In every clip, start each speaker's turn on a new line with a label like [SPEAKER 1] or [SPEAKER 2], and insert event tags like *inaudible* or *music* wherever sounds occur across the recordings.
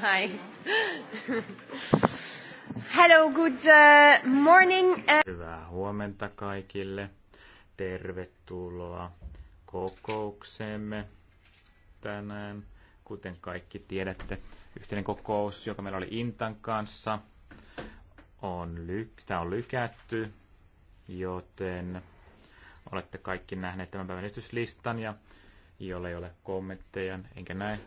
[SPEAKER 1] Hi. Hello, good uh, morning. Uh,
[SPEAKER 2] Hyvää huomenta kaikille. Tervetuloa kokoukseemme tänään. Kuten kaikki tiedätte, yhteinen kokous, joka meillä oli Intan kanssa, on ly- sitä on lykätty, joten Olette kaikki nähneet tämän päivän esityslistan ja jolle ei ole kommentteja, enkä näe,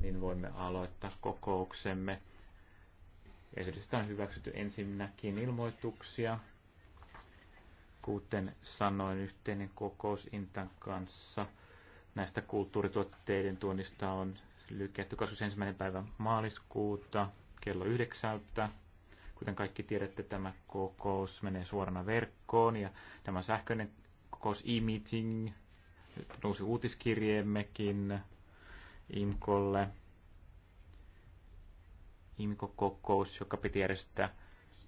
[SPEAKER 2] niin voimme aloittaa kokouksemme. Esitystä on hyväksytty ensinnäkin ilmoituksia. Kuten sanoin, yhteinen kokous Intan kanssa näistä kulttuurituotteiden tuonnista on lykätty 21. päivä maaliskuuta kello 9. Kuten kaikki tiedätte, tämä kokous menee suorana verkkoon ja tämä sähköinen kokous e-meeting, nousi uutiskirjeemmekin IMKOlle. IMKO-kokous, joka piti järjestää,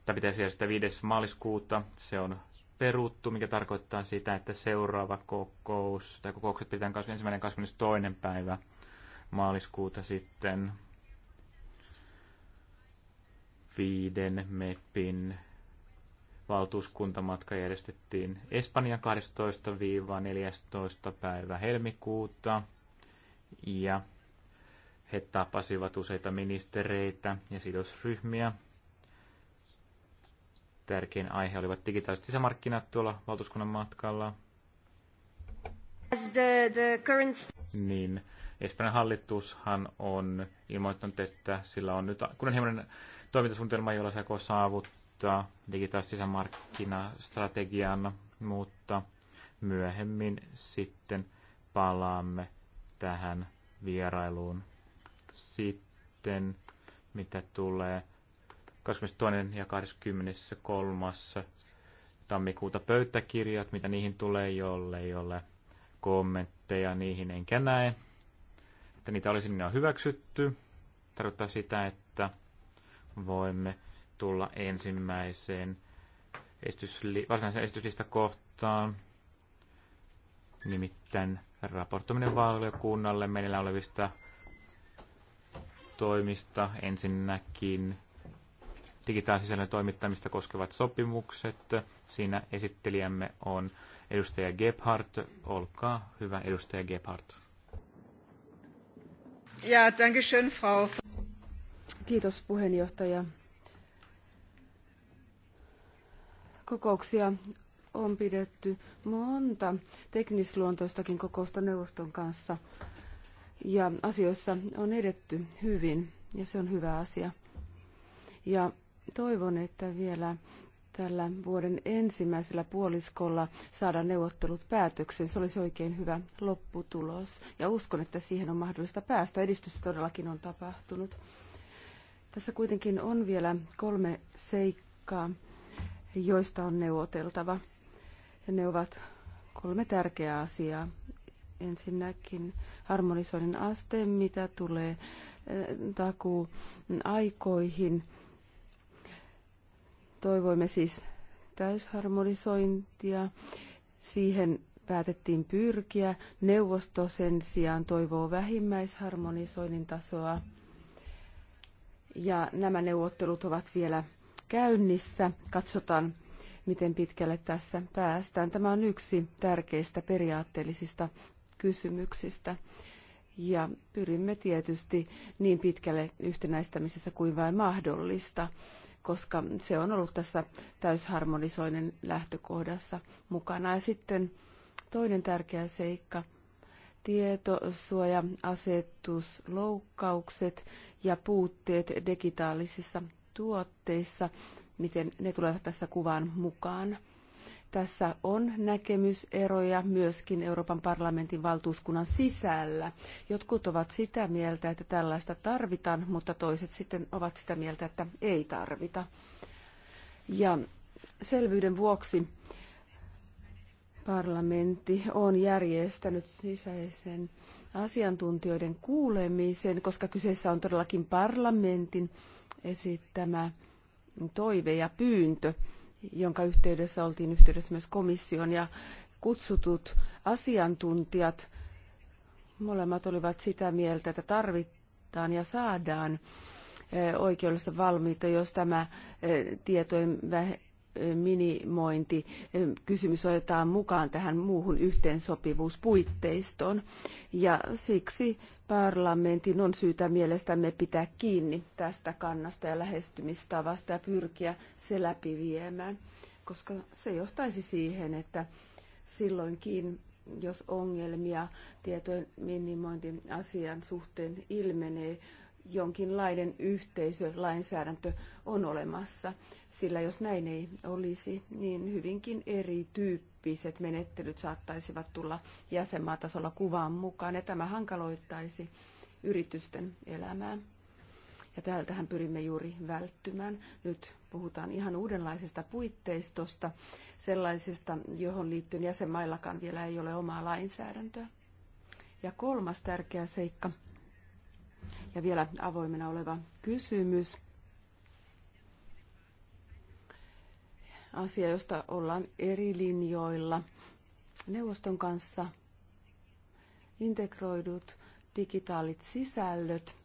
[SPEAKER 2] tai pitäisi järjestää 5. maaliskuuta. Se on peruttu, mikä tarkoittaa sitä, että seuraava kokous, tai kokoukset pitää ensimmäinen 22. päivä maaliskuuta sitten viiden MEPin valtuuskuntamatka järjestettiin Espanja 12-14. päivä helmikuuta ja he tapasivat useita ministereitä ja sidosryhmiä. Tärkein aihe olivat digitaaliset sisämarkkinat tuolla valtuuskunnan matkalla.
[SPEAKER 1] The, the current...
[SPEAKER 2] Niin, Espanjan hallitushan on ilmoittanut, että sillä on nyt kunnianhimoinen toimintasuunnitelma, jolla se saavuttaa digitaalista sisämarkkinastrategian, mutta myöhemmin sitten palaamme tähän vierailuun. Sitten mitä tulee 22. ja 23. tammikuuta pöytäkirjat, mitä niihin tulee, jolle ei ole kommentteja, niihin enkä näe. Että niitä olisi minä niin hyväksytty. Tarkoittaa sitä, että voimme tulla ensimmäiseen esitysli- varsinaisen esityslistakohtaan, nimittäin raportoiminen valiokunnalle meillä olevista toimista. Ensinnäkin digitaalisisällön toimittamista koskevat sopimukset. Siinä esittelijämme on edustaja Gebhardt. Olkaa hyvä, edustaja Gebhardt.
[SPEAKER 1] Ja, danke schön, Frau Kiitos puheenjohtaja. Kokouksia on pidetty monta teknisluontoistakin kokousta neuvoston kanssa ja asioissa on edetty hyvin ja se on hyvä asia. Ja toivon, että vielä tällä vuoden ensimmäisellä puoliskolla saada neuvottelut päätökseen. Se olisi oikein hyvä lopputulos ja uskon, että siihen on mahdollista päästä. Edistystä todellakin on tapahtunut. Tässä kuitenkin on vielä kolme seikkaa, joista on neuvoteltava. Ja ne ovat kolme tärkeää asiaa. Ensinnäkin harmonisoinnin aste, mitä tulee eh, takuu aikoihin. Toivoimme siis täysharmonisointia. Siihen päätettiin pyrkiä. Neuvosto sen sijaan toivoo vähimmäisharmonisoinnin tasoa ja nämä neuvottelut ovat vielä käynnissä. Katsotaan, miten pitkälle tässä päästään. Tämä on yksi tärkeistä periaatteellisista kysymyksistä. Ja pyrimme tietysti niin pitkälle yhtenäistämisessä kuin vain mahdollista, koska se on ollut tässä täysharmonisoinen lähtökohdassa mukana. Ja sitten toinen tärkeä seikka tietosuoja-asetusloukkaukset ja puutteet digitaalisissa tuotteissa, miten ne tulevat tässä kuvan mukaan. Tässä on näkemyseroja myöskin Euroopan parlamentin valtuuskunnan sisällä. Jotkut ovat sitä mieltä, että tällaista tarvitaan, mutta toiset sitten ovat sitä mieltä, että ei tarvita. Ja selvyyden vuoksi parlamentti on järjestänyt sisäisen asiantuntijoiden kuulemisen, koska kyseessä on todellakin parlamentin esittämä toive ja pyyntö, jonka yhteydessä oltiin yhteydessä myös komission ja kutsutut asiantuntijat. Molemmat olivat sitä mieltä, että tarvitaan ja saadaan eh, oikeudellista valmiita, jos tämä eh, tietojen minimointi kysymys otetaan mukaan tähän muuhun yhteensopivuuspuitteistoon. Ja siksi parlamentin on syytä mielestämme pitää kiinni tästä kannasta ja lähestymistavasta ja pyrkiä se läpiviemään, koska se johtaisi siihen, että silloinkin jos ongelmia tietojen asian suhteen ilmenee, jonkinlainen yhteisölainsäädäntö on olemassa, sillä jos näin ei olisi, niin hyvinkin erityyppiset menettelyt saattaisivat tulla jäsenmaatasolla kuvaan mukaan, ja tämä hankaloittaisi yritysten elämää. Ja tältähän pyrimme juuri välttymään. Nyt puhutaan ihan uudenlaisesta puitteistosta, sellaisesta, johon liittyen jäsenmaillakaan vielä ei ole omaa lainsäädäntöä. Ja kolmas tärkeä seikka – ja vielä avoimena oleva kysymys. Asia, josta ollaan eri linjoilla neuvoston kanssa. Integroidut digitaalit sisällöt.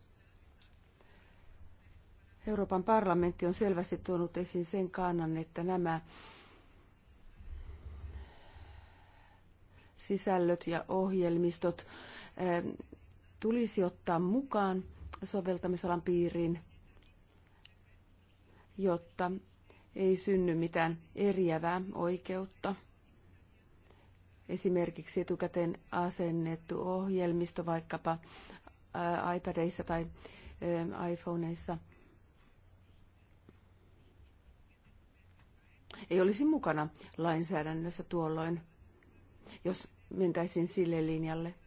[SPEAKER 1] Euroopan parlamentti on selvästi tuonut esiin sen kannan, että nämä sisällöt ja ohjelmistot eh, tulisi ottaa mukaan soveltamisalan piiriin, jotta ei synny mitään eriävää oikeutta. Esimerkiksi etukäteen asennettu ohjelmisto vaikkapa iPadeissa tai iPhoneissa ei olisi mukana lainsäädännössä tuolloin, jos mentäisiin sille linjalle –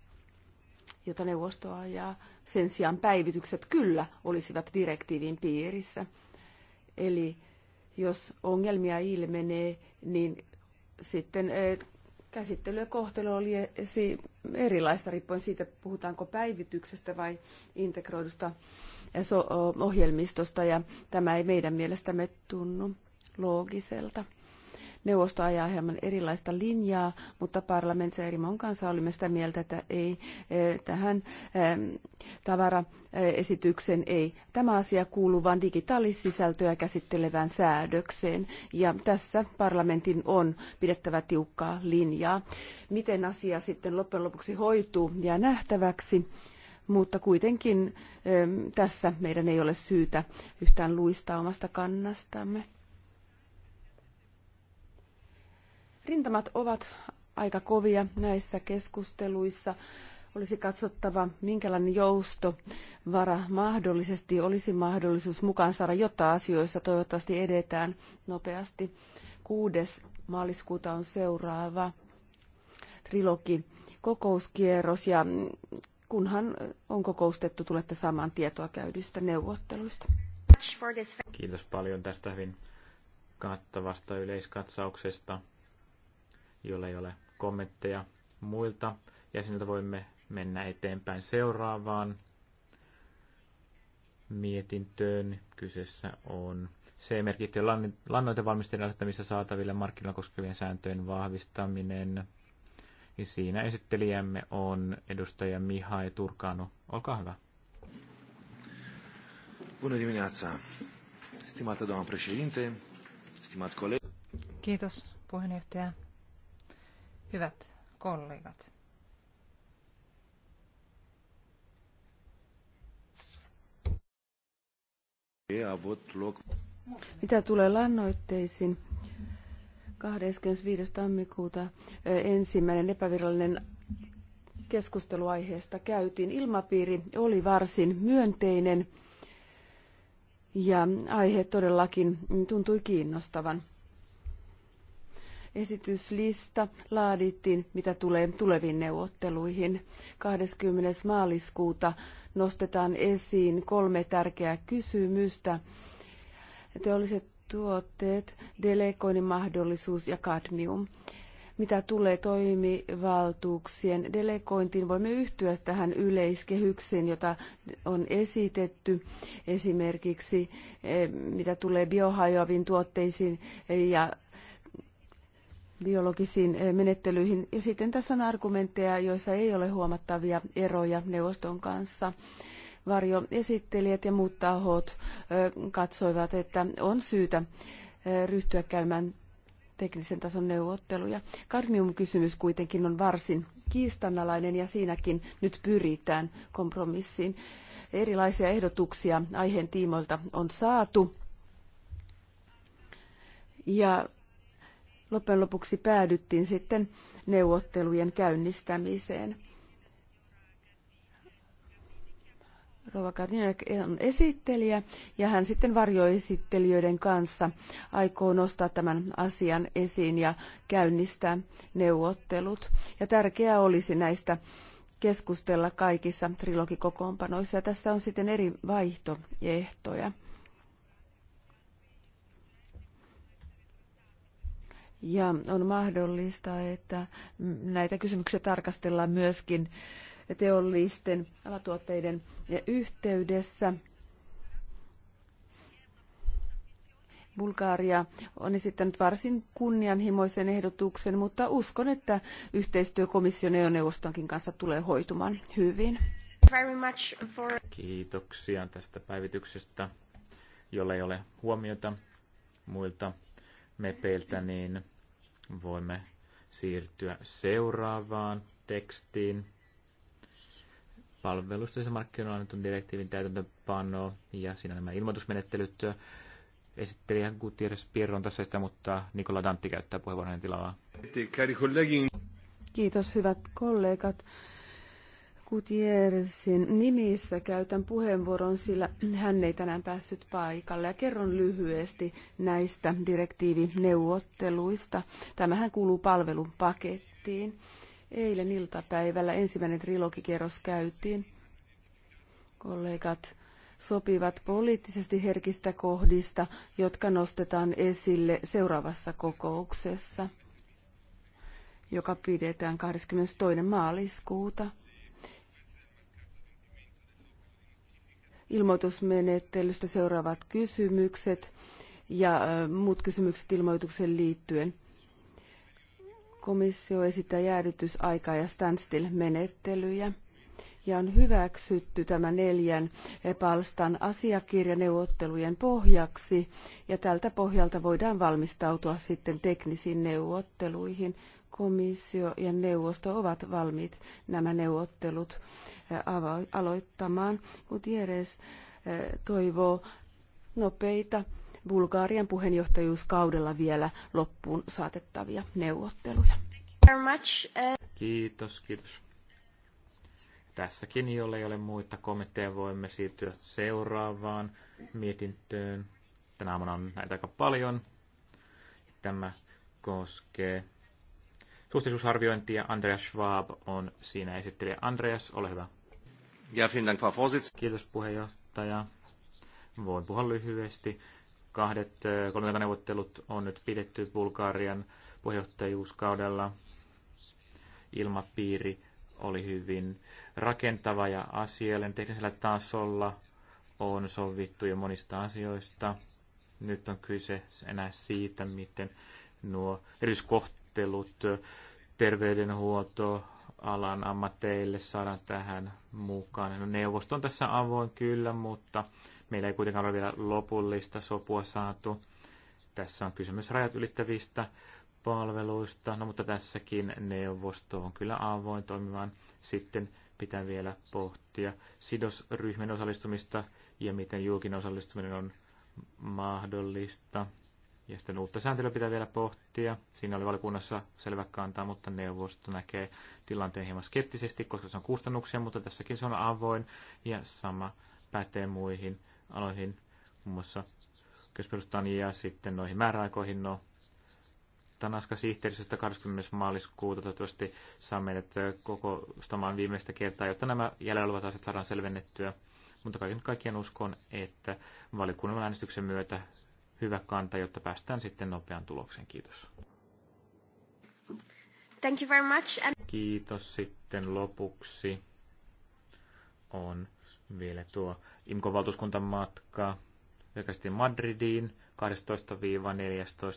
[SPEAKER 1] jota neuvosto ajaa. Sen sijaan päivitykset kyllä olisivat direktiivin piirissä. Eli jos ongelmia ilmenee, niin sitten eh, käsittely ja kohtelu oli erilaista riippuen siitä, puhutaanko päivityksestä vai integroidusta eh, ohjelmistosta, ja tämä ei meidän mielestämme tunnu loogiselta neuvosto ajaa hieman erilaista linjaa, mutta parlamentissa eri mon kanssa olimme sitä mieltä, että ei eh, tähän eh, tavaraesityksen ei tämä asia kuulu, vaan digitaalisisältöä käsittelevään säädökseen. Ja tässä parlamentin on pidettävä tiukkaa linjaa. Miten asia sitten loppujen lopuksi hoituu, jää nähtäväksi mutta kuitenkin eh, tässä meidän ei ole syytä yhtään luistaa omasta kannastamme. Rintamat ovat aika kovia näissä keskusteluissa. Olisi katsottava, minkälainen joustovara mahdollisesti olisi mahdollisuus mukaan saada, jotta asioissa toivottavasti edetään nopeasti. 6. maaliskuuta on seuraava trilogi kokouskierros ja kunhan on kokoustettu, tulette saamaan tietoa käydyistä neuvotteluista.
[SPEAKER 2] Kiitos paljon tästä hyvin kattavasta yleiskatsauksesta jolla ei ole kommentteja muilta jäseniltä, voimme mennä eteenpäin seuraavaan mietintöön. Kyseessä on se merkittyjen lannoitevalmisteiden asettamissa saataville markkinoilla koskevien sääntöjen vahvistaminen. Ja siinä esittelijämme on edustaja Mihai Turkanu. Olkaa hyvä. Bună dimineața, stimată doamnă președinte, stimați colegi.
[SPEAKER 3] Kiitos, puheenjohtaja. Hyvät kollegat.
[SPEAKER 4] E Mitä
[SPEAKER 1] tulee lannoitteisiin, 25. tammikuuta ensimmäinen epävirallinen keskusteluaiheesta käytiin. Ilmapiiri oli varsin myönteinen ja aihe todellakin tuntui kiinnostavan esityslista laadittiin, mitä tulee tuleviin neuvotteluihin. 20. maaliskuuta nostetaan esiin kolme tärkeää kysymystä. Teolliset tuotteet, delegoinnin mahdollisuus ja kadmium. Mitä tulee toimivaltuuksien delegointiin, voimme yhtyä tähän yleiskehykseen, jota on esitetty esimerkiksi eh, mitä tulee biohajoaviin tuotteisiin ja biologisiin eh, menettelyihin. Ja sitten tässä on argumentteja, joissa ei ole huomattavia eroja neuvoston kanssa. Varjoesittelijät ja muut tahot eh, katsoivat, että on syytä eh, ryhtyä käymään teknisen tason neuvotteluja. Kadmium-kysymys kuitenkin on varsin kiistanalainen ja siinäkin nyt pyritään kompromissiin. Erilaisia ehdotuksia aiheen tiimoilta on saatu. Ja loppujen lopuksi päädyttiin sitten neuvottelujen käynnistämiseen. Rova Karniak on esittelijä ja hän sitten varjoesittelijöiden kanssa aikoo nostaa tämän asian esiin ja käynnistää neuvottelut. Ja tärkeää olisi näistä keskustella kaikissa trilogikokoonpanoissa ja tässä on sitten eri vaihtoehtoja. Ja on mahdollista, että näitä kysymyksiä tarkastellaan myöskin teollisten alatuotteiden yhteydessä. Bulgaria on esittänyt varsin kunnianhimoisen ehdotuksen, mutta uskon, että yhteistyö komission ja neuvostonkin kanssa tulee hoitumaan hyvin.
[SPEAKER 2] Kiitoksia tästä päivityksestä, jolle ei ole huomiota muilta mepeiltä, niin voimme siirtyä seuraavaan tekstiin. Palvelusta ja siis markkinoinnin direktiivin täytäntöpano ja siinä nämä ilmoitusmenettelyt. Esittelijä Gutierrez Pirro on tässä sitä, mutta Nikola Dantti käyttää puheenvuoron tilalla.
[SPEAKER 1] Kiitos hyvät kollegat. Gutierrezin nimissä käytän puheenvuoron, sillä hän ei tänään päässyt paikalle. Ja kerron lyhyesti näistä direktiivineuvotteluista. Tämähän kuuluu palvelupakettiin. Eilen iltapäivällä ensimmäinen trilogikierros käytiin. Kollegat sopivat poliittisesti herkistä kohdista, jotka nostetaan esille seuraavassa kokouksessa, joka pidetään 22. maaliskuuta. ilmoitusmenettelystä seuraavat kysymykset ja muut kysymykset ilmoituksen liittyen. Komissio esittää jäädytysaikaa ja standstill-menettelyjä ja on hyväksytty tämä neljän palstan asiakirjaneuvottelujen pohjaksi ja tältä pohjalta voidaan valmistautua sitten teknisiin neuvotteluihin komissio ja neuvosto ovat valmiit nämä neuvottelut aloittamaan. Gutierrez toivoo nopeita Bulgarian puheenjohtajuuskaudella vielä loppuun saatettavia neuvotteluja.
[SPEAKER 2] Kiitos, kiitos. Tässäkin, jolle ei ole muita kommentteja, voimme siirtyä seuraavaan mietintöön. Tänä aamuna on näitä aika paljon. Tämä koskee suhteellisuusarviointi ja Andreas Schwab on siinä esittelijä. Andreas, ole hyvä. Ja Finland, Kiitos puheenjohtaja. Voin puhua lyhyesti. Kahdet neuvottelut on nyt pidetty Bulgarian puheenjohtajuuskaudella. Ilmapiiri oli hyvin rakentava ja asiallinen. Teknisellä tasolla on sovittu jo monista asioista. Nyt on kyse enää siitä, miten nuo erityiskohdat harjoittelut terveydenhuoltoalan ammateille saadaan tähän mukaan. No, neuvosto on tässä avoin kyllä, mutta meillä ei kuitenkaan ole vielä lopullista sopua saatu. Tässä on kysymys rajat ylittävistä palveluista, no mutta tässäkin neuvosto on kyllä avoin toimimaan. Sitten pitää vielä pohtia sidosryhmien osallistumista ja miten julkinen osallistuminen on mahdollista. Ja sitten uutta sääntelyä pitää vielä pohtia. Siinä oli valikunnassa selvä kantaa, mutta neuvosto näkee tilanteen hieman skeptisesti, koska se on kustannuksia, mutta tässäkin se on avoin. Ja sama pätee muihin aloihin, muun muassa keskustan ja sitten noihin määräaikoihin. No, Tanaska sihteeristöstä 20. maaliskuuta toivottavasti saa meidät kokoustamaan viimeistä kertaa, jotta nämä jäljellä olevat asiat saadaan selvennettyä. Mutta kaiken kaikkiaan uskon, että valiokunnan äänestyksen myötä hyvä kanta, jotta päästään sitten nopean tulokseen. Kiitos.
[SPEAKER 1] Thank you very much. And...
[SPEAKER 2] Kiitos sitten lopuksi on vielä tuo imco valtuuskunta matka pelkästään Madridiin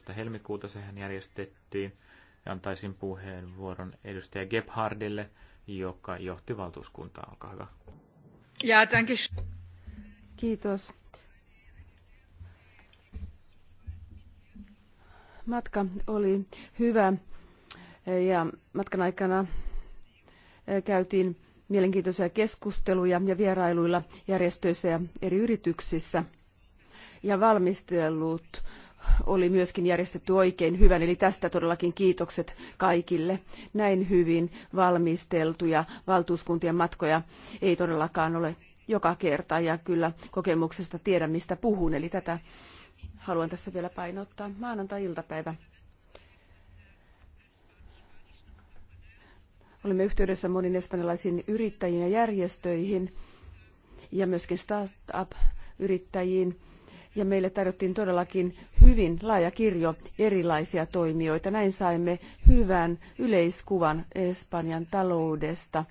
[SPEAKER 2] 12-14. helmikuuta sehän järjestettiin. Ja antaisin puheenvuoron edustaja Gebhardille, joka johti valtuuskuntaa. Olkaa hyvä.
[SPEAKER 1] Ja, Kiitos Matka oli hyvä ja matkan aikana käytiin mielenkiintoisia keskusteluja ja vierailuilla järjestöissä ja eri yrityksissä. Ja valmistelut oli myöskin järjestetty oikein hyvän, eli tästä todellakin kiitokset kaikille. Näin hyvin valmisteltuja valtuuskuntien matkoja ei todellakaan ole joka kerta, ja kyllä kokemuksesta tiedän, mistä puhun, eli tätä haluan tässä vielä painottaa, maanantai-iltapäivä. Olimme yhteydessä moniin espanjalaisiin yrittäjiin ja järjestöihin ja myöskin startup-yrittäjiin. Ja meille tarjottiin todellakin hyvin laaja kirjo erilaisia toimijoita. Näin saimme hyvän yleiskuvan Espanjan taloudesta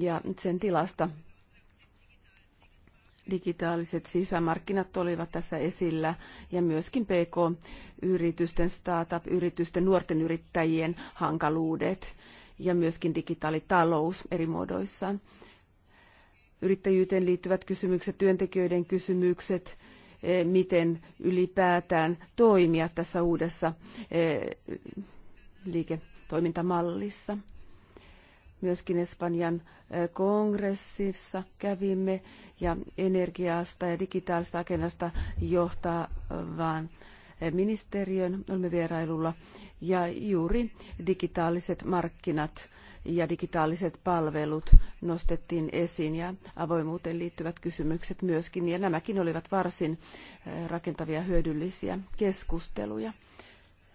[SPEAKER 1] ja sen tilasta digitaaliset sisämarkkinat olivat tässä esillä ja myöskin PK-yritysten, startup-yritysten, nuorten yrittäjien hankaluudet ja myöskin digitaalitalous eri muodoissaan. Yrittäjyyteen liittyvät kysymykset, työntekijöiden kysymykset, eh, miten ylipäätään toimia tässä uudessa eh, liiketoimintamallissa myöskin Espanjan kongressissa kävimme ja energiasta ja digitaalista agendasta johtavaan ministeriön olemme vierailulla ja juuri digitaaliset markkinat ja digitaaliset palvelut nostettiin esiin ja avoimuuteen liittyvät kysymykset myöskin ja nämäkin olivat varsin rakentavia hyödyllisiä keskusteluja.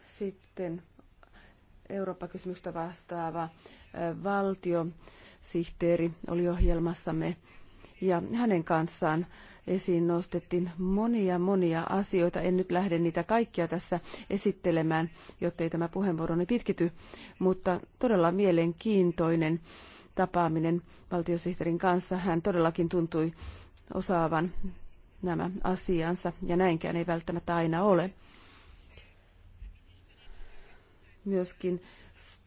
[SPEAKER 1] Sitten Eurooppa-kysymystä vastaava valtiosihteeri oli ohjelmassamme ja hänen kanssaan esiin nostettiin monia monia asioita. En nyt lähde niitä kaikkia tässä esittelemään, jotta ei tämä puheenvuoroni pitkity, mutta todella mielenkiintoinen tapaaminen valtiosihteerin kanssa. Hän todellakin tuntui osaavan nämä asiansa ja näinkään ei välttämättä aina ole myöskin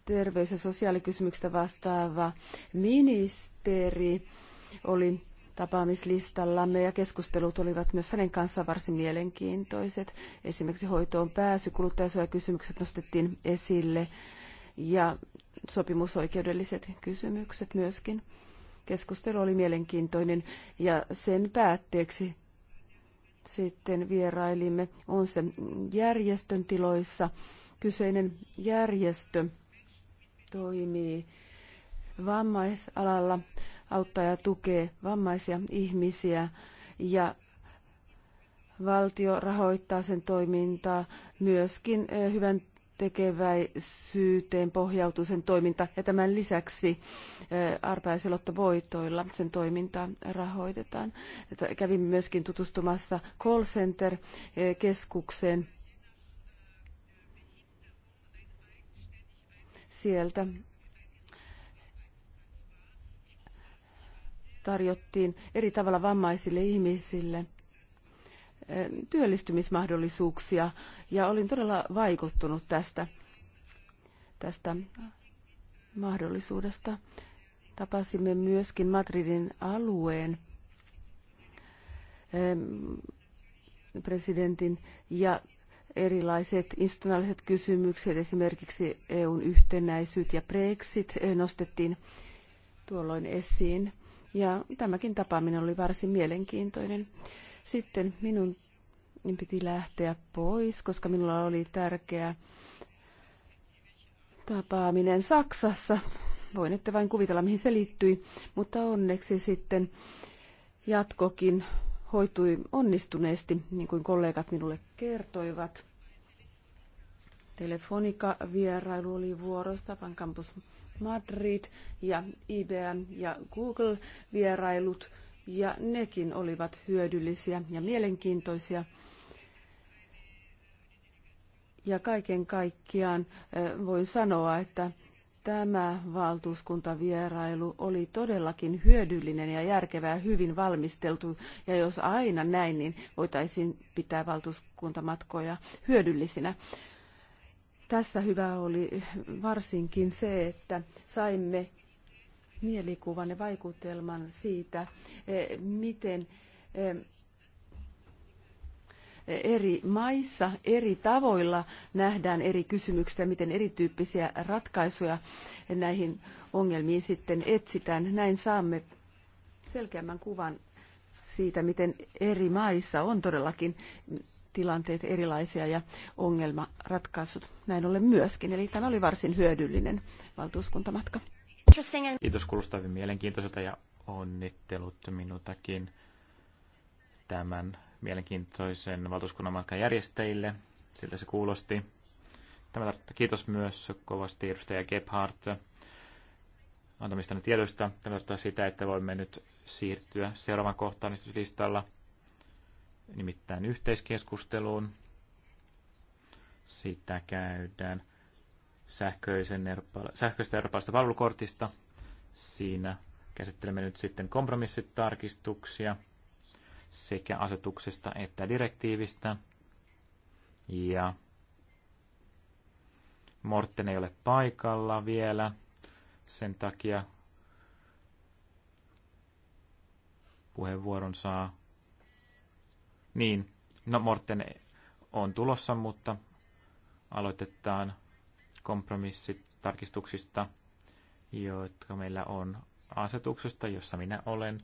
[SPEAKER 1] terveys- ja sosiaalikysymyksistä vastaava ministeri oli tapaamislistallamme ja keskustelut olivat myös hänen kanssaan varsin mielenkiintoiset. Esimerkiksi hoitoon pääsy, kuluttajasuojakysymykset nostettiin esille ja sopimusoikeudelliset kysymykset myöskin. Keskustelu oli mielenkiintoinen ja sen päätteeksi sitten vierailimme on se järjestön tiloissa kyseinen järjestö toimii vammaisalalla, auttaa ja tukee vammaisia ihmisiä ja valtio rahoittaa sen toimintaa myöskin hyvän tekeväisyyteen pohjautuu sen toiminta ja tämän lisäksi voitoilla sen toimintaa rahoitetaan. Kävin myöskin tutustumassa call center-keskukseen sieltä tarjottiin eri tavalla vammaisille ihmisille eh, työllistymismahdollisuuksia ja olin todella vaikuttunut tästä, tästä mahdollisuudesta. Tapasimme myöskin Madridin alueen eh, presidentin ja erilaiset institutionaaliset kysymykset, esimerkiksi EUn yhtenäisyys ja Brexit eh, nostettiin tuolloin esiin. Ja tämäkin tapaaminen oli varsin mielenkiintoinen. Sitten minun piti lähteä pois, koska minulla oli tärkeä tapaaminen Saksassa. Voin ette vain kuvitella, mihin se liittyi, mutta onneksi sitten jatkokin hoitui onnistuneesti, niin kuin kollegat minulle kertoivat. Telefonika-vierailu oli vuorossa, Van Campus Madrid ja IBM ja Google-vierailut, ja nekin olivat hyödyllisiä ja mielenkiintoisia. Ja kaiken kaikkiaan eh, voin sanoa, että Tämä valtuuskuntavierailu oli todellakin hyödyllinen ja järkevää, hyvin valmisteltu. Ja jos aina näin, niin voitaisiin pitää valtuuskuntamatkoja hyödyllisinä. Tässä hyvä oli varsinkin se, että saimme mielikuvan ja vaikutelman siitä, eh, miten eh, eri maissa eri tavoilla nähdään eri kysymyksiä, miten erityyppisiä ratkaisuja näihin ongelmiin sitten etsitään. Näin saamme selkeämmän kuvan siitä, miten eri maissa on todellakin tilanteet erilaisia ja ongelmaratkaisut näin ollen myöskin. Eli tämä oli varsin hyödyllinen valtuuskuntamatka.
[SPEAKER 4] Kiitos,
[SPEAKER 2] kuulostaa hyvin mielenkiintoiselta ja onnittelut minutakin tämän mielenkiintoisen valtuuskunnan matkan järjestäjille. Siltä se kuulosti. Tämä tarkoittaa kiitos myös kovasti edustaja Gebhardt antamista tiedoista. Tämä tarkoittaa sitä, että voimme nyt siirtyä seuraavan kohtaan listalla nimittäin yhteiskeskusteluun. Sitä käydään sähköisen Eurooppa- sähköistä eurooppalaisesta palvelukortista. Siinä käsittelemme nyt sitten kompromissitarkistuksia sekä asetuksesta että direktiivistä. Ja Morten ei ole paikalla vielä. Sen takia puheenvuoron saa. Niin, no Morten on tulossa, mutta aloitetaan kompromissit tarkistuksista, jotka meillä on asetuksesta, jossa minä olen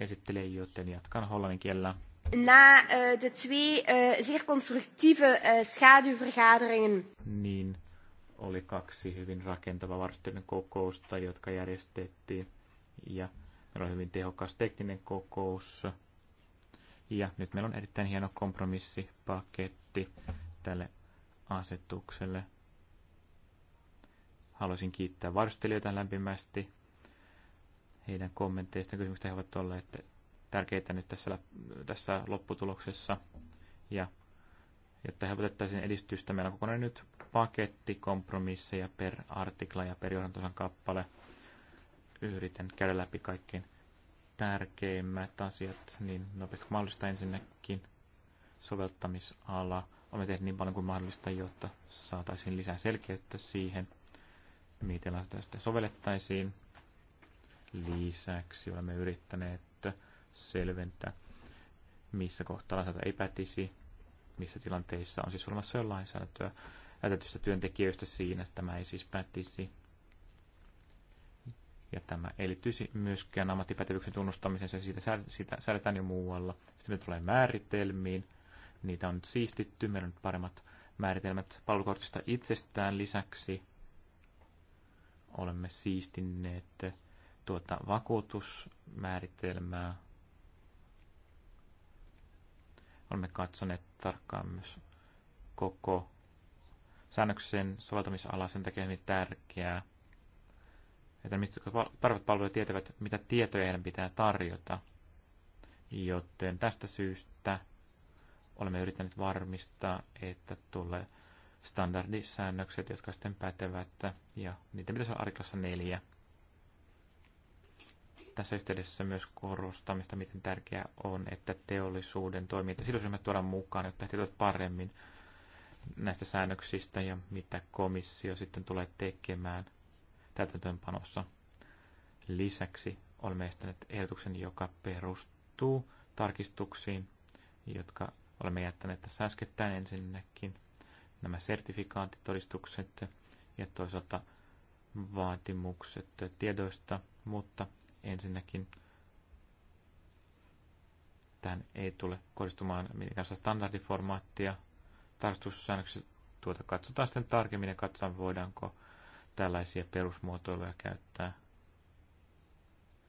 [SPEAKER 2] esittelee, joten jatkan hollannin kielellä.
[SPEAKER 1] Na uh, de twee uh, zeer constructieve uh,
[SPEAKER 4] schaduwvergaderingen.
[SPEAKER 2] Niin, oli kaksi hyvin rakentava varsinainen kokousta, jotka järjestettiin. Ja meillä on hyvin tehokas tekninen kokous. Ja nyt meillä on erittäin hieno kompromissipaketti tälle asetukselle. Haluaisin kiittää varustelijoita lämpimästi heidän ja kysymyksistä he ovat olleet tärkeitä nyt tässä, tässä lopputuloksessa. Ja jotta otettaisiin edistystä, meillä on kokonaan nyt paketti kompromisseja per artikla ja per johdantosan kappale. Yritän käydä läpi kaikkein tärkeimmät asiat niin nopeasti kuin mahdollista ensinnäkin soveltamisala. Olemme tehneet niin paljon kuin mahdollista, jotta saataisiin lisää selkeyttä siihen, miten sitä sovellettaisiin. Lisäksi olemme yrittäneet selventää, missä kohtaa lainsäädäntö ei pätisi, missä tilanteissa on siis olemassa jo lainsäädäntöä lähetetystä työntekijöistä siinä, että tämä ei siis pätisi. Ja tämä ei liittyisi myöskään ammattipätevyyksen tunnustamiseen, se siitä, siitä säädetään jo muualla. Sitten me tulee määritelmiin, niitä on nyt siistitty, meillä on nyt paremmat määritelmät palvelukortista itsestään lisäksi. Olemme siistinneet tuota vakuutusmääritelmää. Olemme katsoneet tarkkaan myös koko säännöksen soveltamisala, sen takia hyvin tärkeää, että mistä tarvitsevat palveluja tietävät, mitä tietoja heidän pitää tarjota. Joten tästä syystä olemme yrittäneet varmistaa, että tulee standardisäännökset, jotka sitten pätevät, ja niitä pitäisi olla artiklassa 4 tässä yhteydessä myös korostamista, miten tärkeää on, että teollisuuden toiminta sidosryhmät tuodaan mukaan, jotta he paremmin näistä säännöksistä ja mitä komissio sitten tulee tekemään täytäntöönpanossa. Lisäksi olemme estäneet ehdotuksen, joka perustuu tarkistuksiin, jotka olemme jättäneet tässä äskettäin ensinnäkin nämä sertifikaattitodistukset ja toisaalta vaatimukset tiedoista, mutta Ensinnäkin tämän ei tule kohdistumaan minkäänlaista standardiformaattia. Tarkastussäännökset tuota katsotaan sitten tarkemmin ja katsotaan, voidaanko tällaisia perusmuotoiluja käyttää.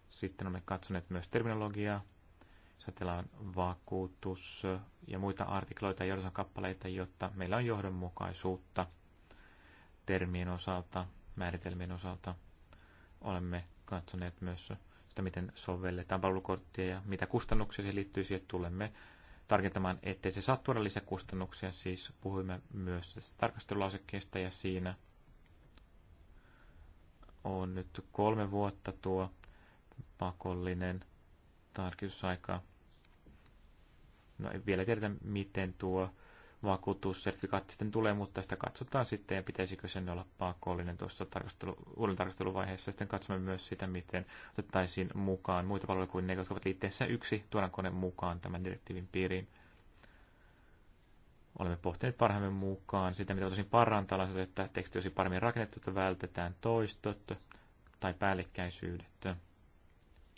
[SPEAKER 2] Sitten olemme katsoneet myös terminologiaa. Satella on vakuutus ja muita artikloita ja kappaleita, jotta meillä on johdonmukaisuutta termien osalta, määritelmien osalta. Olemme katsoneet myös sitä, miten sovelletaan palvelukorttia ja mitä kustannuksia siihen liittyy. Siihen tulemme tarkentamaan, ettei se saa tuoda lisäkustannuksia. Siis puhuimme myös tästä tarkastelulausekkeesta ja siinä on nyt kolme vuotta tuo pakollinen tarkistusaika. No ei vielä tiedetä, miten tuo vakuutussertifikaatti sitten tulee, mutta sitä katsotaan sitten, ja pitäisikö sen olla pakollinen tuossa tarkastelu, uuden tarkasteluvaiheessa. Sitten katsomme myös sitä, miten otettaisiin mukaan muita palveluja kuin ne, jotka ovat liitteessä yksi, tuodaan kone mukaan tämän direktiivin piiriin. Olemme pohtineet parhaamme mukaan sitä, mitä voitaisiin parantaa, että teksti olisi paremmin rakennettu, että vältetään toistot tai päällekkäisyydet.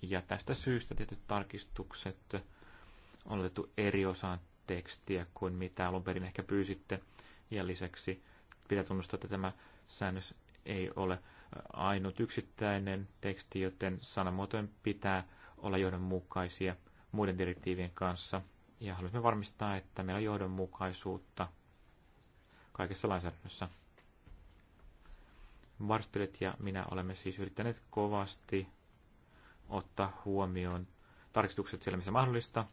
[SPEAKER 2] Ja tästä syystä tietyt tarkistukset on otettu eri osaan tekstiä kuin mitä alun perin ehkä pyysitte. Ja lisäksi pitää tunnustaa, että tämä säännös ei ole ainut yksittäinen teksti, joten sanamuotojen pitää olla johdonmukaisia muiden direktiivien kanssa. Ja haluaisimme varmistaa, että meillä on johdonmukaisuutta kaikessa lainsäädännössä. Varstelet ja minä olemme siis yrittäneet kovasti ottaa huomioon tarkistukset siellä, missä mahdollista.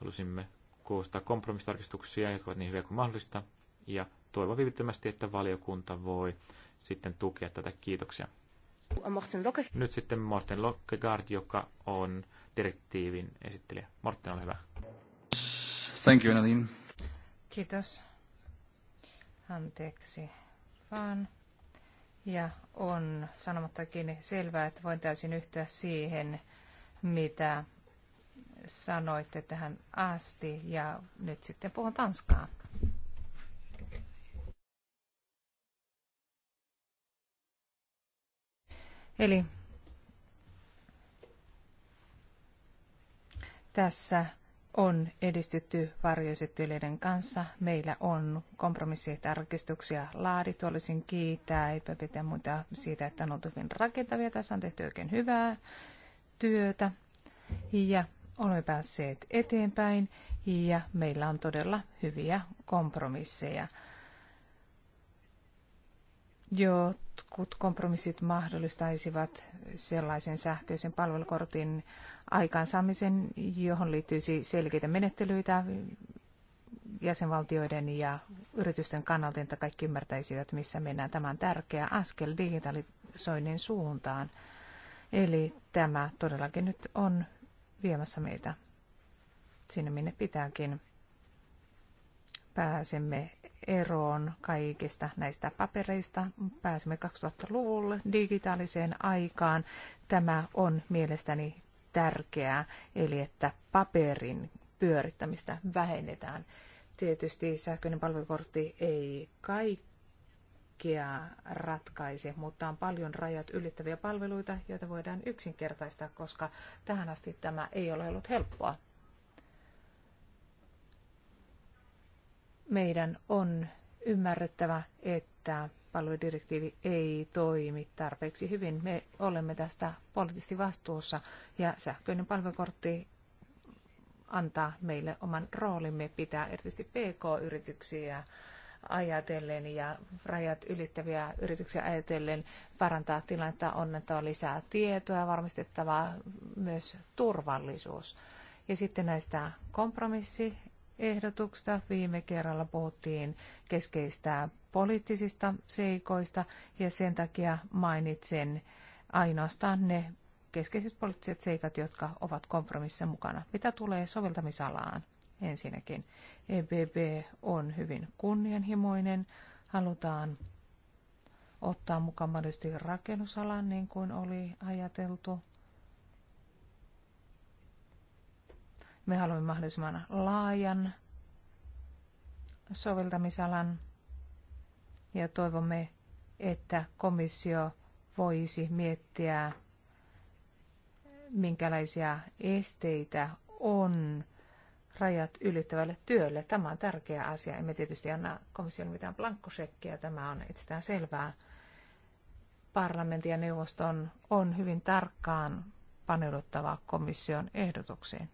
[SPEAKER 2] Halusimme kuusta kompromissitarkistuksia, jotka ovat niin hyviä kuin mahdollista, ja toivon viivittömästi, että valiokunta voi sitten tukea tätä. Kiitoksia. Nyt sitten Morten Lockegaard, joka on direktiivin esittelijä. Morten, ole hyvä.
[SPEAKER 4] Thank you, Nadine.
[SPEAKER 3] Kiitos. Anteeksi vaan. Ja on sanomattakin selvää, että voin täysin yhtyä siihen, mitä sanoitte tähän asti ja nyt sitten puhun Tanskaa. Eli tässä on edistytty varjoesittelyiden kanssa. Meillä on kompromissitarkistuksia laadittu. Olisin kiittää eipä pitää muuta siitä, että on oltu hyvin rakentavia. Tässä on tehty oikein hyvää työtä. Ja olemme päässeet eteenpäin ja meillä on todella hyviä kompromisseja. Jotkut kompromissit mahdollistaisivat sellaisen sähköisen palvelukortin aikaansaamisen, johon liittyisi selkeitä menettelyitä jäsenvaltioiden ja yritysten kannalta, että kaikki ymmärtäisivät, missä mennään. Tämä on tärkeä askel digitalisoinnin suuntaan. Eli tämä todellakin nyt on viemässä meitä sinne, minne pitääkin. Pääsemme eroon kaikista näistä papereista. Pääsemme 2000-luvulle digitaaliseen aikaan. Tämä on mielestäni tärkeää, eli että paperin pyörittämistä vähennetään. Tietysti sähköinen palvelukortti ei kaikki kaikkea ratkaise, mutta on paljon rajat ylittäviä palveluita, joita voidaan yksinkertaistaa, koska tähän asti tämä ei ole ollut helppoa. Meidän on ymmärrettävä, että palveludirektiivi ei toimi tarpeeksi hyvin. Me olemme tästä poliittisesti vastuussa ja sähköinen palvelukortti antaa meille oman roolimme pitää erityisesti PK-yrityksiä ajatellen ja rajat ylittäviä yrityksiä ajatellen parantaa tilannetta, onnettava lisää tietoa ja varmistettava myös turvallisuus. Ja sitten näistä kompromissi ehdotuksista Viime kerralla puhuttiin keskeistä poliittisista seikoista ja sen takia mainitsen ainoastaan ne keskeiset poliittiset seikat, jotka ovat kompromississa mukana. Mitä tulee soveltamisalaan? Ensinnäkin EBB on hyvin kunnianhimoinen. Halutaan ottaa mukaan mahdollisesti rakennusalan, niin kuin oli ajateltu. Me haluamme mahdollisimman laajan soveltamisalan ja toivomme, että komissio voisi miettiä, minkälaisia esteitä on rajat ylittävälle työlle. Tämä on tärkeä asia. Emme tietysti anna komission mitään blankkosekkiä. Tämä on itsestään selvää. Parlamentin ja neuvoston on hyvin tarkkaan paneuduttava komission ehdotuksiin.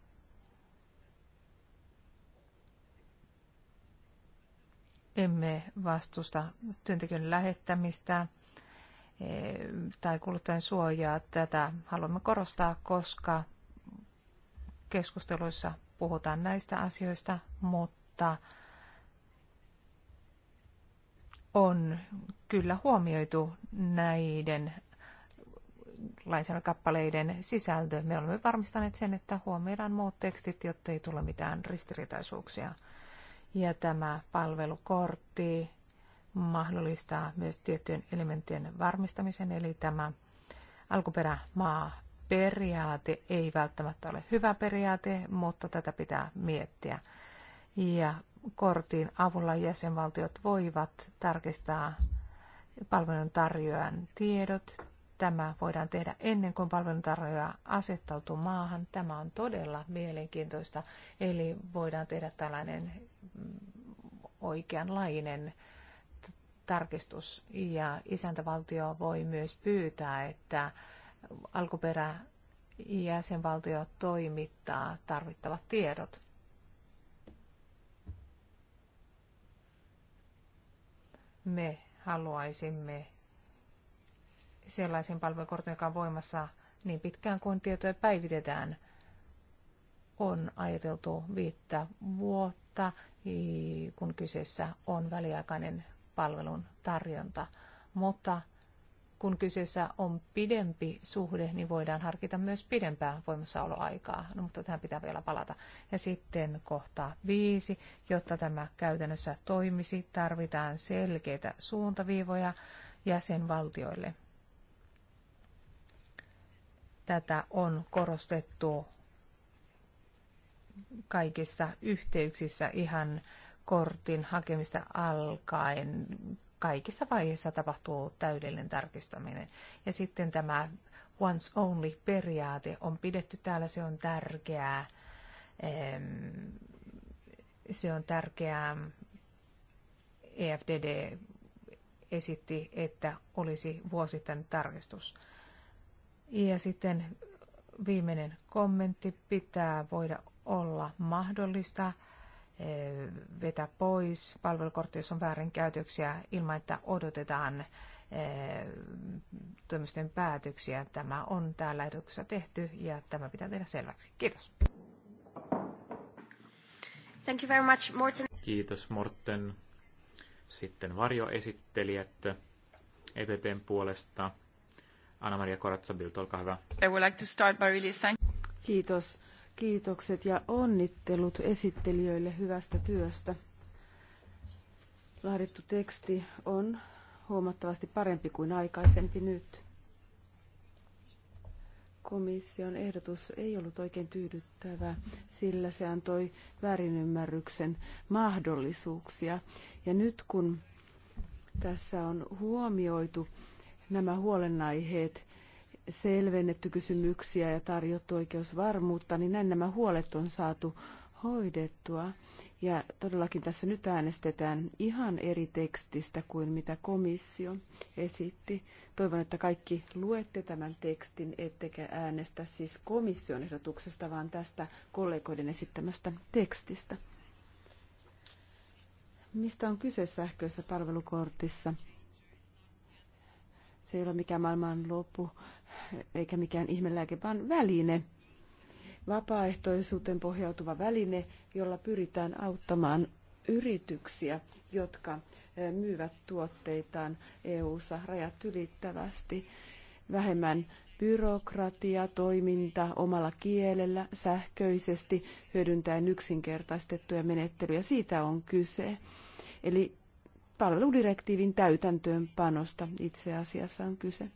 [SPEAKER 3] Emme vastusta työntekijöiden lähettämistä eh, tai kuluttajan suojaa. Tätä haluamme korostaa, koska keskusteluissa puhutaan näistä asioista, mutta on kyllä huomioitu näiden lainsäädäntökappaleiden sisältö. Me olemme varmistaneet sen, että huomioidaan muut tekstit, jotta ei tule mitään ristiriitaisuuksia. Ja tämä palvelukortti mahdollistaa myös tiettyjen elementtien varmistamisen, eli tämä alkuperämaa periaate ei välttämättä ole hyvä periaate, mutta tätä pitää miettiä. Ja kortin avulla jäsenvaltiot voivat tarkistaa palvelun tarjoajan tiedot. Tämä voidaan tehdä ennen kuin palveluntarjoaja asettautuu maahan. Tämä on todella mielenkiintoista. Eli voidaan tehdä tällainen mm, oikeanlainen tarkistus. Ja isäntävaltio voi myös pyytää, että alkuperä jäsenvaltio toimittaa tarvittavat tiedot. Me haluaisimme sellaisen palvelukortin, joka on voimassa niin pitkään kuin tietoja päivitetään. On ajateltu viittä vuotta, kun kyseessä on väliaikainen palvelun tarjonta, mutta kun kyseessä on pidempi suhde, niin voidaan harkita myös pidempää voimassaoloaikaa, no, mutta tähän pitää vielä palata. Ja sitten kohta viisi, jotta tämä käytännössä toimisi, tarvitaan selkeitä suuntaviivoja jäsenvaltioille. Tätä on korostettu kaikissa yhteyksissä ihan kortin hakemista alkaen kaikissa vaiheissa tapahtuu täydellinen tarkistaminen. Ja sitten tämä once only periaate on pidetty täällä, se on tärkeää. Se on tärkeää. EFDD esitti, että olisi vuosittain tarkistus. Ja sitten viimeinen kommentti pitää voida olla mahdollista Eh, vetää pois palvelukortti, jos on väärinkäytöksiä, ilman että odotetaan eh, toimistojen päätöksiä. Tämä on täällä ehdotuksessa tehty ja tämä pitää tehdä selväksi. Kiitos.
[SPEAKER 1] Thank you very much, Morten.
[SPEAKER 2] Kiitos Morten. Sitten varjoesittelijät EPPn puolesta. Anna-Maria Koratsabilt, olkaa hyvä.
[SPEAKER 1] I would like to start by really thank- Kiitos. Kiitokset ja onnittelut esittelijöille hyvästä työstä. Laadittu teksti on huomattavasti parempi kuin aikaisempi nyt. Komission ehdotus ei ollut oikein tyydyttävä, sillä se antoi väärinymmärryksen mahdollisuuksia. Ja nyt kun tässä on huomioitu nämä huolenaiheet, selvennetty kysymyksiä ja tarjottu oikeusvarmuutta, niin näin nämä huolet on saatu hoidettua. Ja todellakin tässä nyt äänestetään ihan eri tekstistä kuin mitä komissio esitti. Toivon, että kaikki luette tämän tekstin, ettekä äänestä siis komission ehdotuksesta, vaan tästä kollegoiden esittämästä tekstistä. Mistä on kyse sähköisessä palvelukortissa? Se ei ole mikään maailman loppu eikä mikään ihmelääke, vaan väline, vapaaehtoisuuteen pohjautuva väline, jolla pyritään auttamaan yrityksiä, jotka eh, myyvät tuotteitaan EU-ssa rajat ylittävästi. Vähemmän byrokratia, toiminta omalla kielellä, sähköisesti, hyödyntäen yksinkertaistettuja menettelyjä. Siitä on kyse. Eli palveludirektiivin täytäntöönpanosta itse asiassa on kyse.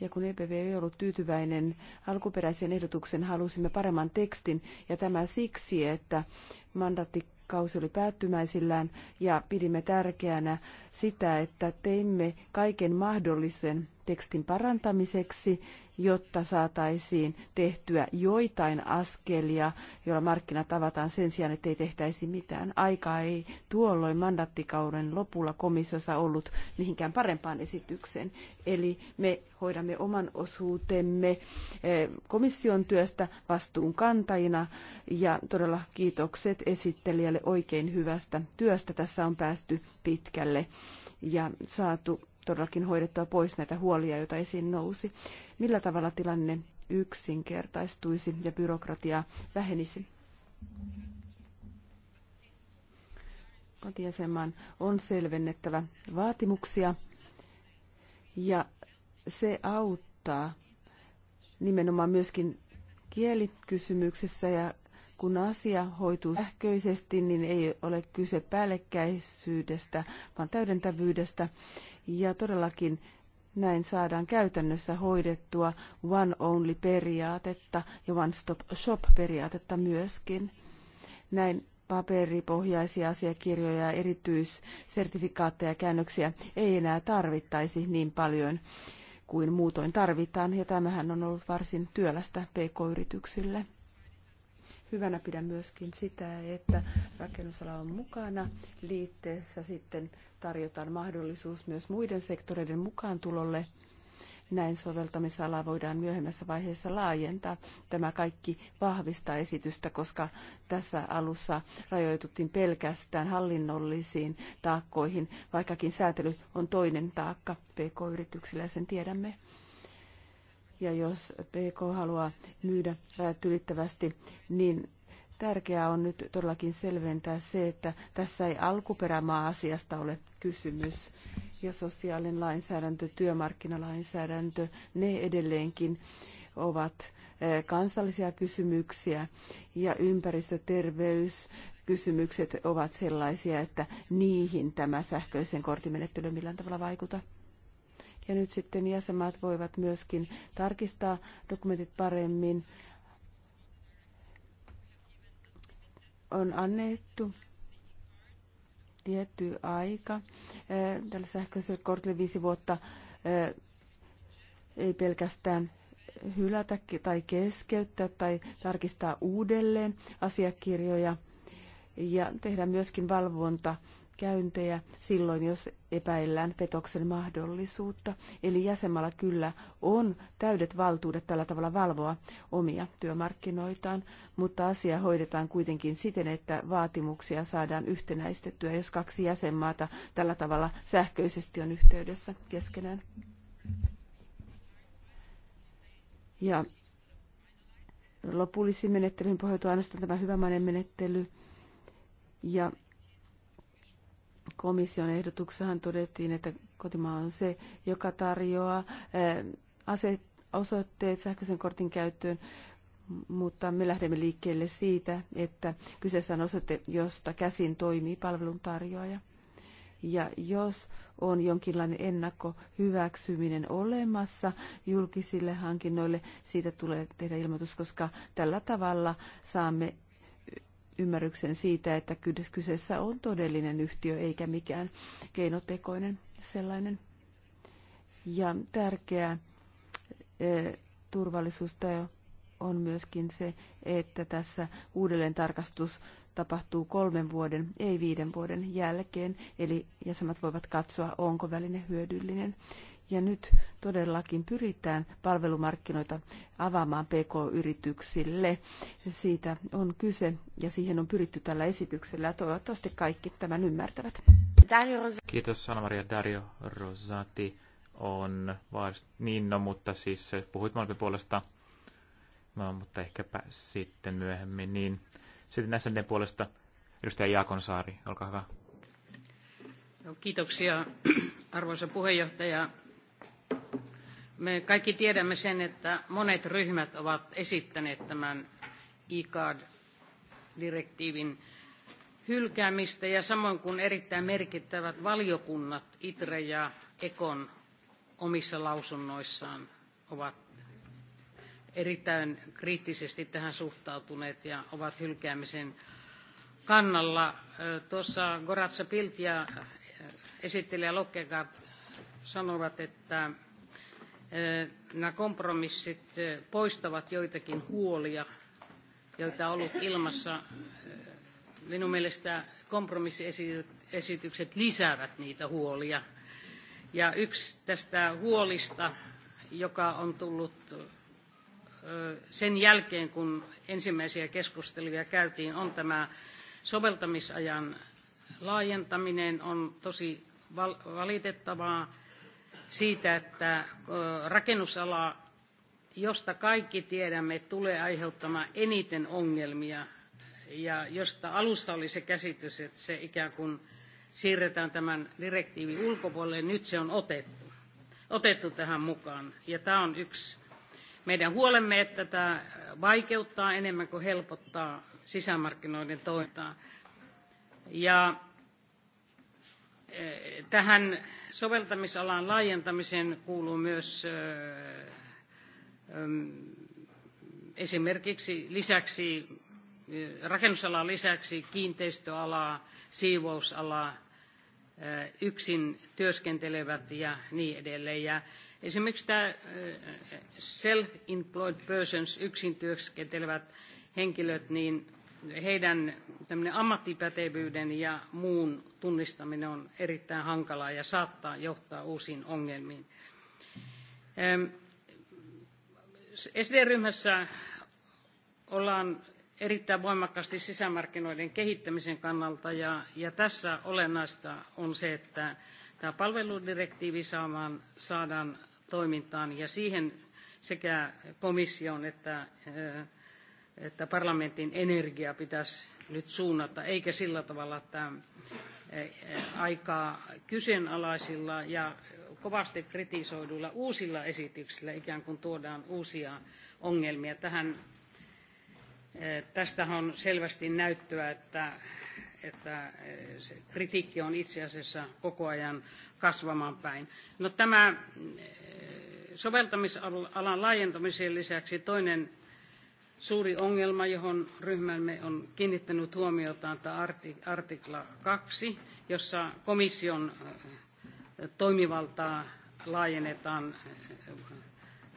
[SPEAKER 1] Ja kun EPV ei ollut tyytyväinen alkuperäisen ehdotuksen, halusimme paremman tekstin, ja tämä siksi, että mandaattikausi oli päättymäisillään, ja pidimme tärkeänä sitä, että teimme kaiken mahdollisen tekstin parantamiseksi, jotta saataisiin tehtyä joitain askelia, joilla markkinat avataan sen sijaan, että ei tehtäisi mitään. Aika ei tuolloin mandattikauden lopulla komissiossa ollut mihinkään parempaan esitykseen. Eli me hoidamme oman osuutemme eh, komission työstä vastuunkantajina ja todella kiitokset esittelijälle oikein hyvästä työstä. Tässä on päästy pitkälle ja saatu todellakin hoidettua pois näitä huolia, joita esiin nousi. Millä tavalla tilanne yksinkertaistuisi ja byrokratia vähenisi? Kotiasemaan on selvennettävä vaatimuksia ja se auttaa nimenomaan myöskin kielikysymyksessä ja kun asia hoituu sähköisesti, niin ei ole kyse päällekkäisyydestä, vaan täydentävyydestä ja todellakin näin saadaan käytännössä hoidettua one only periaatetta ja one stop shop periaatetta myöskin. Näin paperipohjaisia asiakirjoja ja erityissertifikaatteja ja käännöksiä ei enää tarvittaisi niin paljon kuin muutoin tarvitaan, ja tämähän on ollut varsin työlästä pk-yrityksille. Hyvänä pidän myöskin sitä, että rakennusala on mukana liitteessä sitten tarjotaan mahdollisuus myös muiden sektoreiden mukaan tulolle. Näin soveltamisalaa voidaan myöhemmässä vaiheessa laajentaa. Tämä kaikki vahvistaa esitystä, koska tässä alussa rajoituttiin pelkästään hallinnollisiin taakkoihin, vaikkakin säätely on toinen taakka PK-yrityksillä ja sen tiedämme. Ja jos PK haluaa myydä rajat ylittävästi, niin Tärkeää on nyt todellakin selventää se, että tässä ei alkuperämaa-asiasta ole kysymys. Ja sosiaalinen lainsäädäntö, työmarkkinalainsäädäntö, ne edelleenkin ovat eh, kansallisia kysymyksiä ja ympäristöterveys, kysymykset ovat sellaisia, että niihin tämä sähköisen kortimenettely millään tavalla vaikuta. Ja nyt sitten jäsenmaat voivat myöskin tarkistaa dokumentit paremmin on annettu tietty aika äh, tälle sähköiselle kortille viisi vuotta äh, ei pelkästään hylätä tai keskeyttää tai tarkistaa uudelleen asiakirjoja ja tehdä myöskin valvonta käyntejä silloin, jos epäillään petoksen mahdollisuutta. Eli jäsenmaalla kyllä on täydet valtuudet tällä tavalla valvoa omia työmarkkinoitaan, mutta asia hoidetaan kuitenkin siten, että vaatimuksia saadaan yhtenäistettyä, jos kaksi jäsenmaata tällä tavalla sähköisesti on yhteydessä keskenään. Ja lopullisiin menettelyyn pohjautuu ainoastaan tämä hyvämainen menettely. Ja komission ehdotuksessahan todettiin, että kotimaa on se, joka tarjoaa eh, aset, osoitteet sähköisen kortin käyttöön, mutta me lähdemme liikkeelle siitä, että kyseessä on osoite, josta käsin toimii palveluntarjoaja. Ja jos on jonkinlainen hyväksyminen olemassa julkisille hankinnoille, siitä tulee tehdä ilmoitus, koska tällä tavalla saamme ymmärryksen siitä, että kyseessä on todellinen yhtiö eikä mikään keinotekoinen sellainen. Ja tärkeää e, turvallisuusta on myöskin se, että tässä uudelleen tarkastus tapahtuu kolmen vuoden, ei viiden vuoden jälkeen, eli jäsenet voivat katsoa, onko väline hyödyllinen. Ja nyt todellakin pyritään palvelumarkkinoita avaamaan PK-yrityksille. Siitä on kyse ja siihen on pyritty tällä esityksellä. Toivottavasti kaikki tämän ymmärtävät. Dario
[SPEAKER 2] Kiitos sanna maria Dario Rosati on vaars... niin, no, mutta siis puhuit molemmin puolesta, no, mutta ehkäpä sitten myöhemmin. Niin. Sitten SND puolesta edustaja Saari, olkaa hyvä.
[SPEAKER 4] No, kiitoksia *clears throat* arvoisa puheenjohtaja. Me kaikki tiedämme sen, että monet ryhmät ovat esittäneet tämän ICAD-direktiivin hylkäämistä ja samoin kuin erittäin merkittävät valiokunnat ITRE ja EKON omissa lausunnoissaan ovat erittäin kriittisesti tähän suhtautuneet ja ovat hylkäämisen kannalla. Tuossa Goratsa Pilt ja esittelijä Lokkegaard sanovat, että eh, nämä kompromissit eh, poistavat joitakin huolia, joita on ollut ilmassa. Eh, minun mielestä kompromissiesitykset lisäävät niitä huolia. Ja yksi tästä huolista, joka on tullut sen jälkeen, kun ensimmäisiä keskusteluja käytiin, on tämä soveltamisajan laajentaminen on tosi valitettavaa siitä, että rakennusala, josta kaikki tiedämme, tulee aiheuttamaan eniten ongelmia ja josta alussa oli se käsitys, että se ikään kuin siirretään tämän direktiivin ulkopuolelle, nyt se on otettu, otettu tähän mukaan. Ja tämä on yksi meidän huolemme, että tämä vaikeuttaa enemmän kuin helpottaa sisämarkkinoiden toimintaa. Ja Eh, tähän soveltamisalan laajentamiseen kuuluu myös eh, eh, esimerkiksi lisäksi rakennusalan lisäksi kiinteistöalaa, siivousalaa, yksin työskentelevät ja niin edelleen. Ja esimerkiksi tämä self-employed persons, yksin työskentelevät henkilöt, niin heidän ammattipätevyyden ja muun tunnistaminen on erittäin hankalaa ja saattaa johtaa uusiin ongelmiin. SD-ryhmässä ollaan erittäin voimakkaasti sisämarkkinoiden kehittämisen kannalta ja, ja tässä olennaista on se, että tämä palveludirektiivi saamaan, saadaan toimintaan ja siihen sekä komission että että parlamentin energia pitäisi nyt suunnata, eikä sillä tavalla, että eh, eh, aikaa kyseenalaisilla ja kovasti kritisoiduilla uusilla esityksillä ikään kuin tuodaan uusia ongelmia. Tähän, eh, tästä on selvästi näyttöä, että, että kritiikki on itse asiassa koko ajan kasvamaan päin. No, tämä soveltamisalan laajentamisen lisäksi toinen Suuri ongelma, johon ryhmämme on kiinnittänyt huomiota, on tämä artikla 2, jossa komission äh, toimivaltaa laajennetaan äh,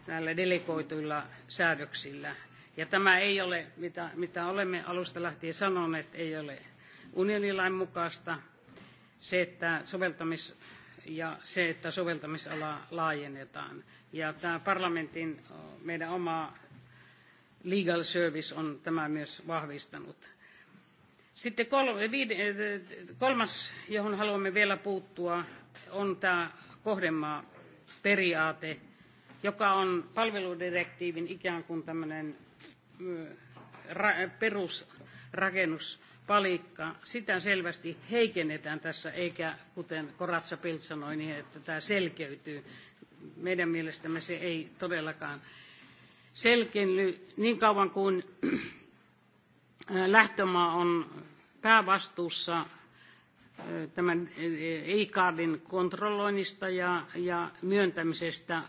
[SPEAKER 4] näillä delegoituilla säädöksillä. Ja tämä ei ole, mitä, mitä olemme alusta lähtien sanoneet, ei ole unionilain mukaista. Se, että soveltamis, ja se, että soveltamisala laajennetaan. Ja tämä parlamentin meidän oma Legal Service on tämä myös vahvistanut. Sitten kolmas, johon haluamme vielä puuttua, on tämä kohdemaa periaate, joka on palveludirektiivin ikään kuin tämmöinen perusrakennuspalikka. Sitä selvästi heikennetään tässä, eikä kuten Koratsa Pilt sanoi, niin että tämä selkeytyy. Meidän mielestämme se ei todellakaan selkenly niin kauan kuin äh, lähtömaa on päävastuussa äh, tämän e kontrolloinnista ja, ja myöntämisestä.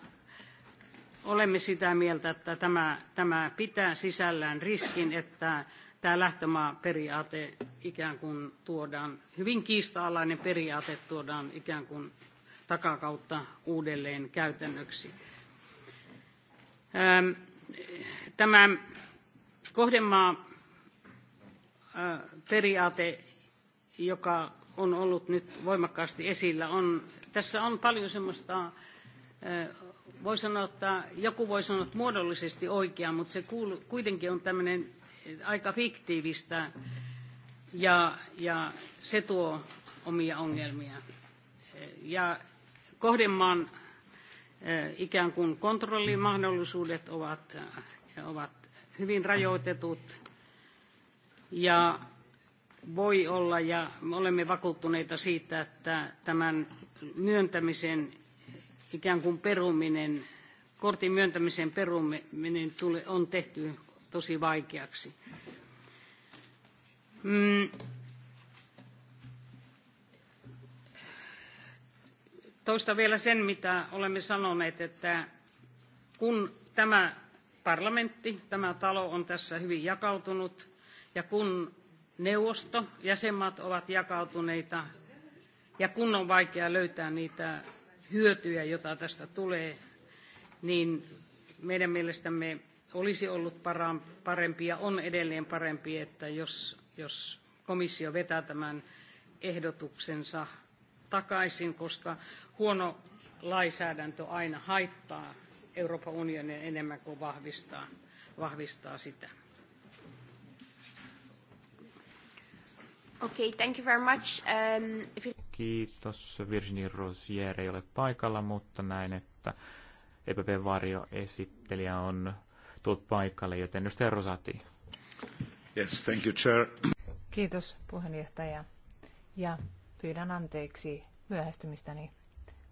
[SPEAKER 4] Olemme sitä mieltä, että tämä, tämä pitää sisällään riskin, että tämä lähtömaaperiaate ikään kuin tuodaan, hyvin kiistaalainen periaate tuodaan ikään kuin takakautta uudelleen käytännöksi. Ähm tämä kohdemaa periaate, joka on ollut nyt voimakkaasti esillä, on, tässä on paljon semmoista, voi sanoa, että joku voi sanoa, että muodollisesti oikea, mutta se kuulu, kuitenkin on tämmöinen aika fiktiivistä ja, ja se tuo omia ongelmia. Ja kohdemaan Eh, ikään kuin kontrollimahdollisuudet ovat, eh, ovat hyvin rajoitetut ja voi olla ja olemme vakuuttuneita siitä, että tämän myöntämisen ikään kuin peruminen, kortin myöntämisen peruminen on tehty tosi vaikeaksi. Mm, toista vielä sen, mitä olemme sanoneet, että kun tämä parlamentti, tämä talo on tässä hyvin jakautunut ja kun neuvosto, jäsenmaat ovat jakautuneita ja kun on vaikea löytää niitä hyötyjä, joita tästä tulee, niin meidän mielestämme olisi ollut parempi ja on edelleen parempi, että jos, jos komissio vetää tämän ehdotuksensa takaisin, koska huono lainsäädäntö aina haittaa Euroopan unionia enemmän kuin vahvistaa, vahvistaa sitä.
[SPEAKER 1] Okay, thank you very much. Um, if you...
[SPEAKER 2] Kiitos. Virginie Rosier ei ole paikalla, mutta näin, että EPP Varjo esittelijä on tullut paikalle, joten edustaja Rosati. Yes, thank you, chair.
[SPEAKER 3] Kiitos puheenjohtaja. Ja Pyydän anteeksi myöhästymistäni.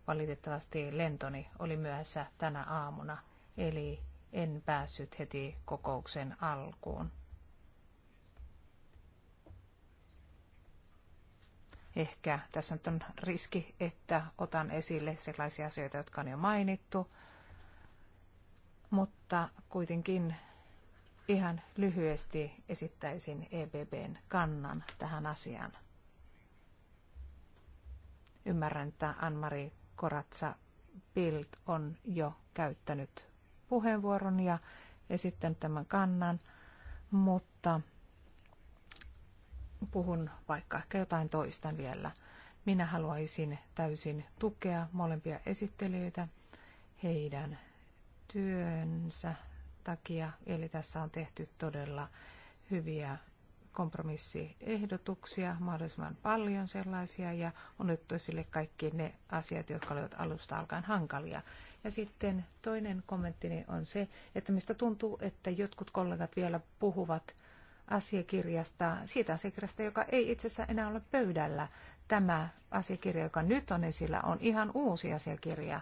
[SPEAKER 3] Valitettavasti lentoni oli myöhässä tänä aamuna, eli en päässyt heti kokouksen alkuun. Ehkä tässä nyt on riski, että otan esille sellaisia asioita, jotka on jo mainittu, mutta kuitenkin ihan lyhyesti esittäisin EBBn kannan tähän asiaan. Ymmärrän, että Anmari Koratsa Bild on jo käyttänyt puheenvuoron ja esittänyt tämän kannan, mutta puhun vaikka ehkä jotain toistan vielä. Minä haluaisin täysin tukea molempia esittelijöitä heidän työnsä takia, eli tässä on tehty todella hyviä kompromissiehdotuksia, mahdollisimman paljon sellaisia, ja on otettu esille kaikki ne asiat, jotka olivat alusta alkaen hankalia. Ja sitten toinen kommenttini on se, että mistä tuntuu, että jotkut kollegat vielä puhuvat asiakirjasta, siitä asiakirjasta, joka ei itse asiassa enää ole pöydällä. Tämä asiakirja, joka nyt on esillä, on ihan uusi asiakirja.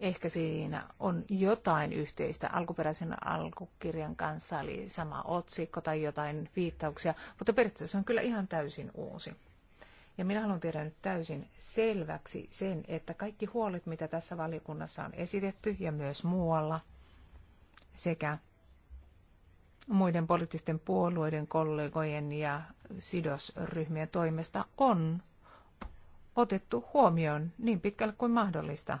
[SPEAKER 3] Ehkä siinä on jotain yhteistä alkuperäisen alkukirjan kanssa, eli sama otsikko tai jotain viittauksia, mutta periaatteessa se on kyllä ihan täysin uusi. Ja minä haluan tehdä nyt täysin selväksi sen, että kaikki huolet, mitä tässä valiokunnassa on esitetty ja myös muualla, sekä muiden poliittisten puolueiden, kollegojen ja sidosryhmien toimesta on otettu huomioon niin pitkälle kuin mahdollista.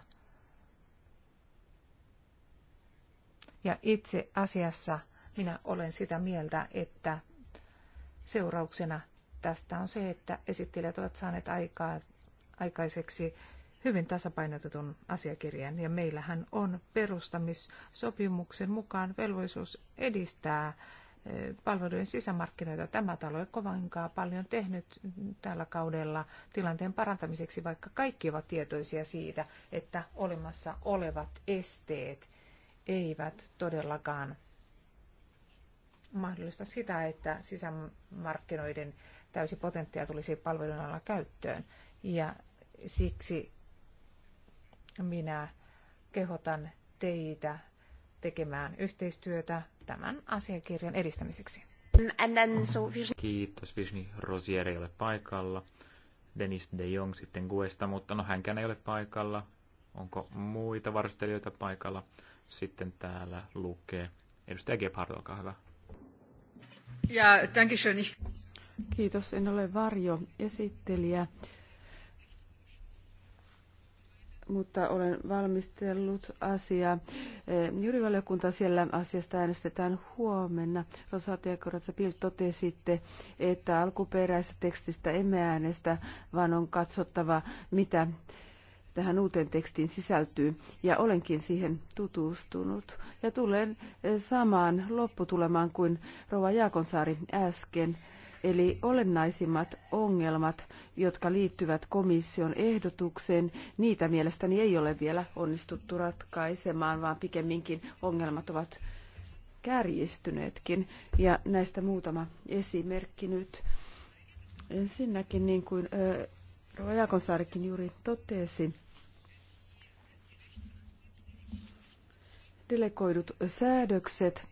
[SPEAKER 3] Ja itse asiassa minä olen sitä mieltä, että seurauksena tästä on se, että esittelijät ovat saaneet aikaa, aikaiseksi hyvin tasapainotetun asiakirjan ja meillähän on perustamissopimuksen mukaan velvollisuus edistää eh, palveluiden sisämarkkinoita. Tämä talo ei kovinkaan paljon tehnyt tällä kaudella tilanteen parantamiseksi, vaikka kaikki ovat tietoisia siitä, että olemassa olevat esteet eivät todellakaan mahdollista sitä, että sisämarkkinoiden täysi potentia tulisi palvelun alla käyttöön. Ja siksi minä kehotan teitä tekemään yhteistyötä tämän asiakirjan edistämiseksi.
[SPEAKER 2] Kiitos, Visni Rosier ei ole paikalla. Dennis de Jong sitten Guesta, mutta no hänkään ei ole paikalla. Onko muita varustelijoita paikalla? sitten täällä lukee. Edustaja Gebhard, olkaa hyvä.
[SPEAKER 1] Ja, dankeschön. Kiitos, en ole varjo esittelijä, mutta olen valmistellut asiaa. Eh, jurivaliokunta siellä asiasta äänestetään huomenna. Rosa Tiekoratsa Pilt totesitte, että alkuperäisestä tekstistä emme äänestä, vaan on katsottava, mitä tähän uuteen tekstiin sisältyy, ja olenkin siihen tutustunut. Ja tulen eh, samaan lopputulemaan kuin Rova Jaakonsaari äsken, eli olennaisimmat ongelmat, jotka liittyvät komission ehdotukseen, niitä mielestäni ei ole vielä onnistuttu ratkaisemaan, vaan pikemminkin ongelmat ovat kärjistyneetkin. Ja näistä muutama esimerkki nyt. Ensinnäkin, niin kuin eh, Jaakonsaarikin juuri totesi, delegoidut säädökset,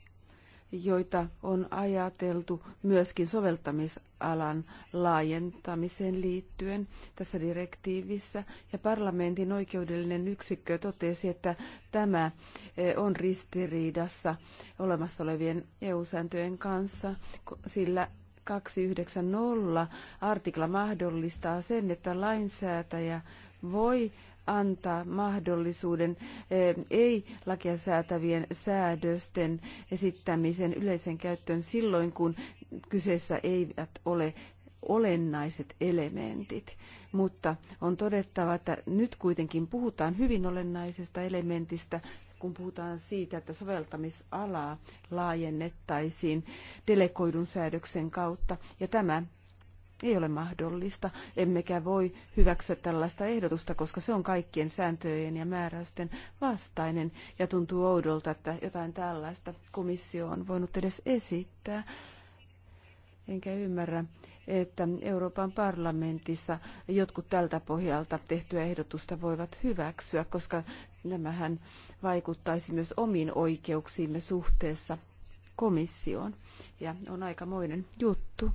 [SPEAKER 1] joita on ajateltu myöskin soveltamisalan laajentamiseen liittyen tässä direktiivissä. Ja parlamentin oikeudellinen yksikkö totesi, että tämä eh, on ristiriidassa olemassa olevien EU-sääntöjen kanssa, sillä 290 artikla mahdollistaa sen, että lainsäätäjä voi antaa mahdollisuuden eh, ei-lakia säätävien säädösten esittämisen yleisen käyttöön silloin, kun kyseessä eivät ole olennaiset elementit. Mutta on todettava, että nyt kuitenkin puhutaan hyvin olennaisesta elementistä, kun puhutaan siitä, että soveltamisalaa laajennettaisiin delegoidun säädöksen kautta. Ja tämä ei ole mahdollista, emmekä voi hyväksyä tällaista ehdotusta, koska se on kaikkien sääntöjen ja määräysten vastainen ja tuntuu oudolta, että jotain tällaista komissio on voinut edes esittää. Enkä ymmärrä, että Euroopan parlamentissa jotkut tältä pohjalta tehtyä ehdotusta voivat hyväksyä, koska nämähän vaikuttaisi myös omiin oikeuksiimme suhteessa komissioon. Ja on aikamoinen juttu.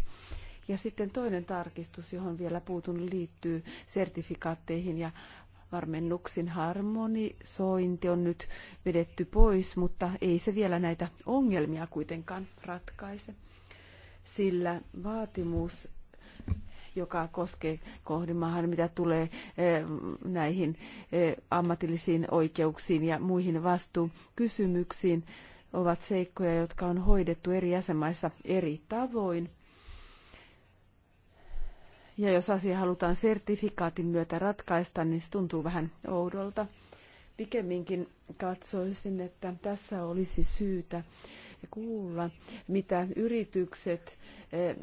[SPEAKER 1] Ja sitten toinen tarkistus, johon vielä puutun, liittyy sertifikaatteihin ja varmennuksin harmonisointi on nyt vedetty pois, mutta ei se vielä näitä ongelmia kuitenkaan ratkaise. Sillä vaatimus, joka koskee kohdimaahan, mitä tulee eh, näihin eh, ammatillisiin oikeuksiin ja muihin vastuukysymyksiin, ovat seikkoja, jotka on hoidettu eri jäsenmaissa eri tavoin. Ja jos asia halutaan sertifikaatin myötä ratkaista, niin se tuntuu vähän oudolta. Pikemminkin katsoisin, että tässä olisi syytä kuulla, mitä yritykset eh,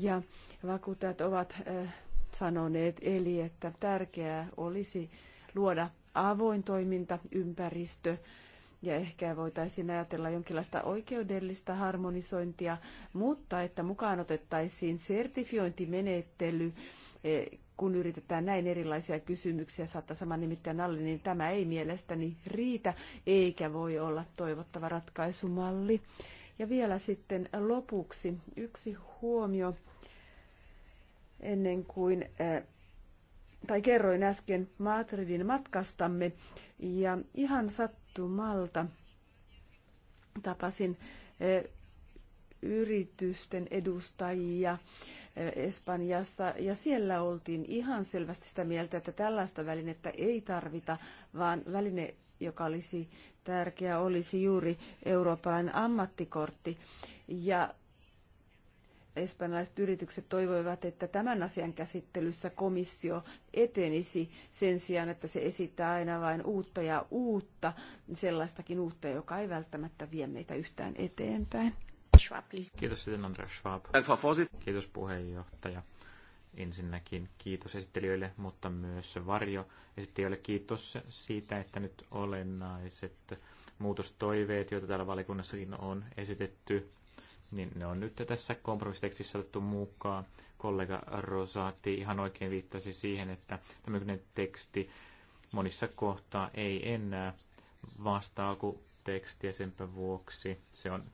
[SPEAKER 1] ja vakuutajat ovat eh, sanoneet, eli että tärkeää olisi luoda avoin toimintaympäristö, ja ehkä voitaisiin ajatella jonkinlaista oikeudellista harmonisointia, mutta että mukaan otettaisiin sertifiointimenettely, eh, kun yritetään näin erilaisia kysymyksiä saattaa saman nimittäin alle, niin tämä ei mielestäni riitä eikä voi olla toivottava ratkaisumalli. Ja vielä sitten lopuksi yksi huomio ennen kuin eh, tai kerroin äsken Madridin matkastamme. Ja ihan sat sattumalta tapasin eh, yritysten edustajia eh, Espanjassa, ja siellä oltiin ihan selvästi sitä mieltä, että tällaista välinettä ei tarvita, vaan väline, joka olisi tärkeä, olisi juuri eurooppalainen ammattikortti. Ja espanjalaiset yritykset toivoivat, että tämän asian käsittelyssä komissio etenisi sen sijaan, että se esittää aina vain uutta ja uutta, sellaistakin uutta, joka ei välttämättä vie meitä yhtään eteenpäin. Schwab, Kiitos
[SPEAKER 2] sitten Andreas Schwab. Kiitos puheenjohtaja. Ensinnäkin kiitos esittelijöille, mutta myös varjo esittelijöille kiitos siitä, että nyt olennaiset muutostoiveet, joita täällä valikunnassakin on esitetty, niin ne on nyt tässä kompromissitekstissä otettu mukaan. Kollega Rosati ihan oikein viittasi siihen, että tämmöinen teksti monissa kohtaa ei enää vastaa alkutekstiä senpä vuoksi. Se on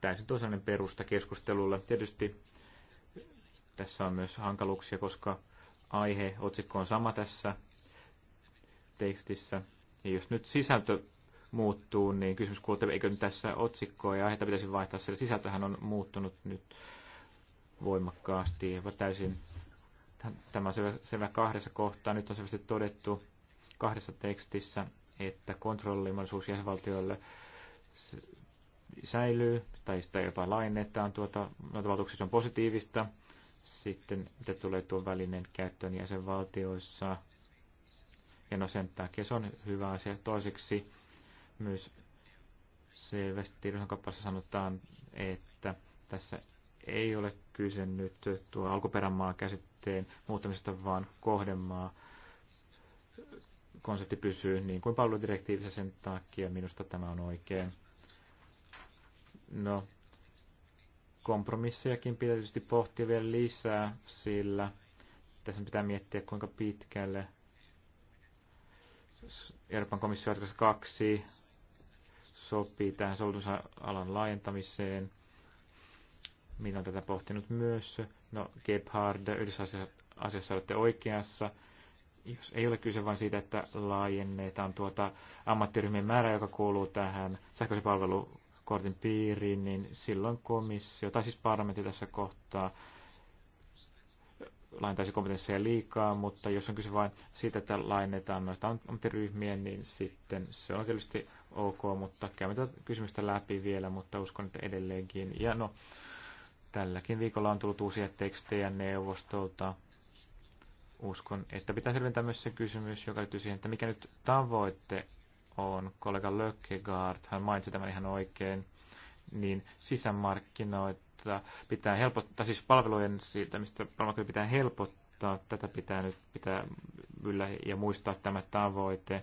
[SPEAKER 2] täysin toisenlainen perusta keskustelulle. Tietysti tässä on myös hankaluuksia, koska aihe, otsikko on sama tässä tekstissä. Ja jos nyt sisältö muuttuu, niin kysymys kuuluu, että eikö nyt tässä otsikkoa ja aiheita pitäisi vaihtaa, sillä sisältöhän on muuttunut nyt voimakkaasti. Täysin, tämä on selvä kahdessa kohtaa. Nyt on selvästi todettu kahdessa tekstissä, että kontrollimallisuus jäsenvaltioille säilyy tai sitä jopa lainetaan. Tuota, noita valtuuksia on positiivista. Sitten mitä tulee tuon välineen käyttöön jäsenvaltioissa. Ja no sen takia se on hyvä asia. Toiseksi myös selvästi tiedotuskappaleessa sanotaan, että tässä ei ole kyse nyt tuo alkuperämaa käsitteen muuttamisesta, vaan kohdemaa konsepti pysyy niin kuin palveludirektiivissä sen takia. Minusta tämä on oikein. No, kompromissejakin pitää tietysti pohtia vielä lisää, sillä tässä pitää miettiä, kuinka pitkälle Euroopan komissio 2 sopii tähän sovellusalan laajentamiseen. Minä olen tätä pohtinut myös. No, Gebhard, yhdessä asiassa, asiassa olette oikeassa. Jos ei ole kyse vain siitä, että laajennetaan tuota ammattiryhmien määrä, joka kuuluu tähän sähköisen palvelukortin piiriin, niin silloin komissio, tai siis parlamentti tässä kohtaa, laajentaisi kompetensseja liikaa, mutta jos on kyse vain siitä, että laajennetaan noita ammattiryhmiä, niin sitten se on oikeasti ok, mutta käymme tätä kysymystä läpi vielä, mutta uskon, että edelleenkin. Ja no, tälläkin viikolla on tullut uusia tekstejä neuvostolta. Uskon, että pitää selventää myös se kysymys, joka liittyy siihen, että mikä nyt tavoitte on. Kollega Lökkegaard, hän mainitsi tämän ihan oikein, niin sisämarkkinoita pitää helpottaa, siis palvelujen siitä mistä palvelujen pitää helpottaa, tätä pitää nyt pitää yllä ja muistaa tämä tavoite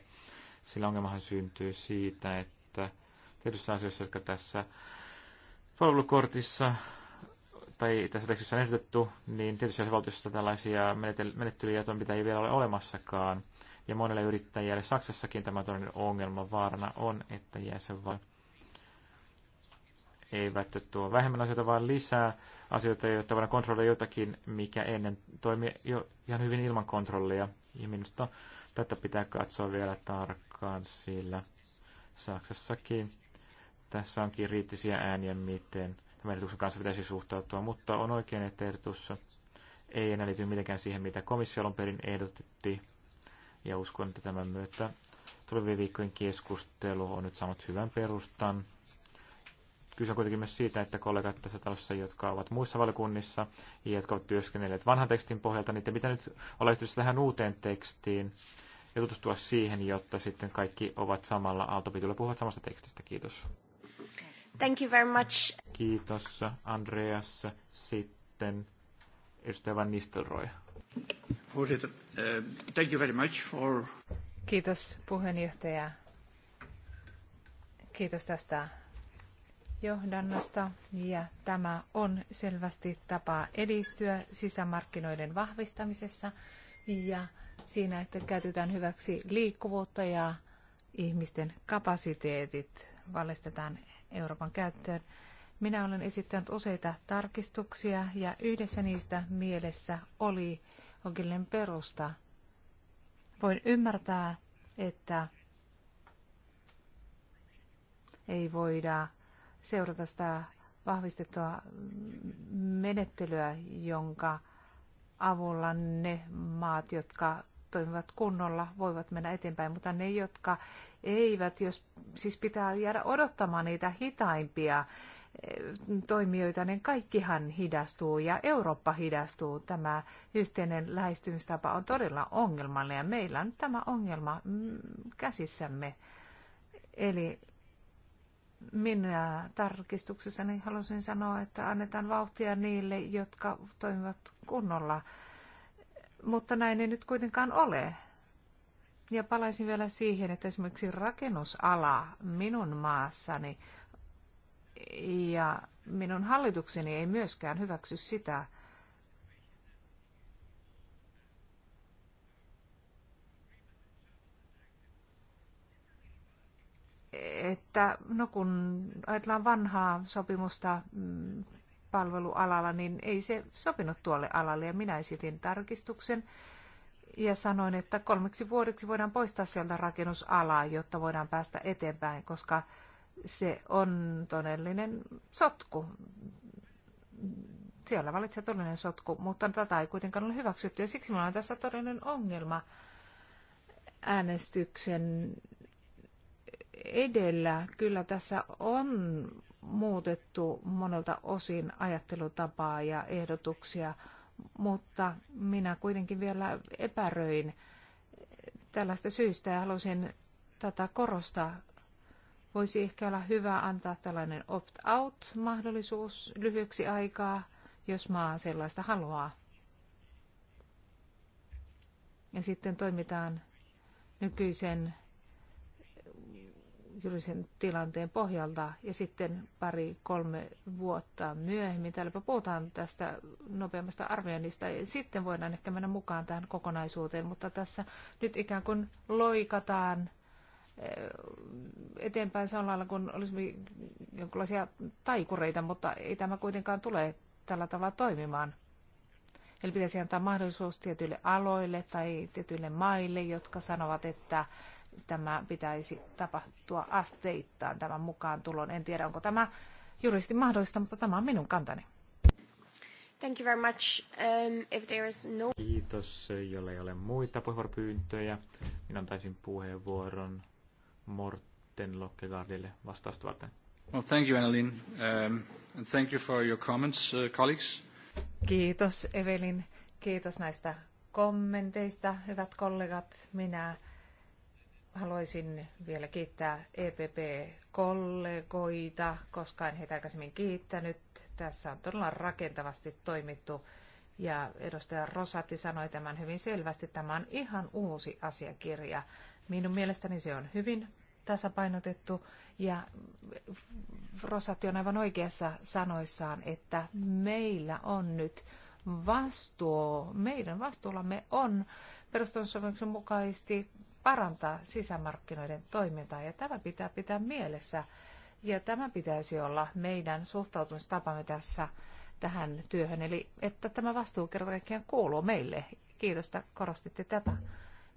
[SPEAKER 2] sillä ongelmahan syntyy siitä, että tietyissä asioissa, jotka tässä palvelukortissa tai tässä tekstissä on ehdotettu, niin tietysti valtiossa tällaisia menettelyjä toimenpiteitä ei vielä ole olemassakaan. Ja monelle yrittäjälle Saksassakin tämä toinen ongelma vaarana on, että jäsenval eivät tuo vähemmän asioita, vaan lisää asioita, joita voidaan kontrolloida jotakin, mikä ennen toimi jo ihan hyvin ilman kontrollia. Ja minusta Tätä pitää katsoa vielä tarkkaan, sillä Saksassakin tässä onkin kriittisiä ääniä, miten tämä ehdotuksen kanssa pitäisi suhtautua, mutta on oikein, että ehdotussa ei enää liity mitenkään siihen, mitä komissio alun perin ehdotettiin, ja uskon, että tämän myötä tulevien viikkojen keskustelu on nyt saanut hyvän perustan kyse on kuitenkin myös siitä, että kollegat tässä talossa, jotka ovat muissa valiokunnissa ja jotka ovat työskennelleet vanhan tekstin pohjalta, niin mitä nyt olla yhteydessä tähän uuteen tekstiin ja tutustua siihen, jotta sitten kaikki ovat samalla aaltopituilla puhuvat samasta tekstistä. Kiitos.
[SPEAKER 1] Thank you very much.
[SPEAKER 2] Kiitos Andreas. Sitten edustaja Van Nistelrooy. Eh, thank you very much for...
[SPEAKER 3] Kiitos puheenjohtaja. Kiitos tästä johdannosta ja tämä on selvästi tapa edistyä sisämarkkinoiden vahvistamisessa ja siinä, että käytetään hyväksi liikkuvuutta ja ihmisten kapasiteetit valistetaan Euroopan käyttöön. Minä olen esittänyt useita tarkistuksia ja yhdessä niistä mielessä oli onkin perusta. Voin ymmärtää, että ei voida seurata sitä vahvistettua menettelyä, jonka avulla ne maat, jotka toimivat kunnolla, voivat mennä eteenpäin, mutta ne, jotka eivät, jos siis pitää jäädä odottamaan niitä hitaimpia eh, toimijoita, niin kaikkihan hidastuu ja Eurooppa hidastuu. Tämä yhteinen lähestymistapa on todella ongelmallinen ja meillä on tämä ongelma mm, käsissämme. Eli minä niin halusin sanoa, että annetaan vauhtia niille, jotka toimivat kunnolla. Mutta näin ei nyt kuitenkaan ole. Ja palaisin vielä siihen, että esimerkiksi rakennusala minun maassani ja minun hallitukseni ei myöskään hyväksy sitä, että no kun ajatellaan vanhaa sopimusta mm, palvelualalla, niin ei se sopinut tuolle alalle ja minä esitin tarkistuksen ja sanoin, että kolmeksi vuodeksi voidaan poistaa sieltä rakennusalaa, jotta voidaan päästä eteenpäin, koska se on todellinen sotku. Siellä valitsee todellinen sotku, mutta tätä ei kuitenkaan ole hyväksytty ja siksi meillä on tässä todellinen ongelma äänestyksen edellä kyllä tässä on muutettu monelta osin ajattelutapaa ja ehdotuksia, mutta minä kuitenkin vielä epäröin tällaista syystä ja halusin tätä korostaa. Voisi ehkä olla hyvä antaa tällainen opt-out-mahdollisuus lyhyeksi aikaa, jos maa sellaista haluaa. Ja sitten toimitaan nykyisen juridisen tilanteen pohjalta ja sitten pari-kolme vuotta myöhemmin. Täälläpä puhutaan tästä nopeammasta arvioinnista ja sitten voidaan ehkä mennä mukaan tähän kokonaisuuteen, mutta tässä nyt ikään kuin loikataan eh, eteenpäin samalla lailla kuin olisi jonkinlaisia taikureita, mutta ei tämä kuitenkaan tule tällä tavalla toimimaan. Eli pitäisi antaa mahdollisuus tietyille aloille tai tietyille maille, jotka sanovat, että tämä pitäisi tapahtua asteittain tämän mukaan tulon. En tiedä, onko tämä juristi mahdollista, mutta tämä on minun kantani.
[SPEAKER 1] Thank you very much. Um, if there is no...
[SPEAKER 2] Kiitos, jolle ei ole muita puheenvuoropyyntöjä. Minä antaisin puheenvuoron Morten Lokkegaardille vastausta varten. Well, thank you, Annelin. Um, and thank you for your comments, uh, colleagues.
[SPEAKER 3] Kiitos, Evelin. Kiitos näistä kommenteista, hyvät kollegat. Minä haluaisin vielä kiittää EPP-kollegoita, koska en heitä aikaisemmin kiittänyt. Tässä on todella rakentavasti toimittu ja edustaja Rosati sanoi tämän hyvin selvästi. Tämä on ihan uusi asiakirja. Minun mielestäni se on hyvin tasapainotettu ja Rosati on aivan oikeassa sanoissaan, että meillä on nyt vastuu, meidän vastuullamme on perustussopimuksen mukaisesti parantaa sisämarkkinoiden toimintaa ja tämä pitää pitää mielessä. Ja tämä pitäisi olla meidän suhtautumistapamme tässä tähän työhön, eli että tämä vastuu kerta kaikkiaan kuuluu meille. Kiitos, että korostitte tätä.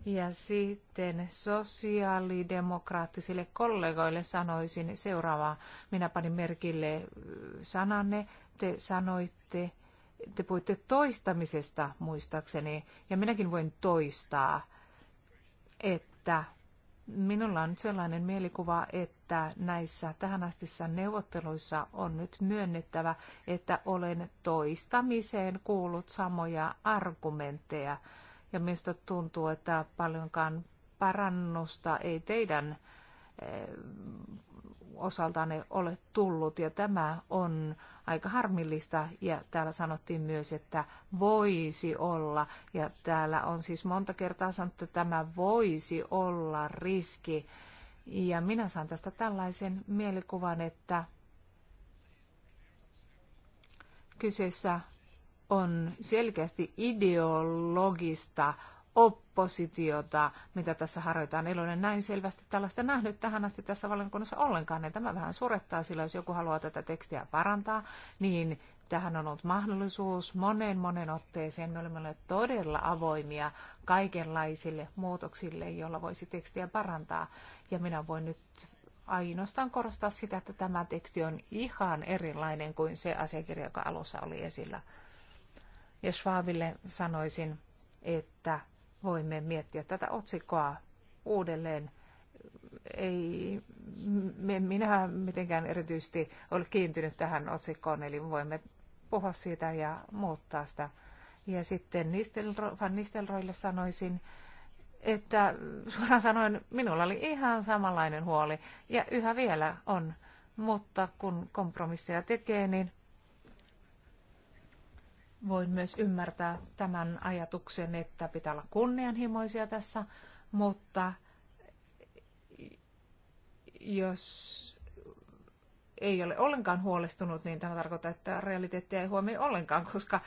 [SPEAKER 3] Ja sitten sosiaalidemokraattisille kollegoille sanoisin seuraavaa. Minä panin merkille äh, sananne. Te sanoitte, te puhuitte toistamisesta muistaakseni, ja minäkin voin toistaa että minulla on nyt sellainen mielikuva, että näissä tähän tähänastisissa neuvotteluissa on nyt myönnettävä, että olen toistamiseen kuullut samoja argumentteja. Ja minusta tuntuu, että paljonkaan parannusta ei teidän eh, osaltaan ei ole tullut. Ja tämä on aika harmillista. Ja täällä sanottiin myös, että voisi olla. Ja täällä on siis monta kertaa sanottu, että tämä voisi olla riski. Ja minä saan tästä tällaisen mielikuvan, että kyseessä on selkeästi ideologista oppimista oppositiota, mitä tässä harjoitetaan. En ole näin selvästi tällaista nähnyt tähän asti tässä valiokunnassa ollenkaan. Ja tämä vähän surettaa, sillä jos joku haluaa tätä tekstiä parantaa, niin tähän on ollut mahdollisuus monen monen otteeseen. Me olemme olleet todella avoimia kaikenlaisille muutoksille, joilla voisi tekstiä parantaa. Ja minä voin nyt ainoastaan korostaa sitä, että tämä teksti on ihan erilainen kuin se asiakirja, joka alussa oli esillä. Ja Schwabille sanoisin, että voimme miettiä tätä otsikkoa uudelleen. Ei, minä mitenkään erityisesti ole kiintynyt tähän otsikkoon, eli voimme puhua siitä ja muuttaa sitä. Ja sitten Nistelro, Van Nistelroille sanoisin, että suoraan sanoen minulla oli ihan samanlainen huoli ja yhä vielä on, mutta kun kompromisseja tekee, niin voin myös ymmärtää tämän ajatuksen, että pitää olla kunnianhimoisia tässä, mutta jos ei ole ollenkaan huolestunut, niin tämä tarkoittaa, että realiteettia ei huomioi ollenkaan, koska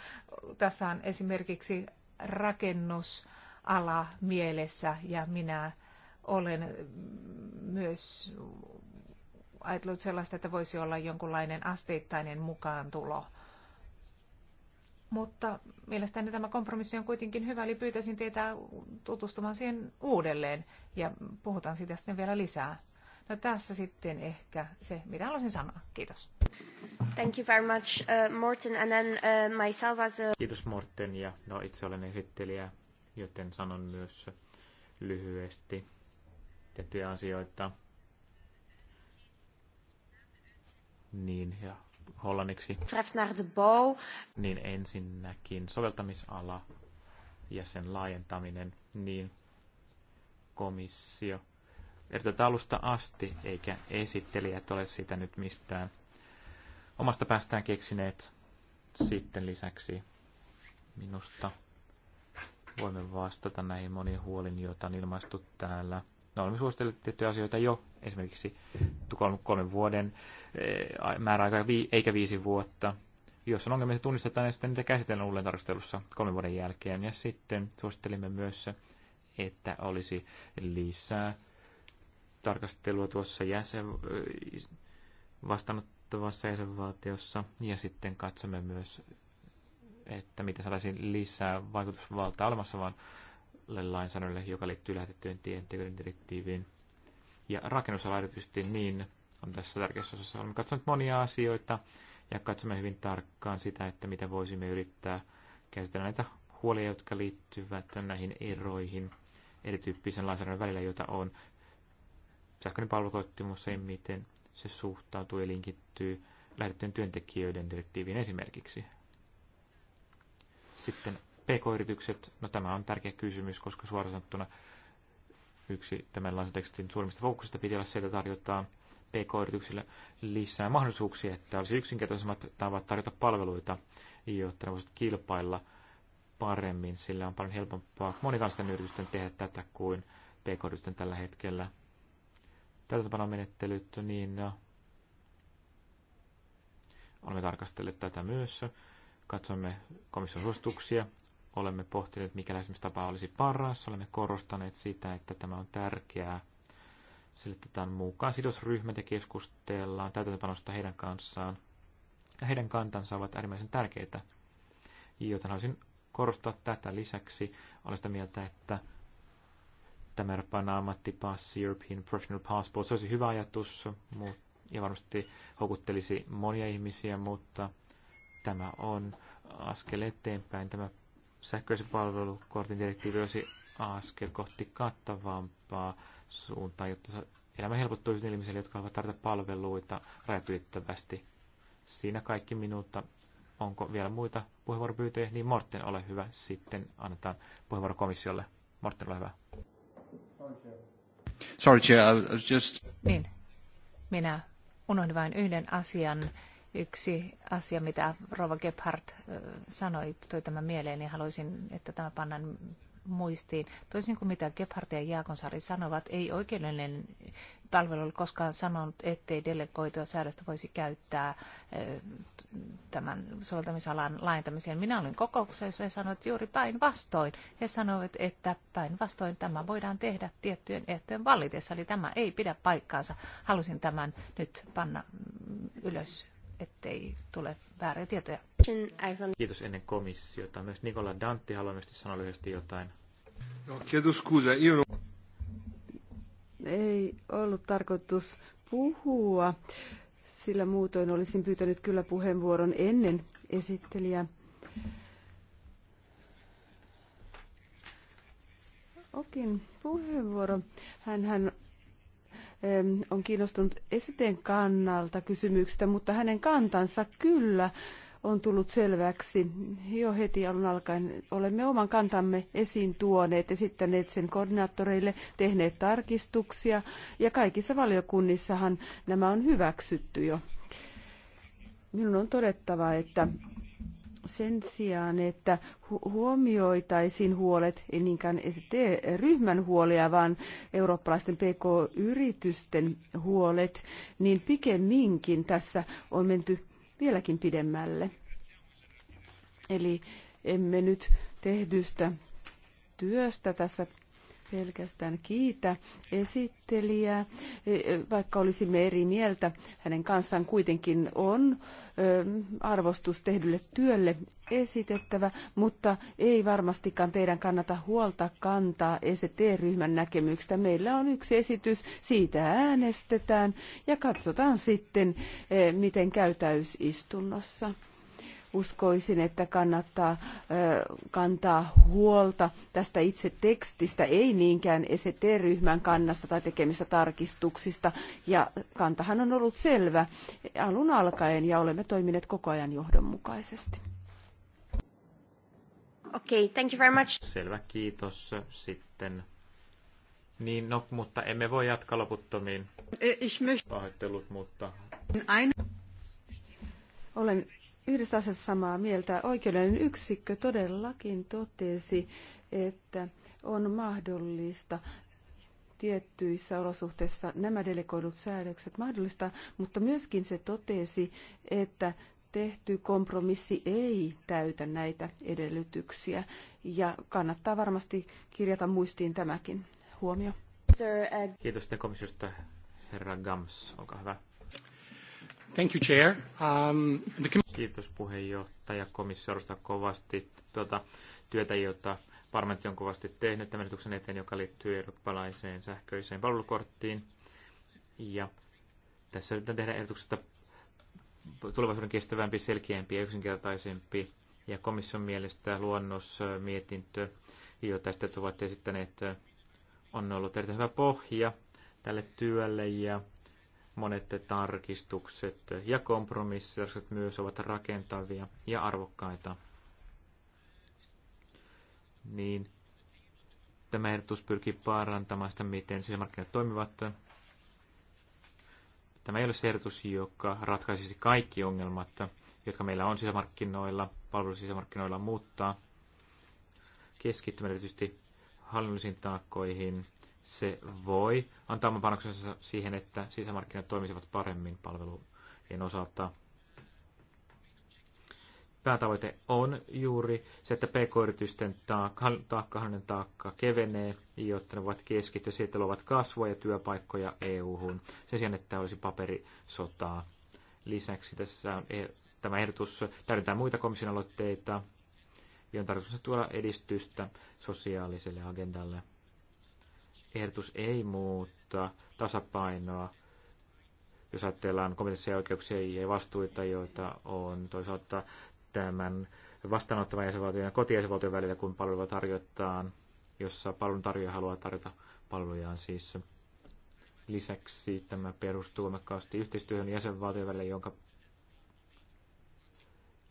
[SPEAKER 3] tässä on esimerkiksi rakennusala mielessä ja minä olen myös ajatellut sellaista, että voisi olla jonkunlainen asteittainen mukaantulo tulo mutta mielestäni tämä kompromissi on kuitenkin hyvä, eli pyytäisin teitä tutustumaan siihen uudelleen ja puhutaan siitä sitten vielä lisää. No tässä sitten ehkä se, mitä haluaisin sanoa. Kiitos. Thank you very much, uh, Morten, and then
[SPEAKER 1] uh, myself as a... Kiitos
[SPEAKER 2] Morten, ja no, itse olen esittelijä, joten sanon myös lyhyesti tiettyjä asioita. Niin, ja hollanniksi. Tref
[SPEAKER 1] naar de bow.
[SPEAKER 2] Niin ensinnäkin soveltamisala ja sen laajentaminen, niin komissio erotetaan alusta asti, eikä esittelijät ole sitä nyt mistään omasta päästään keksineet. Sitten lisäksi minusta voimme vastata näihin moniin huolin, joita on ilmaistu täällä me no, olemme suositelleet tiettyjä asioita jo, esimerkiksi kolmen vuoden eh, määräaika eikä viisi vuotta. Jos on ongelmia, se tunnistetaan ja niin sitten niitä käsitellään uudelleen tarkastelussa kolmen vuoden jälkeen. Ja sitten suosittelimme myös, että olisi lisää tarkastelua tuossa jäsen, eh, vastaanottavassa jäsenvaltiossa. Ja sitten katsomme myös, että miten saataisiin lisää vaikutusvaltaa olemassa, vaan lainsäädännölle, joka liittyy lähetettyjen tientekijöiden direktiiviin. Ja rakennusala erityisesti niin on tässä tärkeässä osassa. Olemme katsoneet monia asioita ja katsomme hyvin tarkkaan sitä, että mitä voisimme yrittää käsitellä näitä huolia, jotka liittyvät näihin eroihin erityyppisen lainsäädännön välillä, jota on sähköinen palvelukotimus, se miten se suhtautuu ja linkittyy lähetettyjen työntekijöiden direktiiviin esimerkiksi. Sitten PK-yritykset, no tämä on tärkeä kysymys, koska suoraan sanottuna yksi tämän tekstin suurimmista fokusista piti olla se, että tarjotaan PK-yrityksille lisää mahdollisuuksia, että olisi yksinkertaisemmat tavat tarjota palveluita, jotta ne voisivat kilpailla paremmin, sillä on paljon helpompaa monikansallisten yritysten tehdä tätä kuin pk-yritysten tällä hetkellä. Täytäntöpanomenettelyt, niin no, olemme tarkastelleet tätä myös. Katsomme komission suosituksia, olemme pohtineet, mikä lähestymistapa olisi paras. Olemme korostaneet sitä, että tämä on tärkeää. Selitetään mukaan sidosryhmät ja keskustellaan täytäntöpanosta heidän kanssaan. Ja heidän kantansa ovat äärimmäisen tärkeitä, joten haluaisin korostaa tätä lisäksi. Olen sitä mieltä, että tämä Euroopan ammattipassi, European Professional Passport, se olisi hyvä ajatus ja varmasti houkuttelisi monia ihmisiä, mutta tämä on askel eteenpäin. Tämä sähköisen palvelukortin direktiivi olisi askel kohti kattavampaa suuntaa, jotta elämä helpottuisi ihmisille, jotka haluavat tarjota palveluita rajatylittävästi. Siinä kaikki minuutta. Onko vielä muita puheenvuoropyyntöjä? Niin Morten, ole hyvä. Sitten annetaan puheenvuoro komissiolle. Morten, ole hyvä.
[SPEAKER 3] Sorry, Chair, I was just... Niin, minä unohdin vain yhden asian, yksi asia, mitä Rova Gebhardt sanoi, toi tämä mieleen, niin haluaisin, että tämä pannaan muistiin. Toisin kuin mitä Gebhardt ja Jaakonsaari sanovat, ei oikeudellinen palvelu ole koskaan sanonut, ettei delegoitua säädöstä voisi käyttää tämän soveltamisalan laajentamiseen. Minä olin kokouksessa, jossa he sanoivat juuri päinvastoin. He sanoivat, että päinvastoin tämä voidaan tehdä tiettyjen ehtojen vallitessa, eli tämä ei pidä paikkaansa. Halusin tämän nyt panna ylös ettei tule vääriä tietoja.
[SPEAKER 2] Kiitos ennen komissiota. Myös Nikola Dantti haluaa myös sanoa lyhyesti jotain. No, kiitos, scusa.
[SPEAKER 1] Ei ollut tarkoitus puhua, sillä muutoin olisin pyytänyt kyllä puheenvuoron ennen esittelijää. Okin puheenvuoro. Hän, hän on kiinnostunut esiteen kannalta kysymyksestä, mutta hänen kantansa kyllä on tullut selväksi jo heti alun alkaen. Olemme oman kantamme esiin tuoneet, esittäneet sen koordinaattoreille, tehneet tarkistuksia ja kaikissa valiokunnissahan nämä on hyväksytty jo. Minun on todettava, että sen sijaan, että huomioitaisiin huolet, ei niinkään ST-ryhmän huolia, vaan eurooppalaisten PK-yritysten huolet, niin pikemminkin tässä on menty vieläkin pidemmälle. Eli emme nyt tehdystä työstä tässä pelkästään kiitä esittelijää, e, e, vaikka olisimme eri mieltä. Hänen kanssaan kuitenkin on arvostus tehdylle työlle esitettävä, mutta ei varmastikaan teidän kannata huolta kantaa ST-ryhmän näkemyksestä. Meillä on yksi esitys, siitä äänestetään ja katsotaan sitten, e, miten käy täysistunnossa uskoisin, että kannattaa kantaa huolta tästä itse tekstistä, ei niinkään ST-ryhmän kannasta tai tekemistä tarkistuksista. Ja kantahan on ollut selvä alun alkaen ja olemme toimineet koko ajan johdonmukaisesti.
[SPEAKER 2] Okei, okay, thank you very much. Selvä, kiitos sitten. Niin, no, mutta emme voi jatkaa loputtomiin.
[SPEAKER 1] Eh, ich möchte...
[SPEAKER 2] Pahoittelut, mutta...
[SPEAKER 1] Olen yhdestä asiasta samaa mieltä. Oikeudellinen yksikkö todellakin totesi, että on mahdollista tiettyissä olosuhteissa nämä delegoidut säädökset mahdollista, mutta myöskin se totesi, että tehty kompromissi ei täytä näitä edellytyksiä. Ja kannattaa varmasti kirjata muistiin tämäkin huomio. Uh,
[SPEAKER 2] Kiitos te komissiosta, herra Gams. Olkaa hyvä. Thank you, Chair. Um, the Kiitos puheenjohtaja komissiosta kovasti tuota, työtä, jota parlamentti on kovasti tehnyt tämän esityksen eteen, joka liittyy eurooppalaiseen sähköiseen palvelukorttiin. Ja tässä yritetään tehdä ehdotuksesta tulevaisuuden kestävämpi, selkeämpi ja yksinkertaisempi. Ja komission mielestä luonnosmietintö, jota tästä ovat esittäneet, on ollut erittäin hyvä pohja tälle työlle ja Monet tarkistukset ja kompromissit myös ovat rakentavia ja arvokkaita. Niin tämä ehdotus pyrkii parantamaan sitä, miten sisämarkkinat toimivat. Tämä ei ole se ehdotus, joka ratkaisisi kaikki ongelmat, jotka meillä on sisämarkkinoilla, palvelusisämarkkinoilla, mutta keskittyminen erityisesti hallinnollisiin taakkoihin – se voi antaa oman panoksensa siihen, että sisämarkkinat toimisivat paremmin palvelujen osalta. Päätavoite on juuri se, että pk-yritysten taakka, taakka kevenee, jotta ne voivat keskittyä että luovat kasvua ja työpaikkoja EU-hun. Sen sijaan, että olisi paperisotaa. Lisäksi tässä on e- tämä ehdotus täydentää muita komission aloitteita, joiden tarkoitus tuoda edistystä sosiaaliselle agendalle ehdotus ei muuta tasapainoa, jos ajatellaan kompetenssia oikeuksia ja vastuita, joita on toisaalta tämän vastaanottavan jäsenvaltion ja kotijäsenvaltion välillä, kun palvelua tarjotaan, jossa palvelun tarjoaja haluaa tarjota palvelujaan siis. Lisäksi tämä perustuu voimakkaasti yhteistyöhön jäsenvaltion välillä, jonka,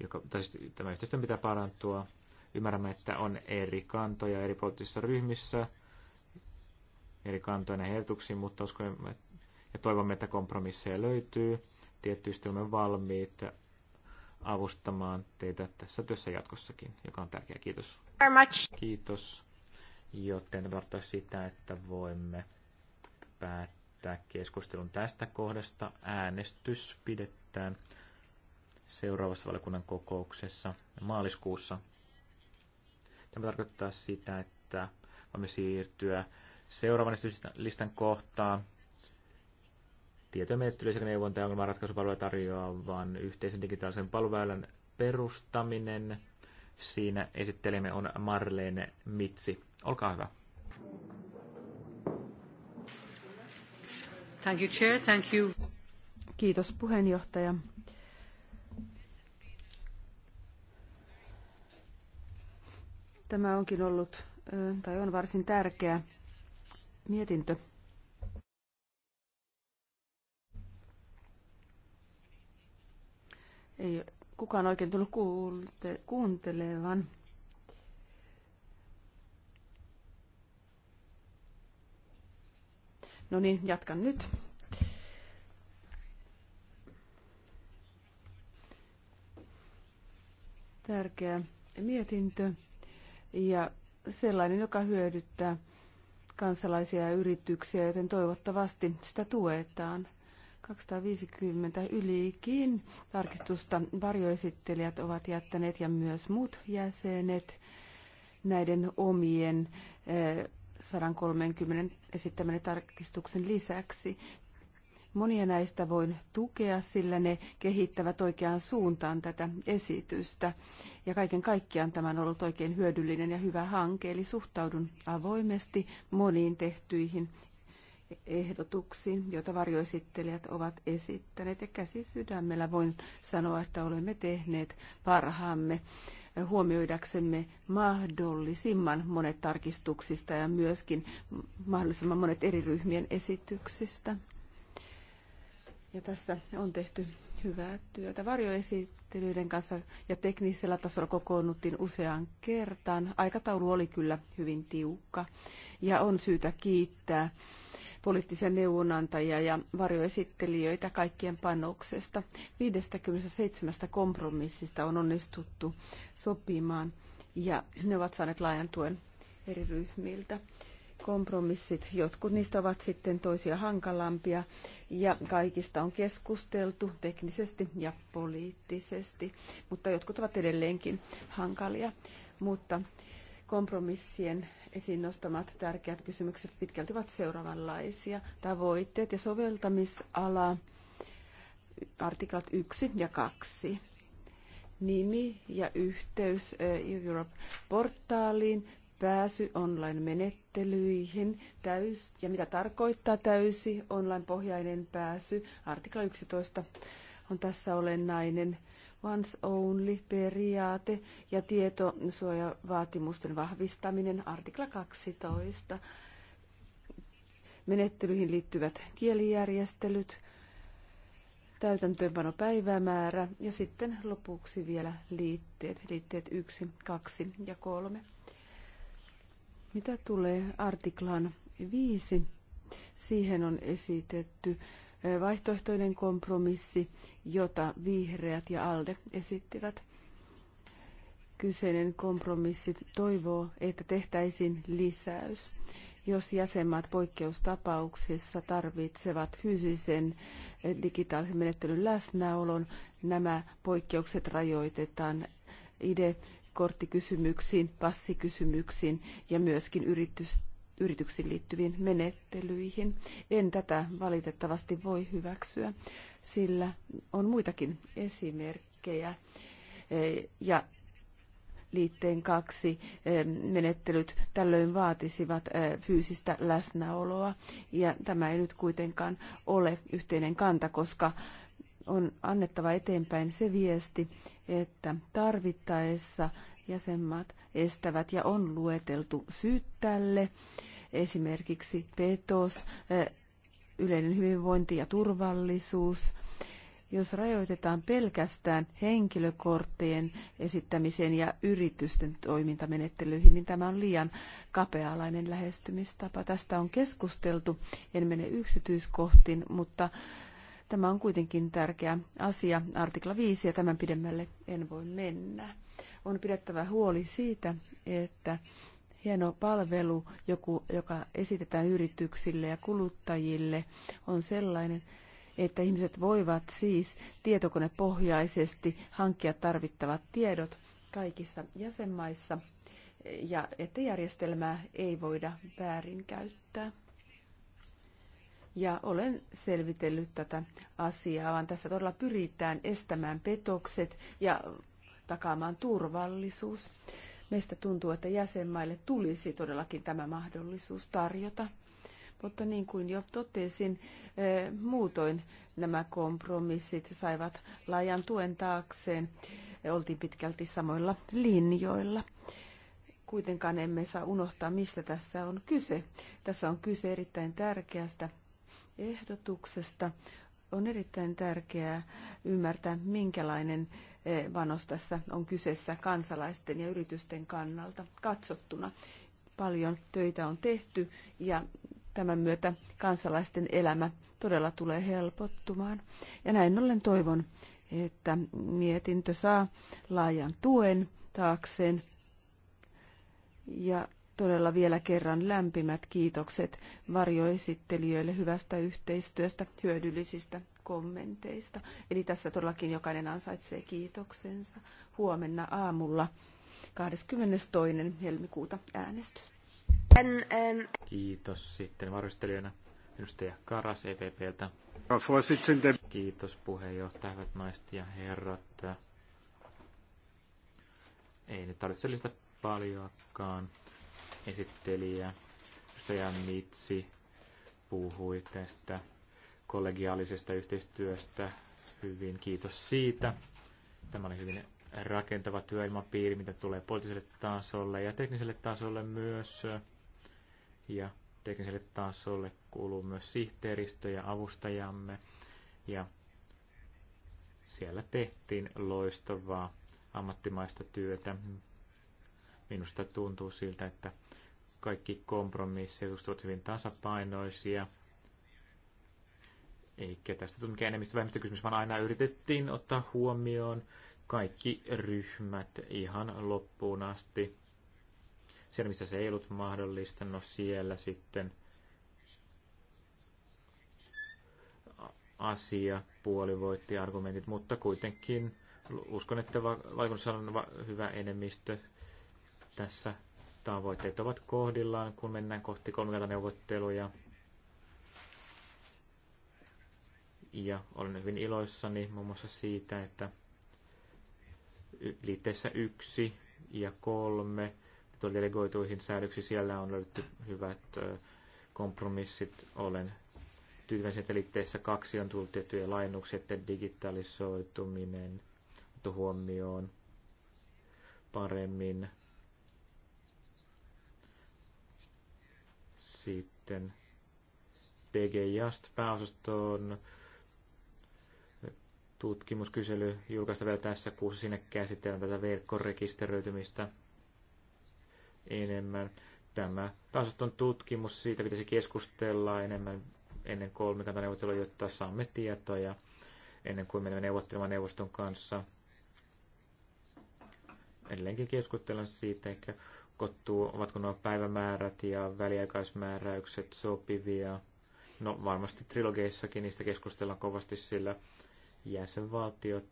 [SPEAKER 2] joka, tai siis tämä yhteistyö pitää parantua. Ymmärrämme, että on eri kantoja eri poliittisissa ryhmissä – eri kantoina ehdotuksiin, mutta uskomme ja toivomme, että kompromisseja löytyy. Tietysti olemme valmiit avustamaan teitä tässä työssä jatkossakin, joka on tärkeää. Kiitos. Kiitos. Joten tarkoittaa sitä, että voimme päättää keskustelun tästä kohdasta. Äänestys pidetään seuraavassa valiokunnan kokouksessa maaliskuussa. Tämä tarkoittaa sitä, että voimme siirtyä seuraavan listan kohtaa. Tietomenettely sekä neuvonta- ja ongelmanratkaisupalveluja tarjoavan yhteisen digitaalisen palveluväylän perustaminen. Siinä esittelemme on Marlene Mitsi. Olkaa hyvä.
[SPEAKER 4] Thank you, Chair. Thank you.
[SPEAKER 1] Kiitos puheenjohtaja. Tämä onkin ollut tai on varsin tärkeä mietintö. Ei kukaan oikein tullut kuulte- kuuntelevan. No niin, jatkan nyt. Tärkeä mietintö ja sellainen, joka hyödyttää kansalaisia ja yrityksiä, joten toivottavasti sitä tuetaan. 250 ylikin tarkistusta varjoesittelijät ovat jättäneet ja myös muut jäsenet näiden omien 130 eh, esittämän tarkistuksen lisäksi. Monia näistä voin tukea, sillä ne kehittävät oikeaan suuntaan tätä esitystä. Ja kaiken kaikkiaan tämä on ollut oikein hyödyllinen ja hyvä hanke, eli suhtaudun avoimesti moniin tehtyihin ehdotuksiin, joita varjoesittelijät ovat esittäneet. Ja käsi sydämellä voin sanoa, että olemme tehneet parhaamme huomioidaksemme mahdollisimman monet tarkistuksista ja myöskin mahdollisimman monet eri ryhmien esityksistä. Ja tässä on tehty hyvää työtä varjoesittelyiden kanssa ja teknisellä tasolla kokoonnuttiin useaan kertaan. Aikataulu oli kyllä hyvin tiukka ja on syytä kiittää poliittisia neuvonantajia ja varjoesittelijöitä kaikkien panoksesta. 57 kompromissista on onnistuttu sopimaan ja ne ovat saaneet laajan tuen eri ryhmiltä kompromissit. Jotkut niistä ovat sitten toisia hankalampia ja kaikista on keskusteltu teknisesti ja poliittisesti, mutta jotkut ovat edelleenkin hankalia. Mutta kompromissien esiin nostamat tärkeät kysymykset pitkälti ovat seuraavanlaisia. Tavoitteet ja soveltamisala, artiklat 1 ja 2 nimi ja yhteys eh, Europe-portaaliin, pääsy online-menettelyihin täys, ja mitä tarkoittaa täysi online-pohjainen pääsy. Artikla 11 on tässä olennainen once only periaate ja tietosuojavaatimusten vahvistaminen. Artikla 12. Menettelyihin liittyvät kielijärjestelyt, täytäntöönpanopäivämäärä ja sitten lopuksi vielä liitteet, liitteet 1, 2 ja 3. Mitä tulee artiklaan 5, siihen on esitetty vaihtoehtoinen kompromissi, jota vihreät ja ALDE esittivät. Kyseinen kompromissi toivoo, että tehtäisiin lisäys, jos jäsenmaat poikkeustapauksissa tarvitsevat fyysisen digitaalisen menettelyn läsnäolon. Nämä poikkeukset rajoitetaan IDE korttikysymyksiin, passikysymyksiin ja myöskin yritys, yrityksiin liittyviin menettelyihin. En tätä valitettavasti voi hyväksyä, sillä on muitakin esimerkkejä. Eh, ja liitteen kaksi eh, menettelyt tällöin vaatisivat eh, fyysistä läsnäoloa. Ja tämä ei nyt kuitenkaan ole yhteinen kanta, koska on annettava eteenpäin se viesti, että tarvittaessa jäsenmaat estävät ja on lueteltu syyt tälle, esimerkiksi petos, yleinen hyvinvointi ja turvallisuus. Jos rajoitetaan pelkästään henkilökorttien esittämiseen ja yritysten toimintamenettelyihin, niin tämä on liian kapealainen lähestymistapa. Tästä on keskusteltu, en mene yksityiskohtiin, mutta Tämä on kuitenkin tärkeä asia, artikla 5, ja tämän pidemmälle en voi mennä. On pidettävä huoli siitä, että hieno palvelu, joku, joka esitetään yrityksille ja kuluttajille, on sellainen, että ihmiset voivat siis tietokonepohjaisesti hankkia tarvittavat tiedot kaikissa jäsenmaissa ja että järjestelmää ei voida väärinkäyttää ja olen selvitellyt tätä asiaa, vaan tässä todella pyritään estämään petokset ja takaamaan turvallisuus. Meistä tuntuu, että jäsenmaille tulisi todellakin tämä mahdollisuus tarjota. Mutta niin kuin jo totesin, eh, muutoin nämä kompromissit saivat laajan tuen taakseen. Oltiin pitkälti samoilla linjoilla kuitenkaan emme saa unohtaa, mistä tässä on kyse. Tässä on kyse erittäin tärkeästä ehdotuksesta. On erittäin tärkeää ymmärtää, minkälainen eh, panos tässä on kyseessä kansalaisten ja yritysten kannalta katsottuna. Paljon töitä on tehty ja tämän myötä kansalaisten elämä todella tulee helpottumaan. Ja näin ollen toivon, että mietintö saa laajan tuen taakseen ja Todella vielä kerran lämpimät kiitokset varjoesittelijöille hyvästä yhteistyöstä, hyödyllisistä kommenteista. Eli tässä todellakin jokainen ansaitsee kiitoksensa. Huomenna aamulla 22. helmikuuta äänestys.
[SPEAKER 2] Kiitos sitten varjostelijana edustaja Karas EPPltä. Kiitos puheenjohtaja, hyvät naiset ja herrat. Ei nyt tarvitse lisätä paljonkaan esittelijä, edustaja Mitsi, puhui tästä kollegiaalisesta yhteistyöstä. Hyvin kiitos siitä. Tämä oli hyvin rakentava työilmapiiri, mitä tulee poliittiselle tasolle ja tekniselle tasolle myös. Ja tekniselle tasolle kuuluu myös sihteeristö ja avustajamme. Ja siellä tehtiin loistavaa ammattimaista työtä. Minusta tuntuu siltä, että kaikki kompromissit ovat hyvin tasapainoisia. Eikä tästä tule mikään enemmistö kysymys, vaan aina yritettiin ottaa huomioon kaikki ryhmät ihan loppuun asti. Siellä, missä se ei ollut mahdollista, no siellä sitten asia, puoli voitti argumentit, mutta kuitenkin uskon, että valiokunnassa on hyvä enemmistö tässä tavoitteet ovat kohdillaan, kun mennään kohti kolmikantaneuvotteluja. Ja olen hyvin iloissani muun muassa siitä, että liitteessä yksi ja kolme delegoituihin säädöksiin siellä on löydetty hyvät kompromissit. Olen tyytyväisen, että liitteessä kaksi on tullut tiettyjä lainuksia, että digitalisoituminen on huomioon paremmin Sitten PG Just pääosaston tutkimuskysely julkaista vielä tässä kuussa. Sinne käsitellään tätä verkkorekisteröitymistä enemmän. Tämä pääosaston tutkimus, siitä pitäisi keskustella enemmän ennen kolmikantaneuvottelua, jotta saamme tietoja ennen kuin menemme neuvottelemaan neuvoston kanssa. Edelleenkin keskustellaan siitä, ehkä rikottu, ovatko nuo päivämäärät ja väliaikaismääräykset sopivia. No varmasti trilogeissakin niistä keskustellaan kovasti, sillä jäsenvaltiot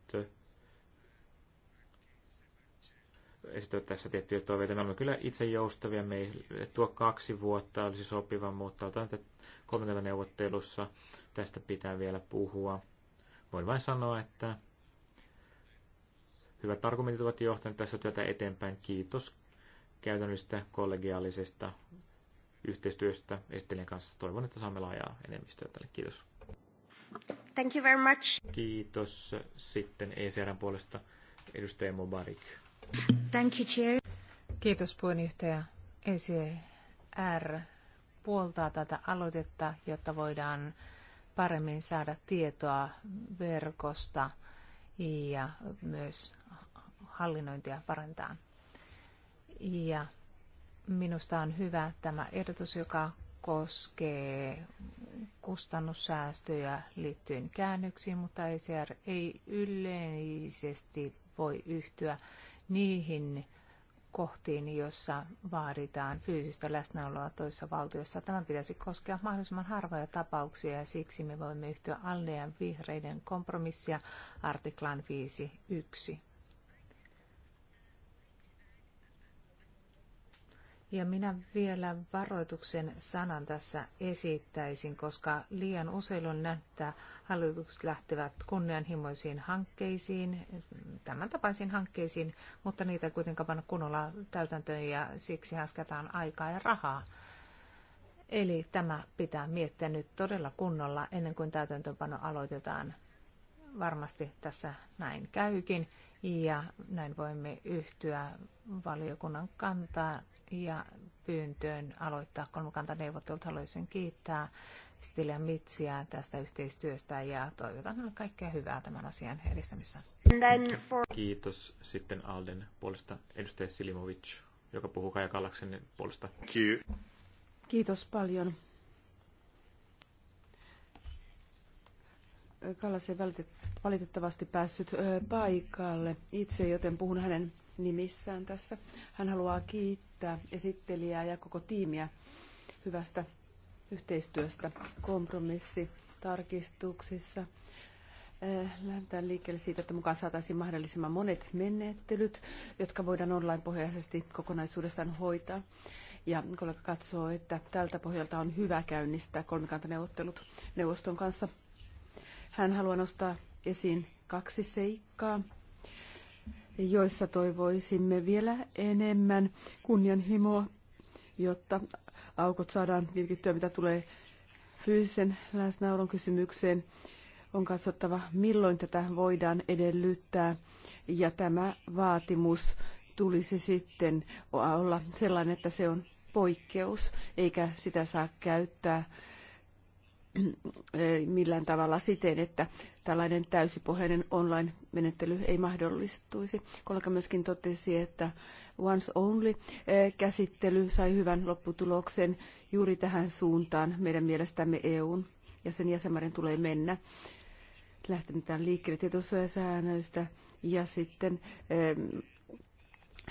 [SPEAKER 2] esittävät tässä tiettyjä toiveita. Me olemme kyllä itse joustavia. Meille tuo kaksi vuotta olisi sopiva, mutta otan neuvottelussa tästä pitää vielä puhua. Voin vain sanoa, että hyvät argumentit ovat johtaneet tässä työtä eteenpäin. Kiitos käytännöllisestä kollegiaalisesta yhteistyöstä esittelijän kanssa. Toivon, että saamme laajaa enemmistöä tälle. Kiitos.
[SPEAKER 1] Thank you very much.
[SPEAKER 2] Kiitos sitten ECRn puolesta edustaja Mubarik.
[SPEAKER 1] Thank
[SPEAKER 3] you, Chair. Kiitos puheenjohtaja. ECR puoltaa tätä aloitetta, jotta voidaan paremmin saada tietoa verkosta ja myös hallinnointia parantaa. Ja minusta on hyvä tämä ehdotus, joka koskee kustannussäästöjä liittyen käännöksiin, mutta ECR ei yleisesti voi yhtyä niihin kohtiin, jossa vaaditaan fyysistä läsnäoloa toisessa valtiossa. Tämän pitäisi koskea mahdollisimman harvoja tapauksia ja siksi me voimme yhtyä Alnean vihreiden kompromissia artiklan 5.1. Ja minä vielä varoituksen sanan tässä esittäisin, koska liian usein on näyttää hallitukset lähtevät kunnianhimoisiin hankkeisiin, tämän tapaisiin hankkeisiin, mutta niitä ei kuitenkaan panna kunnolla täytäntöön ja siksi häskätään aikaa ja rahaa. Eli tämä pitää miettiä nyt todella kunnolla ennen kuin täytäntöönpano aloitetaan. Varmasti tässä näin käykin ja näin voimme yhtyä valiokunnan kantaa ja pyyntöön aloittaa kolmikantaneuvottelut. Haluaisin kiittää Stilja Mitsiä tästä yhteistyöstä ja toivotan hänelle kaikkea hyvää tämän asian edistämisessä.
[SPEAKER 2] For... Kiitos sitten Alden puolesta edustaja Silimovic, joka puhuu Kaja Kallaksen puolesta. Kiitos.
[SPEAKER 1] Kiitos paljon. Kallas ei valitettavasti päässyt paikalle itse, joten puhun hänen nimissään tässä. Hän haluaa kiittää esittelijää ja koko tiimiä hyvästä yhteistyöstä kompromissitarkistuksissa. Äh, lähdetään liikkeelle siitä, että mukaan saataisiin mahdollisimman monet menettelyt, jotka voidaan online-pohjaisesti kokonaisuudessaan hoitaa. Ja kollega katsoo, että tältä pohjalta on hyvä käynnistää kolmikantaneuvottelut neuvoston kanssa. Hän haluaa nostaa esiin kaksi seikkaa joissa toivoisimme vielä enemmän kunnianhimoa, jotta aukot saadaan virkittyä, mitä tulee fyysisen läsnäolon kysymykseen. On katsottava, milloin tätä voidaan edellyttää, ja tämä vaatimus tulisi sitten olla sellainen, että se on poikkeus, eikä sitä saa käyttää millään tavalla siten, että tällainen täysipohjainen online-menettely ei mahdollistuisi. Kollega myöskin totesi, että once only-käsittely sai hyvän lopputuloksen juuri tähän suuntaan meidän mielestämme EUn ja sen jäsenmaiden tulee mennä. lähtenytään liikkeelle tietosuojasäännöistä ja sitten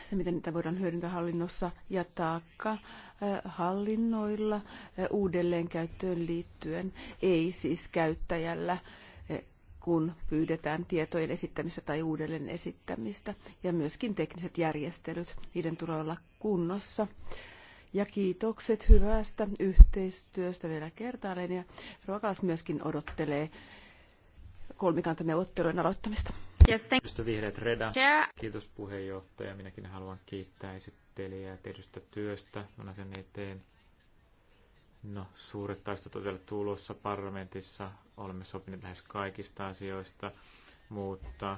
[SPEAKER 1] se, miten niitä voidaan hyödyntää hallinnossa ja taakka hallinnoilla uudelleenkäyttöön liittyen, ei siis käyttäjällä kun pyydetään tietojen esittämistä tai uudelleen esittämistä. Ja myöskin tekniset järjestelyt, niiden tulee olla kunnossa. Ja kiitokset hyvästä yhteistyöstä vielä kertaalleen. Ja Ruokalas myöskin odottelee kolmikantaneuvottelujen aloittamista. Yes, thank Vihreät Reda.
[SPEAKER 2] Kiitos puheenjohtaja. Minäkin haluan kiittää esittää esittelijää tehdystä työstä on sen eteen. No, suuret taistot on vielä tulossa parlamentissa. Olemme sopineet lähes kaikista asioista, mutta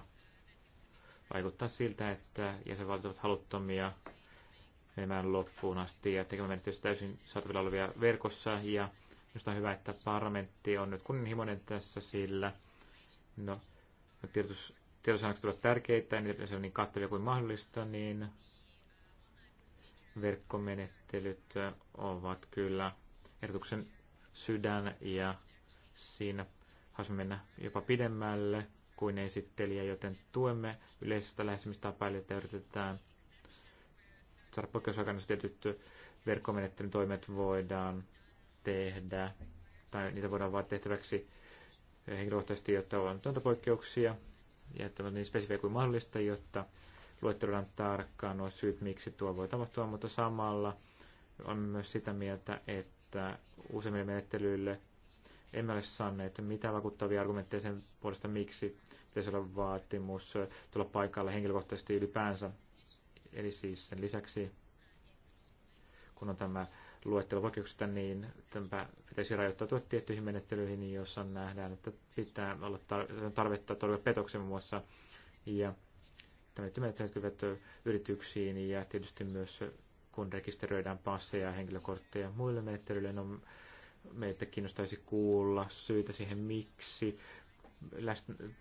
[SPEAKER 2] vaikuttaa siltä, että jäsenvaltiot ovat haluttomia menemään loppuun asti ja tekemään menetys täysin saatavilla olevia verkossa. Ja minusta on hyvä, että parlamentti on nyt kunnianhimoinen tässä, sillä no, tiedotus, tiedotusannokset ovat tärkeitä ja niitä olla niin kattavia kuin mahdollista, niin verkkomenettelyt ovat kyllä ehdotuksen sydän ja siinä haluaisimme mennä jopa pidemmälle kuin esittelijä, joten tuemme yleisestä lähestymistapaa, eli että yritetään saada poikkeusaikana tietyt verkkomenettelyn toimet voidaan tehdä, tai niitä voidaan vaan tehtäväksi henkilökohtaisesti, jotta on tuota poikkeuksia, ja että on niin spesifiä kuin mahdollista, jotta luettelemaan tarkkaan nuo syyt, miksi tuo voi tapahtua, mutta samalla on myös sitä mieltä, että useimmille menettelyille emme ole saaneet mitään vakuuttavia argumentteja sen puolesta, miksi pitäisi olla vaatimus tulla paikalle henkilökohtaisesti ylipäänsä. Eli siis sen lisäksi, kun on tämä luettelo poikkeuksista, niin tämä pitäisi rajoittautua tiettyihin menettelyihin, joissa nähdään, että pitää olla tarvetta torjua petoksen muassa. Ja Tämä liittyy liittyvät yrityksiin ja tietysti myös kun rekisteröidään passeja ja henkilökortteja muille menettelyille, no meitä kiinnostaisi kuulla syitä siihen, miksi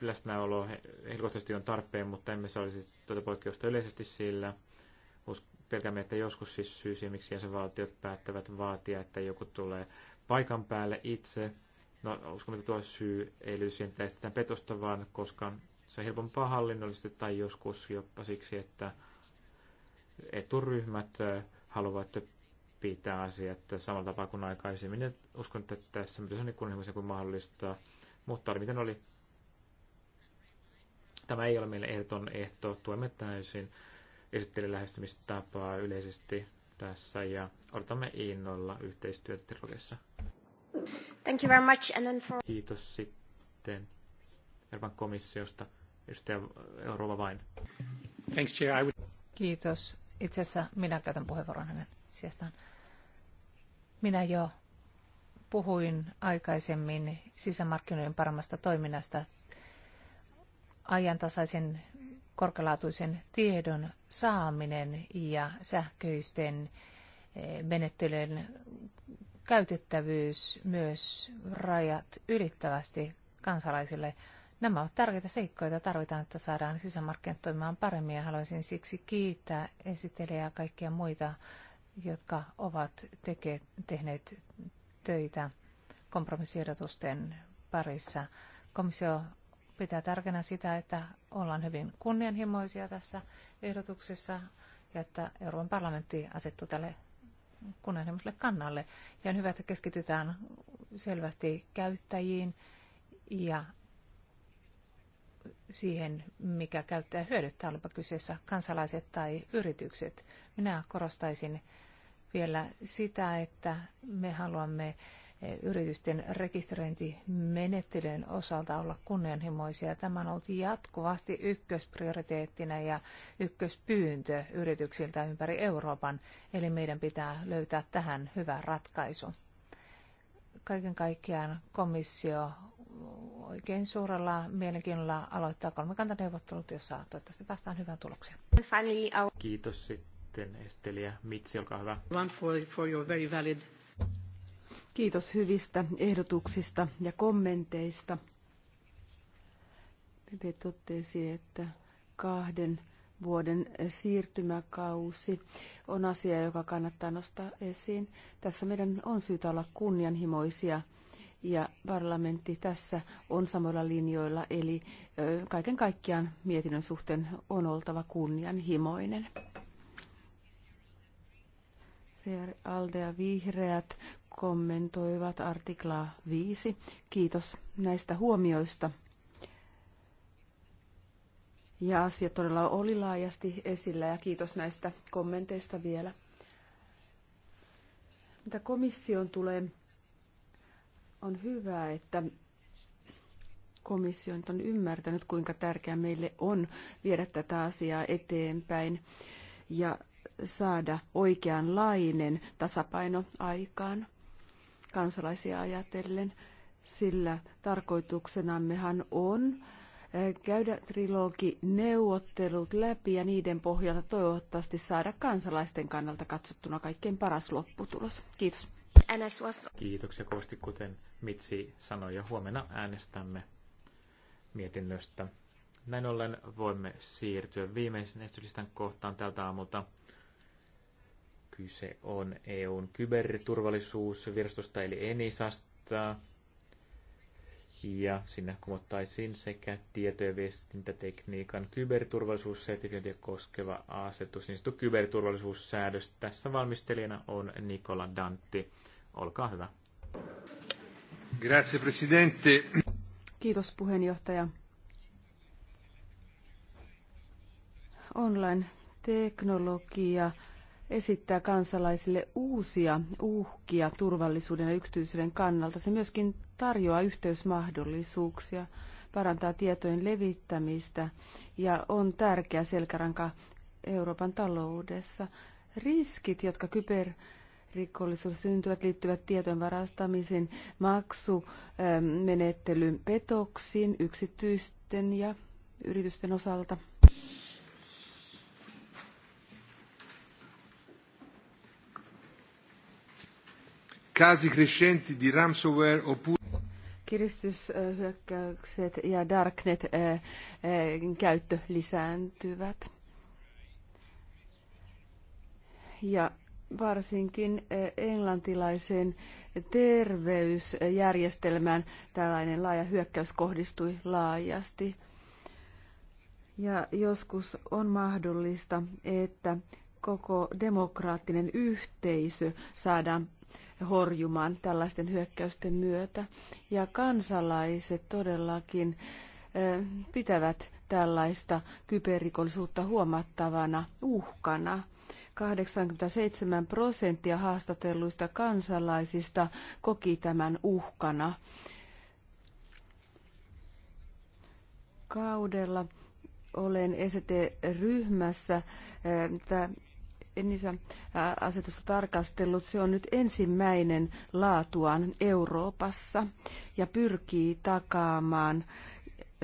[SPEAKER 2] läsnäolo henkilökohtaisesti on tarpeen, mutta emme olisi tuota poikkeusta yleisesti sillä. Pelkäämme, että joskus siis syy siihen, miksi jäsenvaltiot päättävät vaatia, että joku tulee paikan päälle itse. No, uskon, että tuo syy ei liity siihen, että petosta, vaan koska se on helpompaa hallinnollisesti tai joskus jopa siksi, että eturyhmät haluavat pitää asiat samalla tapaa kuin aikaisemmin. Ja uskon, että tässä on niin kunnianhimoisia kuin mahdollista. Mutta oli miten oli. Tämä ei ole meille ehdoton ehto. Tuemme täysin esittelijän lähestymistapaa yleisesti tässä ja odotamme innolla yhteistyötä trilogissa. Thank you very much. And then for... Kiitos sitten Euroopan komissiosta. Edustaja Eurova äh, vain. Thanks, Chair. I would...
[SPEAKER 3] Kiitos. Itse asiassa minä käytän puheenvuoron hänen sijastaan. Minä jo puhuin aikaisemmin sisämarkkinoiden paremmasta toiminnasta ajantasaisen korkealaatuisen tiedon saaminen ja sähköisten eh, menettelyjen käytettävyys myös rajat ylittävästi kansalaisille Nämä ovat tärkeitä seikkoja, joita tarvitaan, että saadaan sisämarkkinat toimimaan paremmin ja haluaisin siksi kiittää esittelijää ja kaikkia muita, jotka ovat teke, tehneet töitä kompromissiehdotusten parissa. Komissio pitää tärkeänä sitä, että ollaan hyvin kunnianhimoisia tässä ehdotuksessa ja että Euroopan parlamentti asettuu tälle kunnianhimoiselle kannalle. Ja on hyvä, että keskitytään selvästi käyttäjiin ja siihen, mikä käyttäjä hyödyttää, olipa kyseessä kansalaiset tai yritykset. Minä korostaisin vielä sitä, että me haluamme eh, yritysten rekisteröintimenettelyjen osalta olla kunnianhimoisia. Tämä on ollut jatkuvasti ykkösprioriteettina ja ykköspyyntö yrityksiltä ympäri Euroopan, eli meidän pitää löytää tähän hyvä ratkaisu. Kaiken kaikkiaan komissio oikein suurella mielenkiinnolla aloittaa kolmikantaneuvottelut, jossa toivottavasti päästään hyvään tulokseen.
[SPEAKER 2] Kiitos sitten Esteli ja Mitsi, olkaa hyvä.
[SPEAKER 1] Kiitos hyvistä ehdotuksista ja kommenteista. Pepe totesi, että kahden vuoden siirtymäkausi on asia, joka kannattaa nostaa esiin. Tässä meidän on syytä olla kunnianhimoisia ja parlamentti tässä on samoilla linjoilla, eli kaiken kaikkiaan mietinnön suhteen on oltava kunnianhimoinen. Alde ja Vihreät kommentoivat artiklaa 5. Kiitos näistä huomioista. Ja asia todella oli laajasti esillä ja kiitos näistä kommenteista vielä. Mitä komission tulee on hyvä, että komissio on ymmärtänyt, kuinka tärkeää meille on viedä tätä asiaa eteenpäin ja saada oikeanlainen tasapaino aikaan kansalaisia ajatellen, sillä tarkoituksenammehan on eh, käydä trilogineuvottelut läpi ja niiden pohjalta toivottavasti saada kansalaisten kannalta katsottuna kaikkein paras lopputulos. Kiitos.
[SPEAKER 2] Kiitoksia kovasti, kuten Mitsi sanoi, ja huomenna äänestämme mietinnöstä. Näin ollen voimme siirtyä viimeisen esityslistan kohtaan tältä aamulta. Kyse on EUn kyberturvallisuusvirastosta eli ENISasta. Ja sinne kumottaisiin sekä tieto- ja viestintätekniikan kyberturvallisuussertifiointia koskeva asetus, niin kyberturvallisuussäädös. Tässä valmistelijana on Nikola Dantti. Olkaa hyvä.
[SPEAKER 1] Grazie,
[SPEAKER 4] presidente.
[SPEAKER 1] Kiitos puheenjohtaja. Online-teknologia esittää kansalaisille uusia uhkia turvallisuuden ja yksityisyyden kannalta. Se myöskin tarjoaa yhteysmahdollisuuksia, parantaa tietojen levittämistä ja on tärkeä selkäranka Euroopan taloudessa. Riskit, jotka kyber rikollisuus syntyvät liittyvät tietojen varastamisen maksumenettelyn ähm, petoksiin yksityisten ja yritysten osalta. Casi crescenti
[SPEAKER 2] di ransomware oppure
[SPEAKER 1] kiristyshyökkäykset ja darknet-käyttö äh, äh, lisääntyvät. Ja varsinkin eh, englantilaiseen terveysjärjestelmään tällainen laaja hyökkäys kohdistui laajasti. Ja joskus on mahdollista, että koko demokraattinen yhteisö saadaan horjumaan tällaisten hyökkäysten myötä. Ja kansalaiset todellakin eh, pitävät tällaista kyberrikollisuutta huomattavana uhkana – 87 prosenttia haastatelluista kansalaisista koki tämän uhkana. Kaudella olen ST-ryhmässä eh, Enisa asetusta tarkastellut. Se on nyt ensimmäinen laatuaan Euroopassa ja pyrkii takaamaan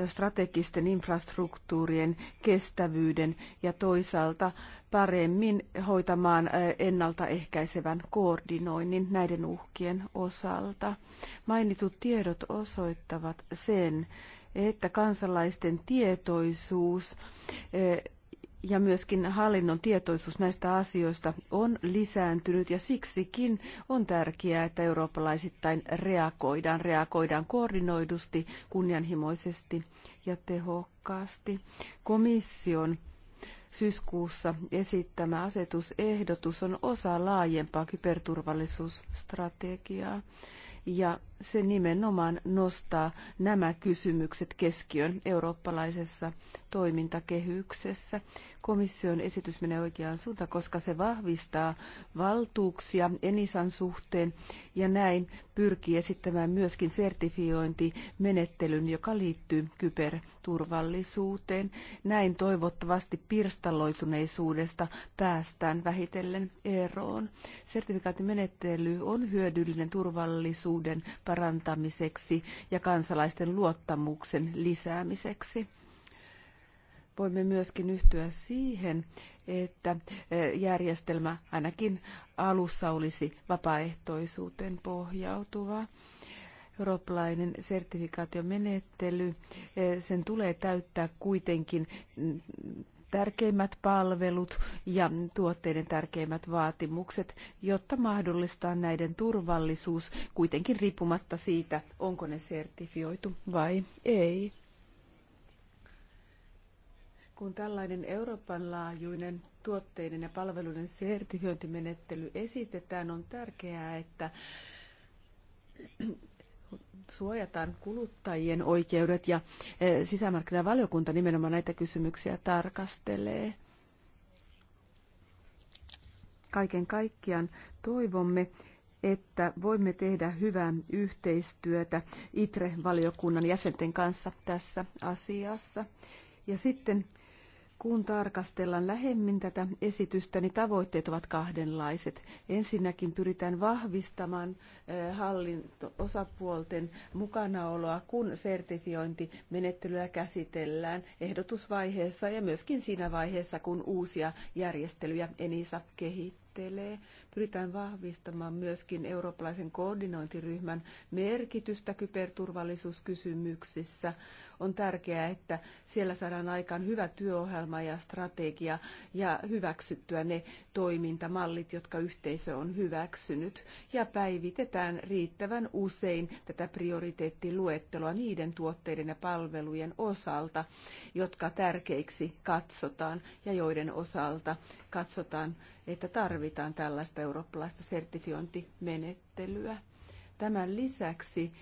[SPEAKER 1] strategisten infrastruktuurien kestävyyden ja toisaalta paremmin hoitamaan ennaltaehkäisevän koordinoinnin näiden uhkien osalta. Mainitut tiedot osoittavat sen, että kansalaisten tietoisuus ja myöskin hallinnon tietoisuus näistä asioista on lisääntynyt ja siksikin on tärkeää, että eurooppalaisittain reagoidaan, reagoidaan koordinoidusti, kunnianhimoisesti ja tehokkaasti. Komission syyskuussa esittämä asetusehdotus on osa laajempaa kyberturvallisuusstrategiaa ja se nimenomaan nostaa nämä kysymykset keskiön eurooppalaisessa toimintakehyksessä. Komission esitys menee oikeaan suuntaan, koska se vahvistaa valtuuksia Enisan suhteen ja näin pyrkii esittämään myöskin sertifiointimenettelyn, joka liittyy kyberturvallisuuteen. Näin toivottavasti pirstaloituneisuudesta päästään vähitellen eroon. Sertifikaattimenettely on hyödyllinen turvallisuuden parantamiseksi ja kansalaisten luottamuksen lisäämiseksi. Voimme myöskin yhtyä siihen, että e, järjestelmä ainakin alussa olisi vapaaehtoisuuteen pohjautuva eurooppalainen sertifikaatiomenettely, e, sen tulee täyttää kuitenkin tärkeimmät palvelut ja tuotteiden tärkeimmät vaatimukset, jotta mahdollistaa näiden turvallisuus kuitenkin riippumatta siitä, onko ne sertifioitu vai ei. Kun tällainen Euroopan laajuinen tuotteiden ja palveluiden sertifiointimenettely esitetään, on tärkeää, että suojataan kuluttajien oikeudet ja eh, sisämarkkinavaliokunta nimenomaan näitä kysymyksiä tarkastelee. Kaiken kaikkiaan toivomme, että voimme tehdä hyvää yhteistyötä ITRE-valiokunnan jäsenten kanssa tässä asiassa. Ja sitten kun tarkastellaan lähemmin tätä esitystä, niin tavoitteet ovat kahdenlaiset. Ensinnäkin pyritään vahvistamaan eh, hallinto-osapuolten mukanaoloa, kun sertifiointimenettelyä käsitellään ehdotusvaiheessa ja myöskin siinä vaiheessa, kun uusia järjestelyjä Enisa kehittelee. Pyritään vahvistamaan myöskin eurooppalaisen koordinointiryhmän merkitystä kyberturvallisuuskysymyksissä on tärkeää, että siellä saadaan aikaan hyvä työohjelma ja strategia ja hyväksyttyä ne toimintamallit, jotka yhteisö on hyväksynyt. Ja päivitetään riittävän usein tätä prioriteettiluetteloa niiden tuotteiden ja palvelujen osalta, jotka tärkeiksi katsotaan ja joiden osalta katsotaan, että tarvitaan tällaista eurooppalaista sertifiointimenettelyä. Tämän lisäksi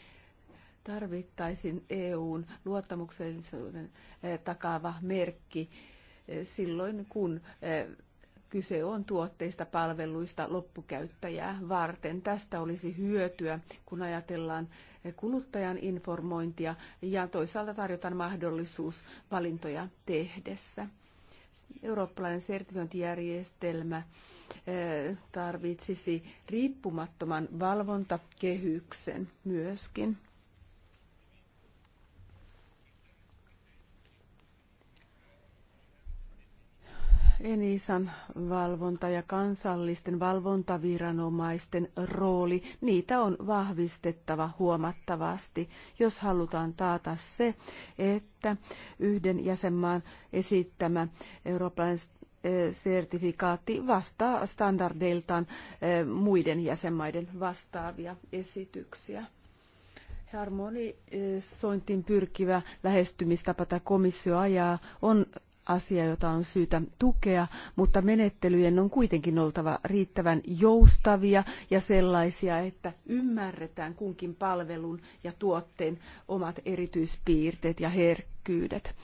[SPEAKER 1] tarvittaisiin EUn luottamuksellisuuden eh, takaava merkki eh, silloin, kun eh, kyse on tuotteista, palveluista loppukäyttäjää varten. Tästä olisi hyötyä, kun ajatellaan kuluttajan informointia ja toisaalta tarjotaan mahdollisuus valintoja tehdessä. Eurooppalainen sertifiointijärjestelmä tarvitsisi riippumattoman valvontakehyksen myöskin. Enisan valvonta ja kansallisten valvontaviranomaisten rooli, niitä on vahvistettava huomattavasti, jos halutaan taata se, että yhden jäsenmaan esittämä eurooppalainen eh, sertifikaatti vastaa standardeiltaan eh, muiden jäsenmaiden vastaavia esityksiä harmonisointiin pyrkivä lähestymistapa tai komissio ajaa on asia, jota on syytä tukea, mutta menettelyjen on kuitenkin oltava riittävän joustavia ja sellaisia, että ymmärretään kunkin palvelun ja tuotteen omat erityispiirteet ja herkkyydet.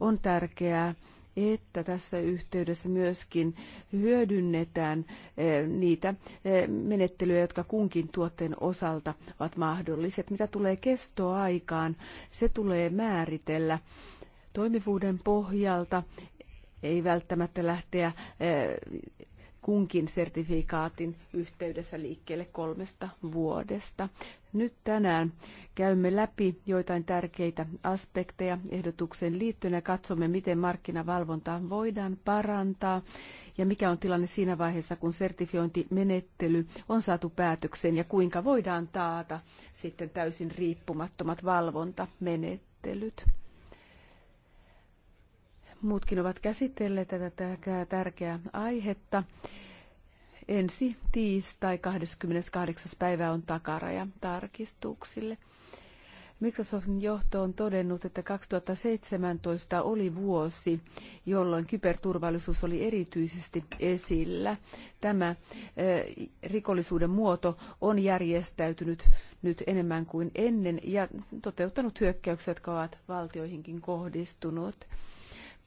[SPEAKER 1] On tärkeää, että tässä yhteydessä myöskin hyödynnetään eh, niitä eh, menettelyjä, jotka kunkin tuotteen osalta ovat mahdolliset. Mitä tulee kestoaikaan, se tulee määritellä toimivuuden pohjalta, ei välttämättä lähteä eh, kunkin sertifikaatin yhteydessä liikkeelle kolmesta vuodesta. Nyt tänään käymme läpi joitain tärkeitä aspekteja ehdotuksen liittyen ja katsomme, miten markkinavalvontaa voidaan parantaa ja mikä on tilanne siinä vaiheessa, kun sertifiointimenettely on saatu päätökseen ja kuinka voidaan taata sitten täysin riippumattomat valvontamenettelyt. Muutkin ovat käsitelleet tätä tärkeää aihetta. Ensi tiistai 28. päivä on takaraja tarkistuksille. Microsoftin johto on todennut, että 2017 oli vuosi, jolloin kyberturvallisuus oli erityisesti esillä. Tämä eh, rikollisuuden muoto on järjestäytynyt nyt enemmän kuin ennen ja toteuttanut hyökkäyksiä, jotka ovat valtioihinkin kohdistuneet.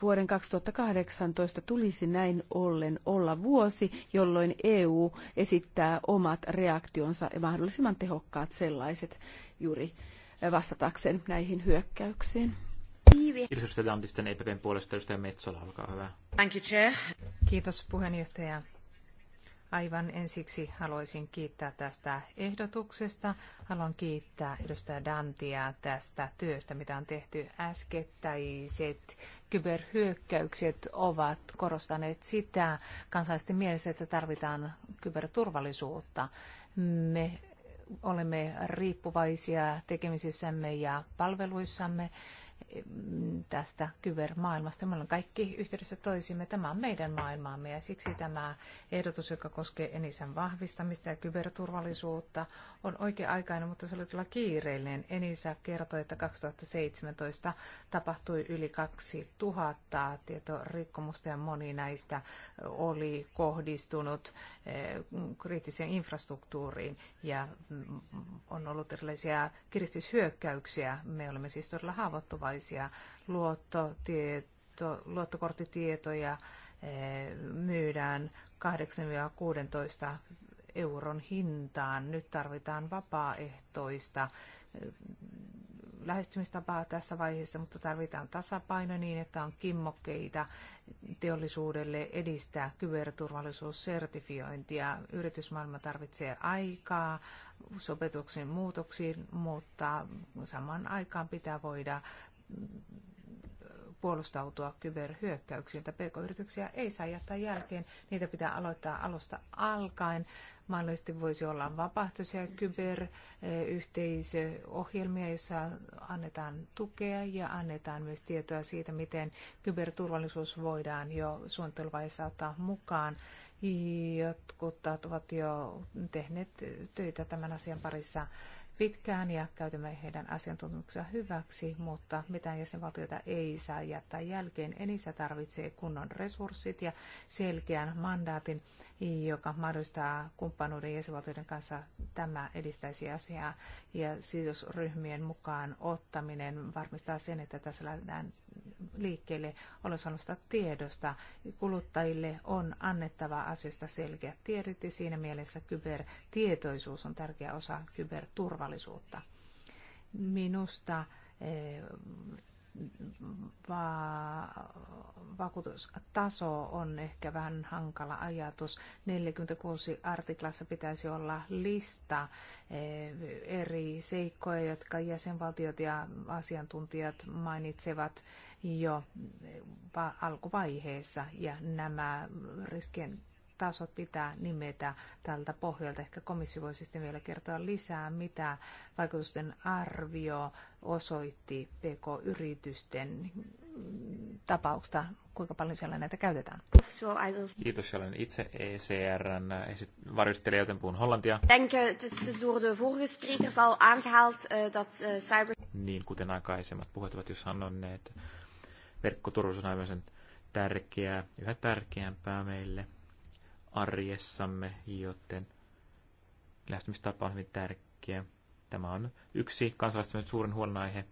[SPEAKER 1] Vuoden 2018 tulisi näin ollen olla vuosi, jolloin EU esittää omat reaktionsa ja mahdollisimman tehokkaat sellaiset juuri vastatakseen näihin hyökkäyksiin.
[SPEAKER 2] Kiitos EPPn e puolesta edustaja Metsola, olkaa hyvä.
[SPEAKER 1] Thank you, Chair. Kiitos puheenjohtaja.
[SPEAKER 3] Aivan ensiksi haluaisin kiittää tästä ehdotuksesta. Haluan kiittää edustaja Dantia tästä työstä, mitä on tehty äskettäiset. Kyberhyökkäykset ovat korostaneet sitä kansalaisten mielessä, että tarvitaan kyberturvallisuutta. Me olemme riippuvaisia tekemisissämme ja palveluissamme tästä kybermaailmasta. Me ollaan kaikki yhteydessä toisimme. Tämä on meidän maailmaamme ja siksi tämä ehdotus, joka koskee Enisan vahvistamista ja kyberturvallisuutta, on oikea-aikainen, mutta se oli tulla kiireellinen. Enisa kertoi, että 2017 tapahtui yli 2000 tietorikkomusta ja moni näistä oli kohdistunut eh, kriittiseen infrastruktuuriin ja mm, on ollut erilaisia kiristyshyökkäyksiä. Me olemme siis todella haavoittuvaisia erilaisia luottotieto, luottokorttitietoja eh, myydään 8-16 euron hintaan. Nyt tarvitaan vapaaehtoista eh, lähestymistapaa tässä vaiheessa, mutta tarvitaan tasapaino niin, että on kimmokkeita teollisuudelle edistää kyberturvallisuussertifiointia. Yritysmaailma tarvitsee aikaa sopetuksen muutoksiin, mutta saman aikaan pitää voida puolustautua kyberhyökkäyksiltä. PK-yrityksiä ei saa jättää jälkeen, niitä pitää aloittaa alusta alkaen. Mahdollisesti voisi olla vapaaehtoisia kyberyhteisöohjelmia, joissa annetaan tukea ja annetaan myös tietoa siitä, miten kyberturvallisuus voidaan jo suunnitteluvaiheessa ottaa mukaan. Jotkut ovat jo tehneet töitä tämän asian parissa pitkään ja käytämme heidän asiantuntemuksensa hyväksi, mutta mitään jäsenvaltioita ei saa jättää jälkeen. Enissä tarvitsee kunnon resurssit ja selkeän mandaatin, joka mahdollistaa kumppanuuden jäsenvaltioiden kanssa. Tämä edistäisi asiaa ja sidosryhmien mukaan ottaminen varmistaa sen, että tässä lähdetään liikkeelle olemassa tiedosta. Kuluttajille on annettava asiasta selkeät tiedot ja siinä mielessä kybertietoisuus on tärkeä osa kyberturvallisuutta. Minusta eh, va- vakuutustaso on ehkä vähän hankala ajatus. 46 artiklassa pitäisi olla lista eh, eri seikkoja, jotka jäsenvaltiot ja asiantuntijat mainitsevat jo eh, alkuvaiheessa ja nämä riskien tasot pitää nimetä tältä pohjalta. Ehkä komissio voi sitten vielä kertoa lisää, mitä vaikutusten arvio osoitti PK-yritysten tapauksesta, kuinka paljon siellä näitä käytetään. So I will...
[SPEAKER 2] Kiitos, olen itse ECRn eh, varjostelija, joten puhun hollantia.
[SPEAKER 1] Denk, eh, de al aangehaald eh, dat cyber...
[SPEAKER 2] Niin, kuten aikaisemmat puhet ovat jo sanoneet, verkkoturvallisuus on aivan sen tärkeää, yhä tärkeämpää meille arjessamme, joten lähestymistapa on hyvin tärkeä. Tämä on yksi kansalaisten suurin huolenaihe.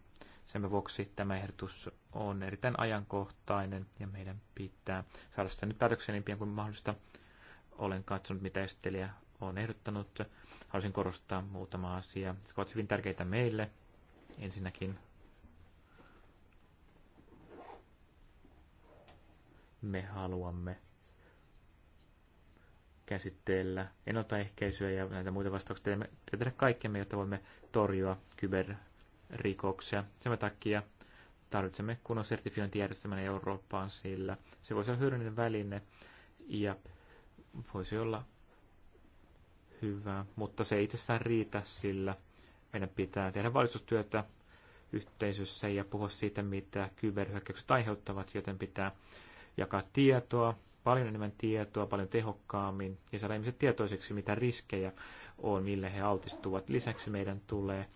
[SPEAKER 2] Sen vuoksi tämä ehdotus on erittäin ajankohtainen ja meidän pitää saada sen nyt päätökseen niin pian kuin mahdollista. Olen katsonut, mitä esittelijä on ehdottanut. Haluaisin korostaa muutama asia, jotka ovat hyvin tärkeitä meille. Ensinnäkin me haluamme käsitteellä ennaltaehkäisyä ja näitä muita vastauksia. Teemme, pitää tehdä kaikkemme, jotta voimme torjua kyberrikoksia. Sen takia tarvitsemme kunnon sertifiointijärjestelmän Eurooppaan, sillä se voisi olla hyödyllinen väline ja voisi olla hyvä, mutta se ei itsessään riitä, sillä meidän pitää tehdä valistustyötä yhteisössä ja puhua siitä, mitä kyberhyökkäykset aiheuttavat, joten pitää jakaa tietoa paljon enemmän tietoa, paljon tehokkaammin ja saada ihmiset tietoiseksi, mitä riskejä on, mille he altistuvat. Lisäksi meidän tulee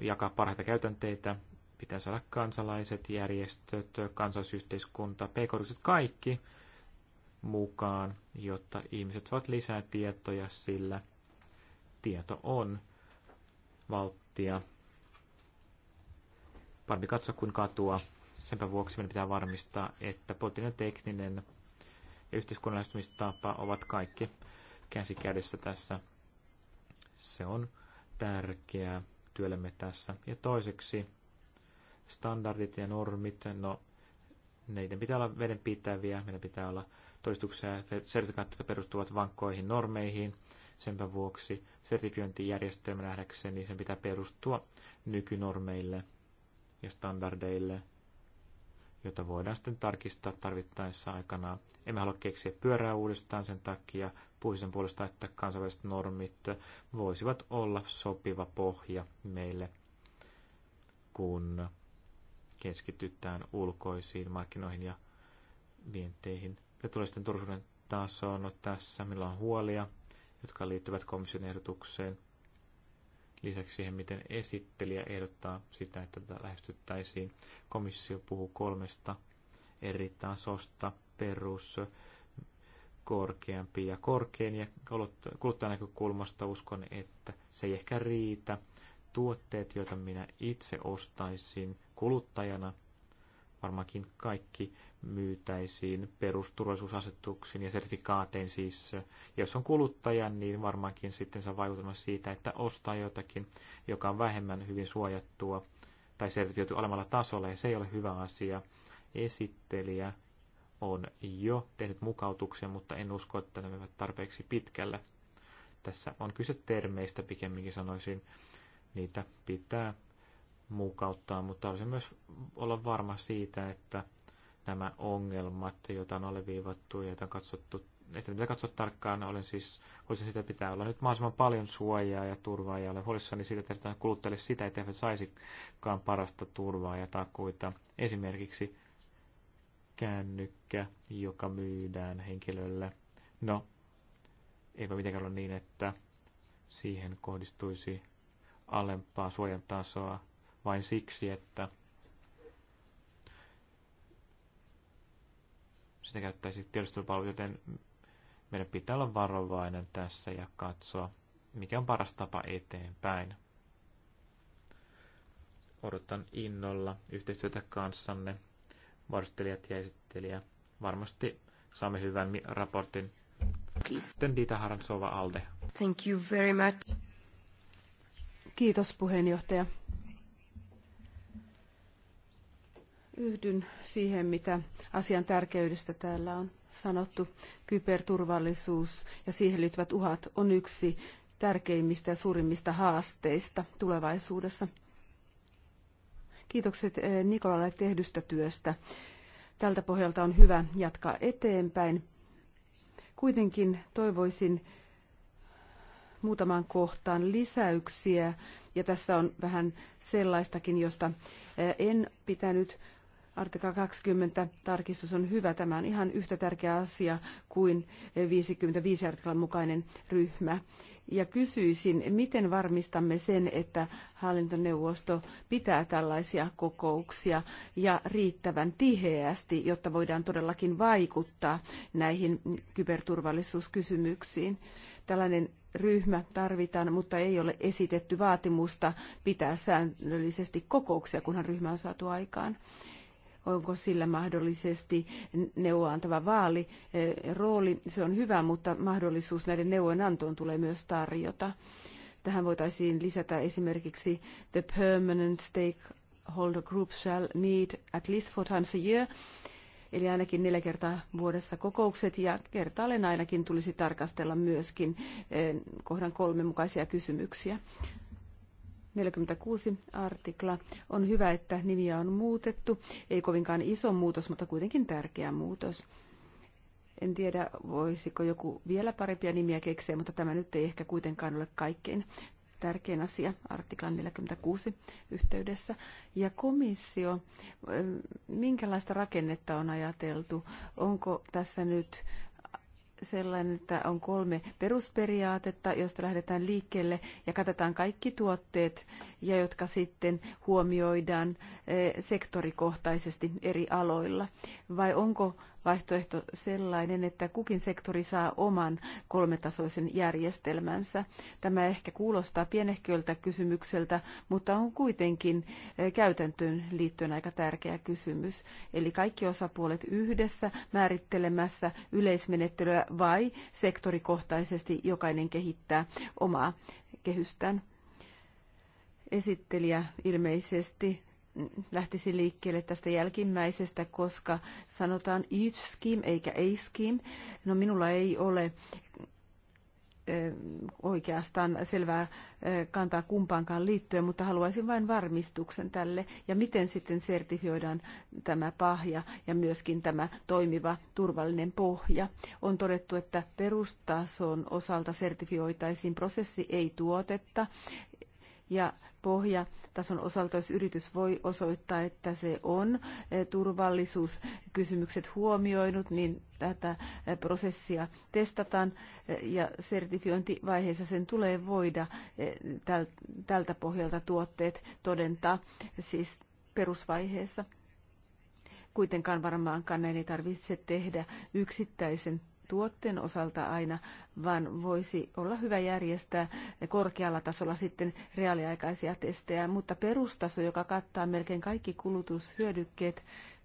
[SPEAKER 2] jakaa parhaita käytänteitä, pitää saada kansalaiset, järjestöt, kansalaisyhteiskunta, pk kaikki mukaan, jotta ihmiset saavat lisää tietoja, sillä tieto on valttia. Parempi katsoa kuin katua. Senpä vuoksi meidän pitää varmistaa, että poliittinen tekninen ja yhteiskunnallistumistapa ovat kaikki käsi kädessä tässä. Se on tärkeää työllemme tässä. Ja toiseksi standardit ja normit, no neiden pitää olla vedenpitäviä, meidän pitää olla todistuksia ja sertifikaatteita perustuvat vankkoihin normeihin. Senpä vuoksi sertifiointijärjestelmä nähdäkseni sen pitää perustua nykynormeille ja standardeille – jota voidaan sitten tarkistaa tarvittaessa aikanaan. Emme halua keksiä pyörää uudestaan sen takia puisen puolesta, että kansainväliset normit voisivat olla sopiva pohja meille, kun keskitytään ulkoisiin markkinoihin ja vienteihin. Ja tulee sitten turvallisuuden taso on no tässä, millä on huolia, jotka liittyvät komission ehdotukseen – lisäksi siihen, miten esittelijä ehdottaa sitä, että tätä lähestyttäisiin. Komissio puhuu kolmesta eri tasosta, perus, korkeampi ja korkein. Ja kuluttajan näkökulmasta uskon, että se ei ehkä riitä. Tuotteet, joita minä itse ostaisin kuluttajana – varmaankin kaikki myytäisiin perusturvallisuusasetuksiin ja sertifikaatein siis. Ja jos on kuluttaja, niin varmaankin sitten saa vaikutelma siitä, että ostaa jotakin, joka on vähemmän hyvin suojattua tai sertifioitu alemmalla tasolla, ja se ei ole hyvä asia. Esittelijä on jo tehnyt mukautuksia, mutta en usko, että ne menevät tarpeeksi pitkälle. Tässä on kyse termeistä pikemminkin sanoisin. Niitä pitää mukauttaa, mutta haluaisin myös olla varma siitä, että nämä ongelmat, joita on alleviivattu ja joita on katsottu, että mitä katsoa tarkkaan, olen siis, olisin sitä pitää olla nyt mahdollisimman paljon suojaa ja turvaa ja olen huolissani siitä, että kuluttajille sitä, että he saisikaan parasta turvaa ja takuita. Esimerkiksi kännykkä, joka myydään henkilölle. No, eipä mitenkään ole niin, että siihen kohdistuisi alempaa suojantasoa vain siksi, että sitä käyttäisi tiedostelupalvelu, joten meidän pitää olla varovainen tässä ja katsoa, mikä on paras tapa eteenpäin. Odotan innolla yhteistyötä kanssanne, varustelijat ja esittelijä. Varmasti saamme hyvän raportin. Sitten Dita Haransova Alde.
[SPEAKER 4] Thank you very much.
[SPEAKER 1] Kiitos puheenjohtaja. Yhdyn siihen, mitä asian tärkeydestä täällä on sanottu. Kyberturvallisuus ja siihen liittyvät uhat on yksi tärkeimmistä ja suurimmista haasteista tulevaisuudessa. Kiitokset eh, Nikolalle tehdystä työstä. Tältä pohjalta on hyvä jatkaa eteenpäin. Kuitenkin toivoisin muutaman kohtaan lisäyksiä, ja tässä on vähän sellaistakin, josta eh, en pitänyt Artikla 20 tarkistus on hyvä. Tämä on ihan yhtä tärkeä asia kuin 55 artiklan mukainen ryhmä. Ja kysyisin, miten varmistamme sen, että hallintoneuvosto pitää tällaisia kokouksia ja riittävän tiheästi, jotta voidaan todellakin vaikuttaa näihin kyberturvallisuuskysymyksiin. Tällainen ryhmä tarvitaan, mutta ei ole esitetty vaatimusta pitää säännöllisesti kokouksia, kunhan ryhmä on saatu aikaan onko sillä mahdollisesti neuvoantava vaali eh, rooli. Se on hyvä, mutta mahdollisuus näiden neuvonantoon tulee myös tarjota. Tähän voitaisiin lisätä esimerkiksi the permanent stakeholder group shall meet at least four times a year eli ainakin neljä kertaa vuodessa kokoukset ja kertaalleen ainakin tulisi tarkastella myöskin eh, kohdan kolme mukaisia kysymyksiä. 46 artikla. On hyvä, että nimiä on muutettu. Ei kovinkaan iso muutos, mutta kuitenkin tärkeä muutos. En tiedä, voisiko joku vielä parempia nimiä keksiä, mutta tämä nyt ei ehkä kuitenkaan ole kaikkein tärkein asia artiklan 46 yhteydessä. Ja komissio, minkälaista rakennetta on ajateltu? Onko tässä nyt sellainen, että on kolme perusperiaatetta, josta lähdetään liikkeelle ja katsotaan kaikki tuotteet, ja jotka sitten huomioidaan eh, sektorikohtaisesti eri aloilla? Vai onko vaihtoehto sellainen, että kukin sektori saa oman kolmetasoisen järjestelmänsä. Tämä ehkä kuulostaa pienehköltä kysymykseltä, mutta on kuitenkin eh, käytäntöön liittyen aika tärkeä kysymys. Eli kaikki osapuolet yhdessä määrittelemässä yleismenettelyä vai sektorikohtaisesti jokainen kehittää omaa kehystään esittelijä ilmeisesti lähtisi liikkeelle tästä jälkimmäisestä, koska sanotaan each scheme eikä a scheme. No minulla ei ole oikeastaan selvää kantaa kumpaankaan liittyen, mutta haluaisin vain varmistuksen tälle ja miten sitten sertifioidaan tämä pahja ja myöskin tämä toimiva turvallinen pohja. On todettu, että perustason osalta sertifioitaisiin prosessi ei tuotetta ja pohjatason osalta, jos yritys voi osoittaa, että se on eh, turvallisuuskysymykset huomioinut, niin tätä eh, prosessia testataan eh, ja sertifiointivaiheessa sen tulee voida tältä pohjalta tuotteet todentaa siis perusvaiheessa. Kuitenkaan varmaankaan näin ei tarvitse tehdä yksittäisen tuotteen osalta aina, vaan voisi olla hyvä järjestää korkealla tasolla sitten reaaliaikaisia testejä, mutta perustaso, joka kattaa melkein kaikki kulutushyödykkeet,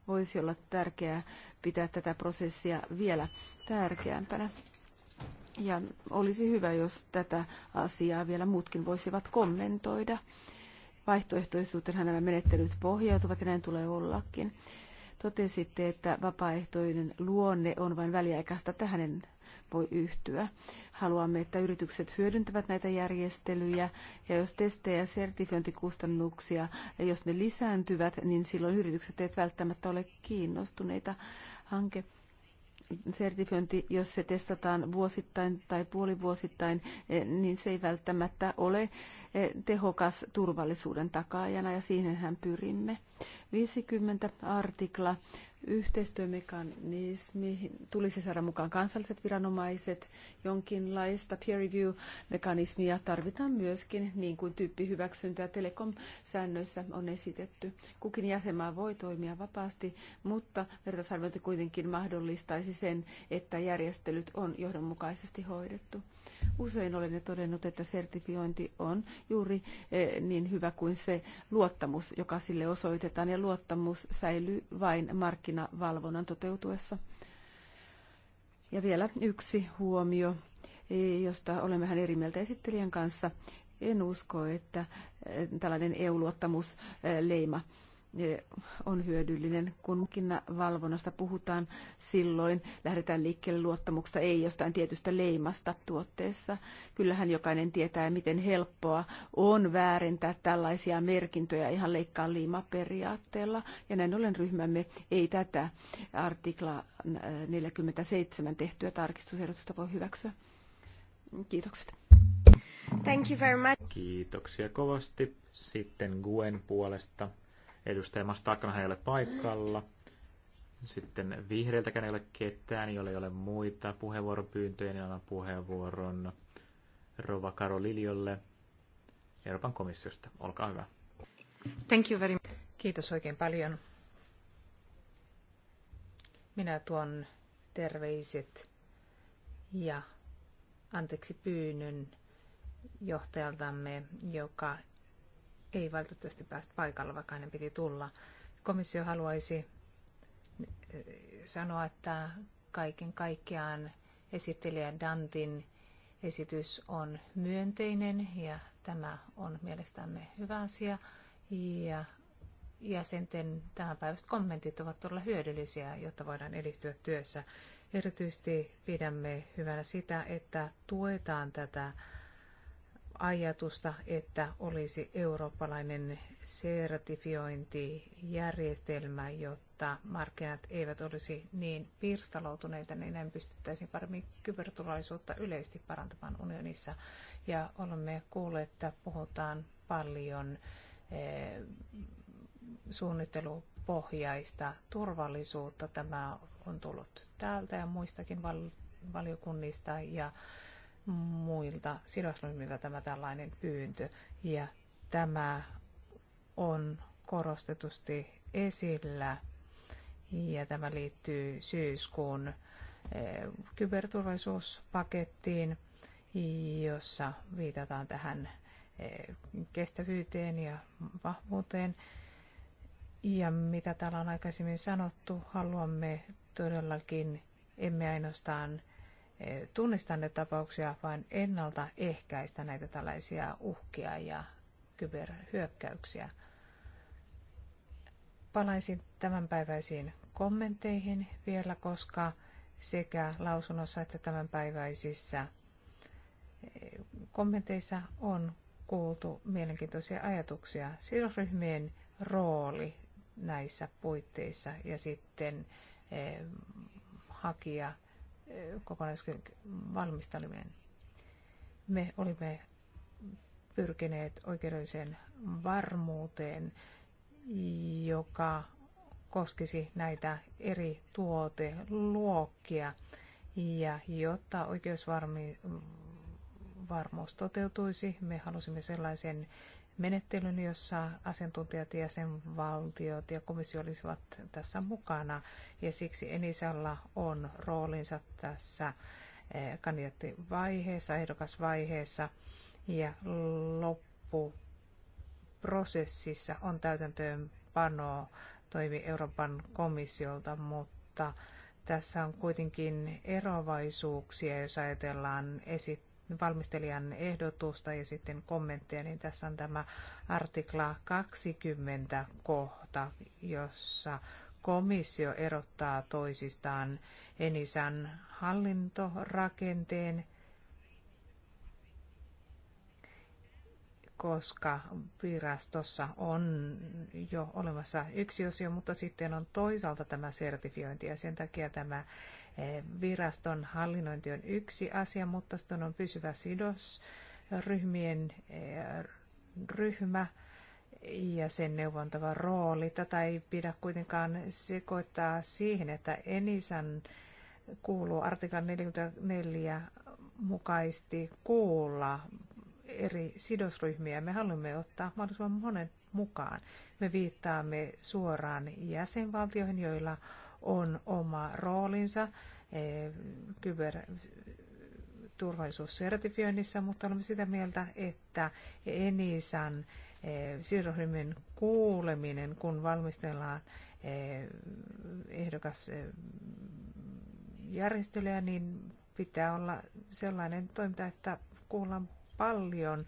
[SPEAKER 1] voisi olla tärkeää pitää tätä prosessia vielä tärkeämpänä. Ja olisi hyvä, jos tätä asiaa vielä muutkin voisivat kommentoida. Vaihtoehtoisuutenhan nämä menettelyt pohjautuvat ja näin tulee ollakin. Totesitte, että vapaaehtoinen luonne on vain väliaikaista. Tähän en voi yhtyä. Haluamme, että yritykset hyödyntävät näitä järjestelyjä, ja jos testejä ja sertifiointikustannuksia, ja jos ne lisääntyvät, niin silloin yritykset eivät välttämättä ole kiinnostuneita hanke sertifiointi, jos se testataan vuosittain tai puolivuosittain, niin se ei välttämättä ole tehokas turvallisuuden takaajana ja siihenhän pyrimme. 50 artikla yhteistyömekanismi tulisi saada mukaan kansalliset viranomaiset. Jonkinlaista peer review-mekanismia tarvitaan myöskin, niin kuin tyyppihyväksyntää telekom-säännöissä on esitetty. Kukin jäsenmaa voi toimia vapaasti, mutta vertaisarviointi kuitenkin mahdollistaisi sen, että järjestelyt on johdonmukaisesti hoidettu. Usein olen todennut, että sertifiointi on juuri eh, niin hyvä kuin se luottamus, joka sille osoitetaan, ja luottamus säilyy vain markkinavalvonnan toteutuessa. Ja vielä yksi huomio, eh, josta olen vähän eri mieltä esittelijän kanssa. En usko, että eh, tällainen EU-luottamusleima leima on hyödyllinen. Kun valvonnasta puhutaan, silloin lähdetään liikkeelle luottamuksesta, ei jostain tietystä leimasta tuotteessa. Kyllähän jokainen tietää, miten helppoa on väärentää tällaisia merkintöjä ihan leikkaa liimaperiaatteella. Ja näin ollen ryhmämme ei tätä artikla 47 tehtyä tarkistusehdotusta voi hyväksyä. Kiitokset. Thank you very much.
[SPEAKER 2] Kiitoksia kovasti. Sitten Guen puolesta. Edustaja Mastakana ei ole paikalla. Sitten vihreiltäkään ei ole ketään, jolle ei ole muita puheenvuoropyyntöjä, niin annan puheenvuoron Rova Karo Liljolle Euroopan komissiosta. Olkaa hyvä.
[SPEAKER 3] Thank you very much. Kiitos oikein paljon. Minä tuon terveiset ja anteeksi pyynnön johtajaltamme, joka ei valitettavasti päästä paikalla, vaikka hänen piti tulla. Komissio haluaisi eh, sanoa, että kaiken kaikkiaan esittelijä Dantin esitys on myönteinen ja tämä on mielestämme hyvä asia. Ja jäsenten tämänpäiväiset kommentit ovat todella hyödyllisiä, jotta voidaan edistyä työssä. Erityisesti pidämme hyvänä sitä, että tuetaan tätä ajatusta, että olisi eurooppalainen sertifiointijärjestelmä, jotta markkinat eivät olisi niin pirstaloutuneita, niin näin pystyttäisiin paremmin kyberturvallisuutta yleisesti parantamaan unionissa. Ja olemme kuulleet, että puhutaan paljon eh, suunnittelupohjaista turvallisuutta. Tämä on tullut täältä ja muistakin valiokunnista ja muilta sidosryhmiltä tämä tällainen pyyntö. Ja tämä on korostetusti esillä ja tämä liittyy syyskuun eh, kyberturvallisuuspakettiin, jossa viitataan tähän eh, kestävyyteen ja vahvuuteen. Ja mitä täällä on aikaisemmin sanottu, haluamme todellakin emme ainoastaan Eh, tunnistaa ne tapauksia, vaan ennaltaehkäistä näitä tällaisia uhkia ja kyberhyökkäyksiä. Palaisin tämänpäiväisiin kommentteihin vielä, koska sekä lausunnossa että tämänpäiväisissä eh, kommenteissa on kuultu mielenkiintoisia ajatuksia. Sidosryhmien rooli näissä puitteissa ja sitten eh, hakija kokonaisvalmisteleminen. Me olimme pyrkineet oikeudelliseen varmuuteen, joka koskisi näitä eri tuoteluokkia. Ja jotta oikeusvarmuus toteutuisi, me halusimme sellaisen menettelyn, jossa asiantuntijat, jäsenvaltiot ja komissio olisivat tässä mukana. Ja siksi Enisalla on roolinsa tässä eh, kandidaattivaiheessa, ehdokasvaiheessa ja loppuprosessissa on täytäntöönpano toimi Euroopan komissiolta, mutta tässä on kuitenkin erovaisuuksia, jos ajatellaan esittää valmistelijan ehdotusta ja sitten kommentteja, niin tässä on tämä artikla 20 kohta, jossa komissio erottaa toisistaan Enisan hallintorakenteen, koska virastossa on jo olemassa yksi osio, mutta sitten on toisaalta tämä sertifiointi ja sen takia tämä viraston hallinnointi on yksi asia, mutta sitten on pysyvä sidos ryhmien eh, ryhmä ja sen neuvontava rooli. Tätä ei pidä kuitenkaan sekoittaa siihen, että Enisan kuuluu artiklan 44 mukaisesti kuulla eri sidosryhmiä. Me haluamme ottaa mahdollisimman monen mukaan. Me viittaamme suoraan jäsenvaltioihin, joilla on oma roolinsa e, kyberturvallisuussertifioinnissa, mutta olemme sitä mieltä, että Enisan e, sidosryhmien kuuleminen, kun valmistellaan e, ehdokas järjestelyä, niin pitää olla sellainen toiminta, että kuullaan paljon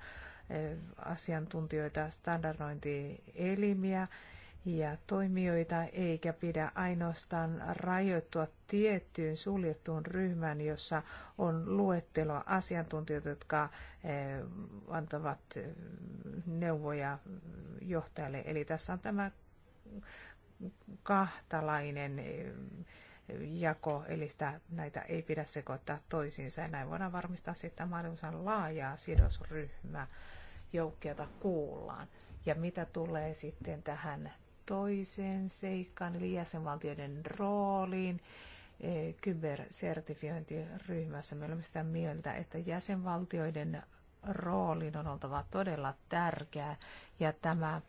[SPEAKER 3] asiantuntijoita, standardointielimiä ja toimijoita, eikä pidä ainoastaan rajoittua tiettyyn suljettuun ryhmään, jossa on luettelo asiantuntijoita, jotka eh, antavat eh, neuvoja johtajalle. Eli tässä on tämä kahtalainen eh, jako, eli sitä, näitä ei pidä sekoittaa toisiinsa. Ja näin voidaan varmistaa sitten mahdollisimman laajaa sidosryhmä joukkiota kuullaan. Ja mitä tulee sitten tähän toiseen seikkaan, eli jäsenvaltioiden rooliin e, kybersertifiointiryhmässä. Me olemme sitä mieltä, että jäsenvaltioiden roolin on oltava todella tärkeä ja tämä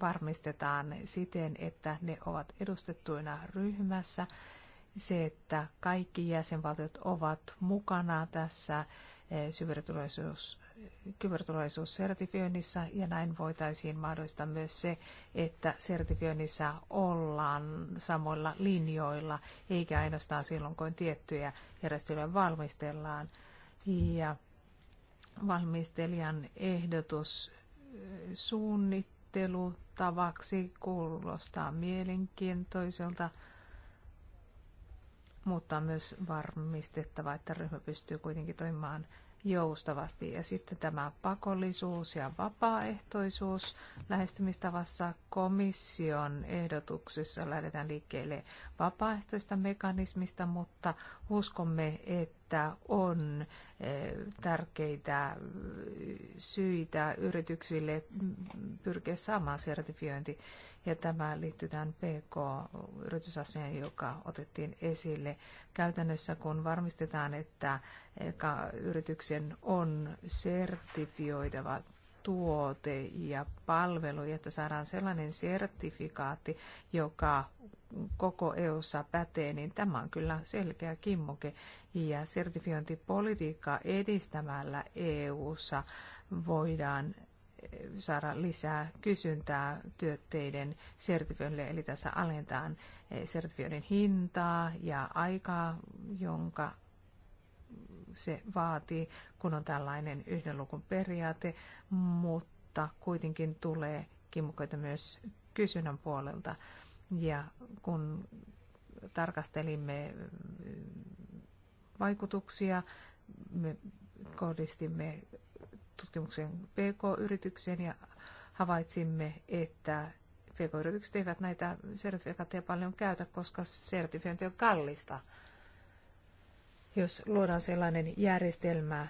[SPEAKER 3] varmistetaan siten, että ne ovat edustettuina ryhmässä. Se, että kaikki jäsenvaltiot ovat mukana tässä e, cyberturvallisuus kyberturvallisuussertifioinnissa ja näin voitaisiin mahdollistaa myös se, että sertifioinnissa ollaan samoilla linjoilla, eikä ainoastaan silloin, kun tiettyjä järjestelyjä valmistellaan. Ja valmistelijan ehdotus eh, suunnittelutavaksi kuulostaa mielenkiintoiselta mutta on myös varmistettava, että ryhmä pystyy kuitenkin toimimaan joustavasti. Ja sitten tämä pakollisuus ja vapaaehtoisuus lähestymistavassa komission ehdotuksessa lähdetään liikkeelle vapaaehtoista mekanismista, mutta uskomme, että on eh, tärkeitä syitä yrityksille pyrkiä saamaan sertifiointi ja tämä liittyy tähän PK-yritysasiaan, joka otettiin esille. Käytännössä kun varmistetaan, että yrityksen on sertifioitava tuote ja palvelu, että saadaan sellainen sertifikaatti, joka koko EUssa pätee, niin tämä on kyllä selkeä kimmoke. Ja sertifiointipolitiikkaa edistämällä EUssa voidaan saada lisää kysyntää työtteiden sertifioille, eli tässä alentaan eh, sertifioiden hintaa ja aikaa, jonka se vaatii, kun on tällainen yhden lukun periaate, mutta kuitenkin tulee kimmukoita myös kysynnän puolelta. Ja kun tarkastelimme mm, vaikutuksia, me kohdistimme tutkimuksen PK-yritykseen ja havaitsimme, että PK-yritykset eivät näitä sertifikaatteja paljon käytä, koska sertifiointi on kallista. Jos luodaan sellainen järjestelmä,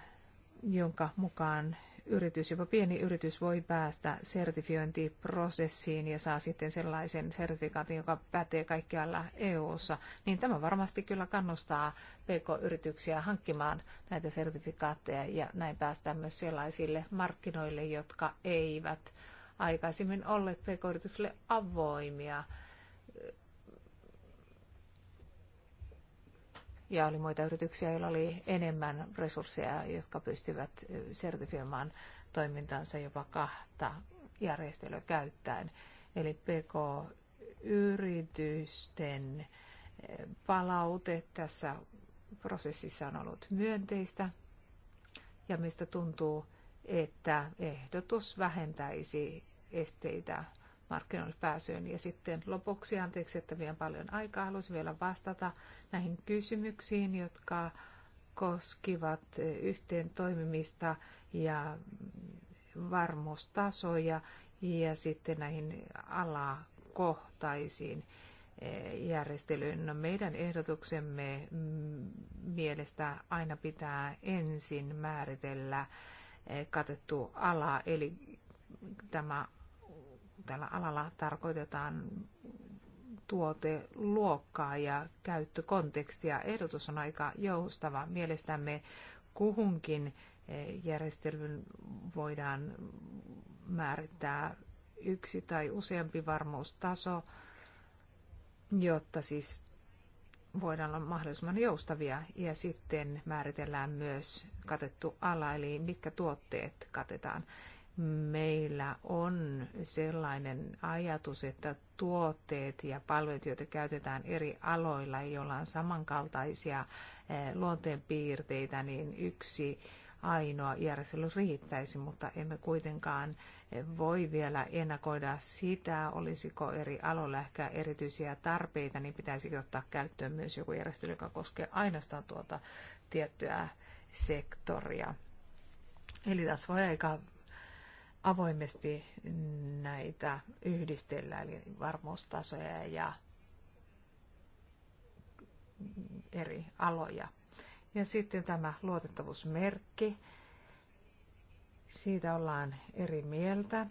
[SPEAKER 3] jonka mukaan yritys, jopa pieni yritys voi päästä sertifiointiprosessiin ja saa sitten sellaisen sertifikaatin, joka pätee kaikkialla EU-ssa, niin tämä varmasti kyllä kannustaa PK-yrityksiä hankkimaan näitä sertifikaatteja ja näin päästään myös sellaisille markkinoille, jotka eivät aikaisemmin olleet PK-yrityksille avoimia. ja oli muita yrityksiä, joilla oli enemmän resursseja, jotka pystyvät sertifioimaan toimintansa jopa kahta järjestelyä käyttäen. Eli PK-yritysten palaute tässä prosessissa on ollut myönteistä ja mistä tuntuu, että ehdotus vähentäisi esteitä markkinoille pääsyyn. Ja sitten lopuksi, anteeksi, että vien paljon aikaa, haluaisin vielä vastata näihin kysymyksiin, jotka koskivat e, yhteen toimimista ja mm, varmuustasoja ja sitten näihin alakohtaisiin e, järjestelyyn. No meidän ehdotuksemme mm, mielestä aina pitää ensin määritellä e, katettu ala, eli tämä tällä alalla tarkoitetaan tuoteluokkaa ja käyttökontekstia. Ehdotus on aika joustava. Mielestämme kuhunkin eh, järjestelyn voidaan määrittää yksi tai useampi varmuustaso, jotta siis voidaan olla mahdollisimman joustavia ja sitten määritellään myös katettu ala, eli mitkä tuotteet katetaan meillä on sellainen ajatus, että tuotteet ja palvelut, joita käytetään eri aloilla, joilla on samankaltaisia eh, luonteenpiirteitä, niin yksi ainoa järjestely riittäisi, mutta emme kuitenkaan eh, voi vielä ennakoida sitä, olisiko eri aloilla ehkä erityisiä tarpeita, niin pitäisi ottaa käyttöön myös joku järjestely, joka koskee ainoastaan tuota tiettyä sektoria. Eli tässä voi aika avoimesti näitä yhdistellä, eli varmuustasoja ja eri aloja. Ja sitten tämä luotettavuusmerkki. Siitä ollaan eri mieltä.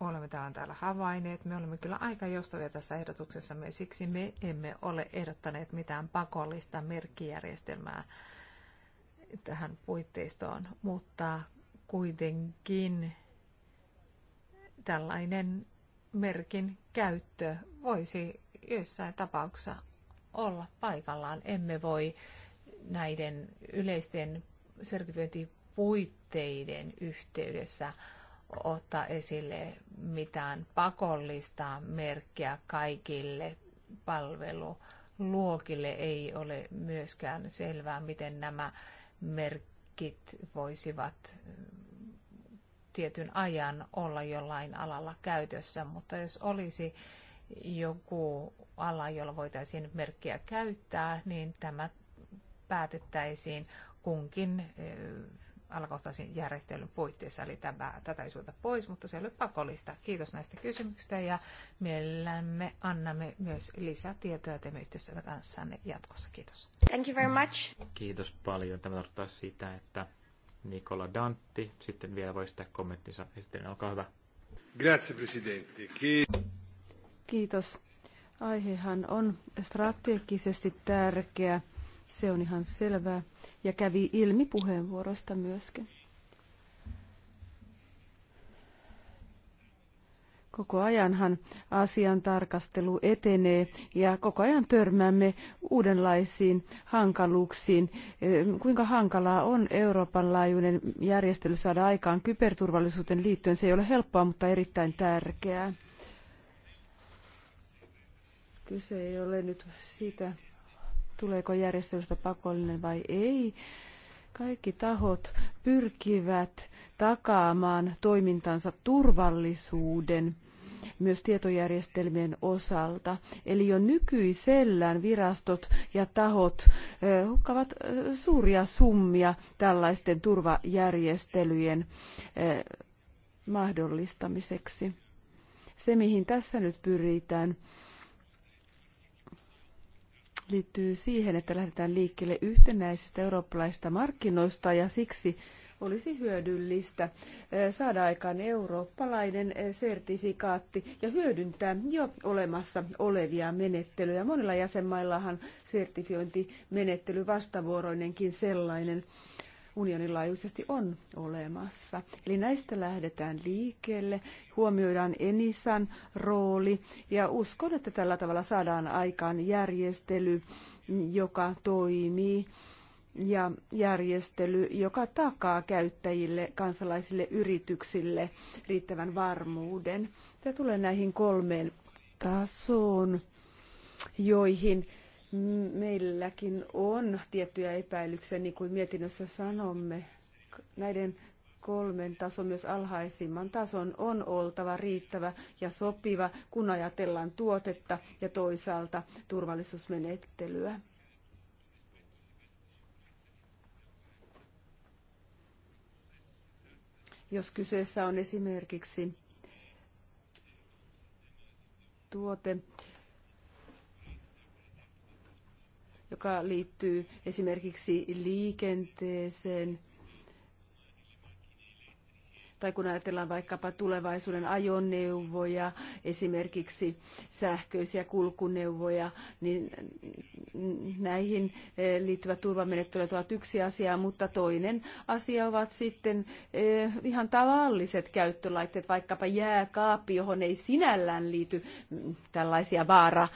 [SPEAKER 3] Olemme tämän täällä havainneet. Me olemme kyllä aika joustavia tässä me siksi me emme ole ehdottaneet mitään pakollista merkkijärjestelmää tähän puitteistoon, mutta kuitenkin tällainen merkin käyttö voisi joissain tapauksessa olla paikallaan. Emme voi näiden yleisten sertifiointipuitteiden yhteydessä ottaa esille mitään pakollista merkkiä kaikille palveluluokille. Ei ole myöskään selvää, miten nämä merkit voisivat mm, tietyn ajan olla jollain alalla käytössä, mutta jos olisi joku ala, jolla voitaisiin merkkiä käyttää, niin tämä päätettäisiin kunkin eh, alakohtaisen järjestelyn puitteissa, eli tämä, tätä ei suolta pois, mutta se ei ole pakollista. Kiitos näistä kysymyksistä ja mielellämme annamme myös lisätietoja teemme yhteistyötä kanssanne jatkossa. Kiitos.
[SPEAKER 1] Thank you very much.
[SPEAKER 2] Kiitos paljon. Tämä tarkoittaa sitä, että Nikola Dantti sitten vielä voi sitä kommenttinsa esitellä. Olkaa hyvä.
[SPEAKER 1] Grazie, Presidente. Kiitos. Aihehan on strategisesti tärkeä se on ihan selvää ja kävi ilmi puheenvuorosta myöskin. Koko ajanhan asian tarkastelu etenee ja koko ajan törmäämme uudenlaisiin hankaluuksiin. Kuinka hankalaa on Euroopan laajuinen järjestely saada aikaan kyberturvallisuuteen liittyen? Se ei ole helppoa, mutta erittäin tärkeää. Kyse ei ole nyt siitä, tuleeko järjestelystä pakollinen vai ei. Kaikki tahot pyrkivät takaamaan toimintansa turvallisuuden myös tietojärjestelmien osalta. Eli jo nykyisellään virastot ja tahot hukkavat suuria summia tällaisten turvajärjestelyjen mahdollistamiseksi. Se, mihin tässä nyt pyritään, liittyy siihen, että lähdetään liikkeelle yhtenäisistä eurooppalaisista markkinoista ja siksi olisi hyödyllistä eh, saada aikaan eurooppalainen eh, sertifikaatti ja hyödyntää jo olemassa olevia menettelyjä. Monilla jäsenmaillahan sertifiointimenettely vastavuoroinenkin sellainen unionin laajuisesti on olemassa. Eli näistä lähdetään liikkeelle, huomioidaan Enisan rooli ja uskon, että tällä tavalla saadaan aikaan järjestely, joka toimii ja järjestely, joka takaa käyttäjille, kansalaisille, yrityksille riittävän varmuuden. Tämä tulee näihin kolmeen tasoon, joihin Meilläkin on tiettyjä epäilyksiä, niin kuin mietinnössä sanomme. Näiden kolmen tason, myös alhaisimman tason, on oltava riittävä ja sopiva, kun ajatellaan tuotetta ja toisaalta turvallisuusmenettelyä. Jos kyseessä on esimerkiksi tuote, joka liittyy esimerkiksi liikenteeseen – tai kun ajatellaan vaikkapa tulevaisuuden ajoneuvoja, esimerkiksi sähköisiä kulkuneuvoja, niin näihin eh, liittyvät turvamenettelyt ovat yksi asia, mutta toinen asia ovat sitten eh, ihan tavalliset käyttölaitteet, vaikkapa jääkaappi, johon ei sinällään liity mm, tällaisia vaara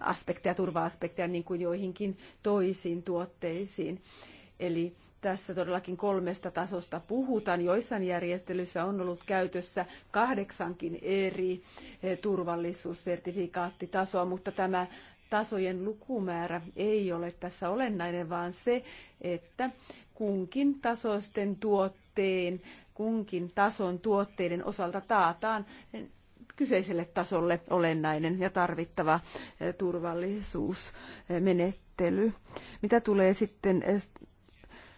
[SPEAKER 1] aspekteja, turva-aspekteja niin kuin joihinkin toisiin tuotteisiin. Eli tässä todellakin kolmesta tasosta puhutaan. Joissain järjestelyissä on ollut käytössä kahdeksankin eri eh, turvallisuussertifikaattitasoa, mutta tämä tasojen lukumäärä ei ole tässä olennainen, vaan se, että kunkin tasoisten tuotteen, kunkin tason tuotteiden osalta taataan kyseiselle tasolle olennainen ja tarvittava eh, turvallisuusmenettely. Mitä tulee sitten eh,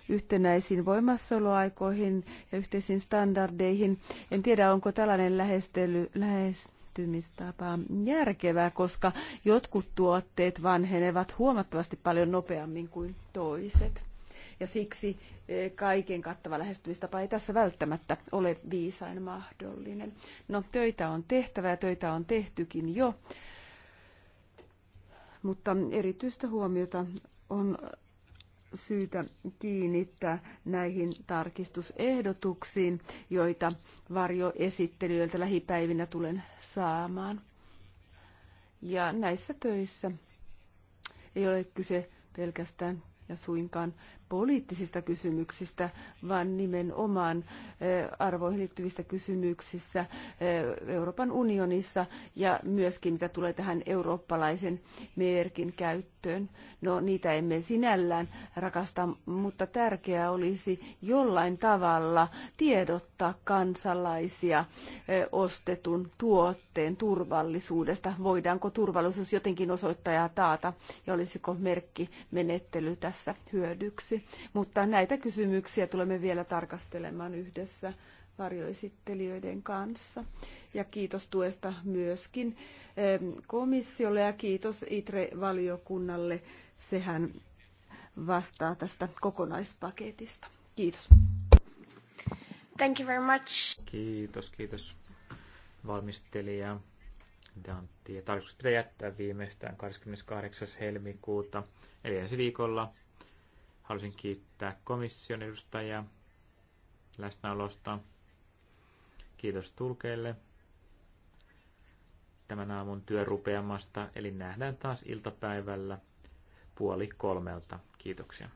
[SPEAKER 1] yhtenäisiin voimassaoloaikoihin ja yhteisiin standardeihin. En tiedä, onko tällainen lähestely, lähestymistapa järkevää, koska jotkut tuotteet vanhenevat huomattavasti paljon nopeammin kuin toiset. Ja siksi e, kaiken kattava lähestymistapa ei tässä välttämättä ole viisain mahdollinen. No, töitä on tehtävä ja töitä on tehtykin jo mutta erityistä huomiota on syytä kiinnittää näihin tarkistusehdotuksiin, joita varjoesittelijöiltä lähipäivinä tulen saamaan. Ja näissä töissä ei ole kyse pelkästään ja suinkaan poliittisista kysymyksistä, vaan nimenomaan e, arvoihin liittyvistä kysymyksissä e, Euroopan unionissa ja myöskin mitä tulee tähän eurooppalaisen merkin käyttöön käyttöön. No niitä emme sinällään rakasta, mutta tärkeää olisi jollain tavalla tiedottaa kansalaisia ostetun tuotteen turvallisuudesta. Voidaanko turvallisuus jotenkin osoittaa ja taata ja olisiko menettely tässä hyödyksi. Mutta näitä kysymyksiä tulemme vielä tarkastelemaan yhdessä varjoesittelijöiden kanssa. Ja kiitos tuesta myöskin komissiolle ja kiitos ITRE-valiokunnalle. Sehän vastaa tästä kokonaispaketista. Kiitos. Thank you very much.
[SPEAKER 2] Kiitos, kiitos valmistelija Dantti. Ja tarkoitus pitää jättää viimeistään 28. helmikuuta, eli ensi viikolla. Haluaisin kiittää komission edustajia läsnäolosta. Kiitos tulkeille tämän aamun työrupeamasta, eli nähdään taas iltapäivällä puoli kolmelta. Kiitoksia.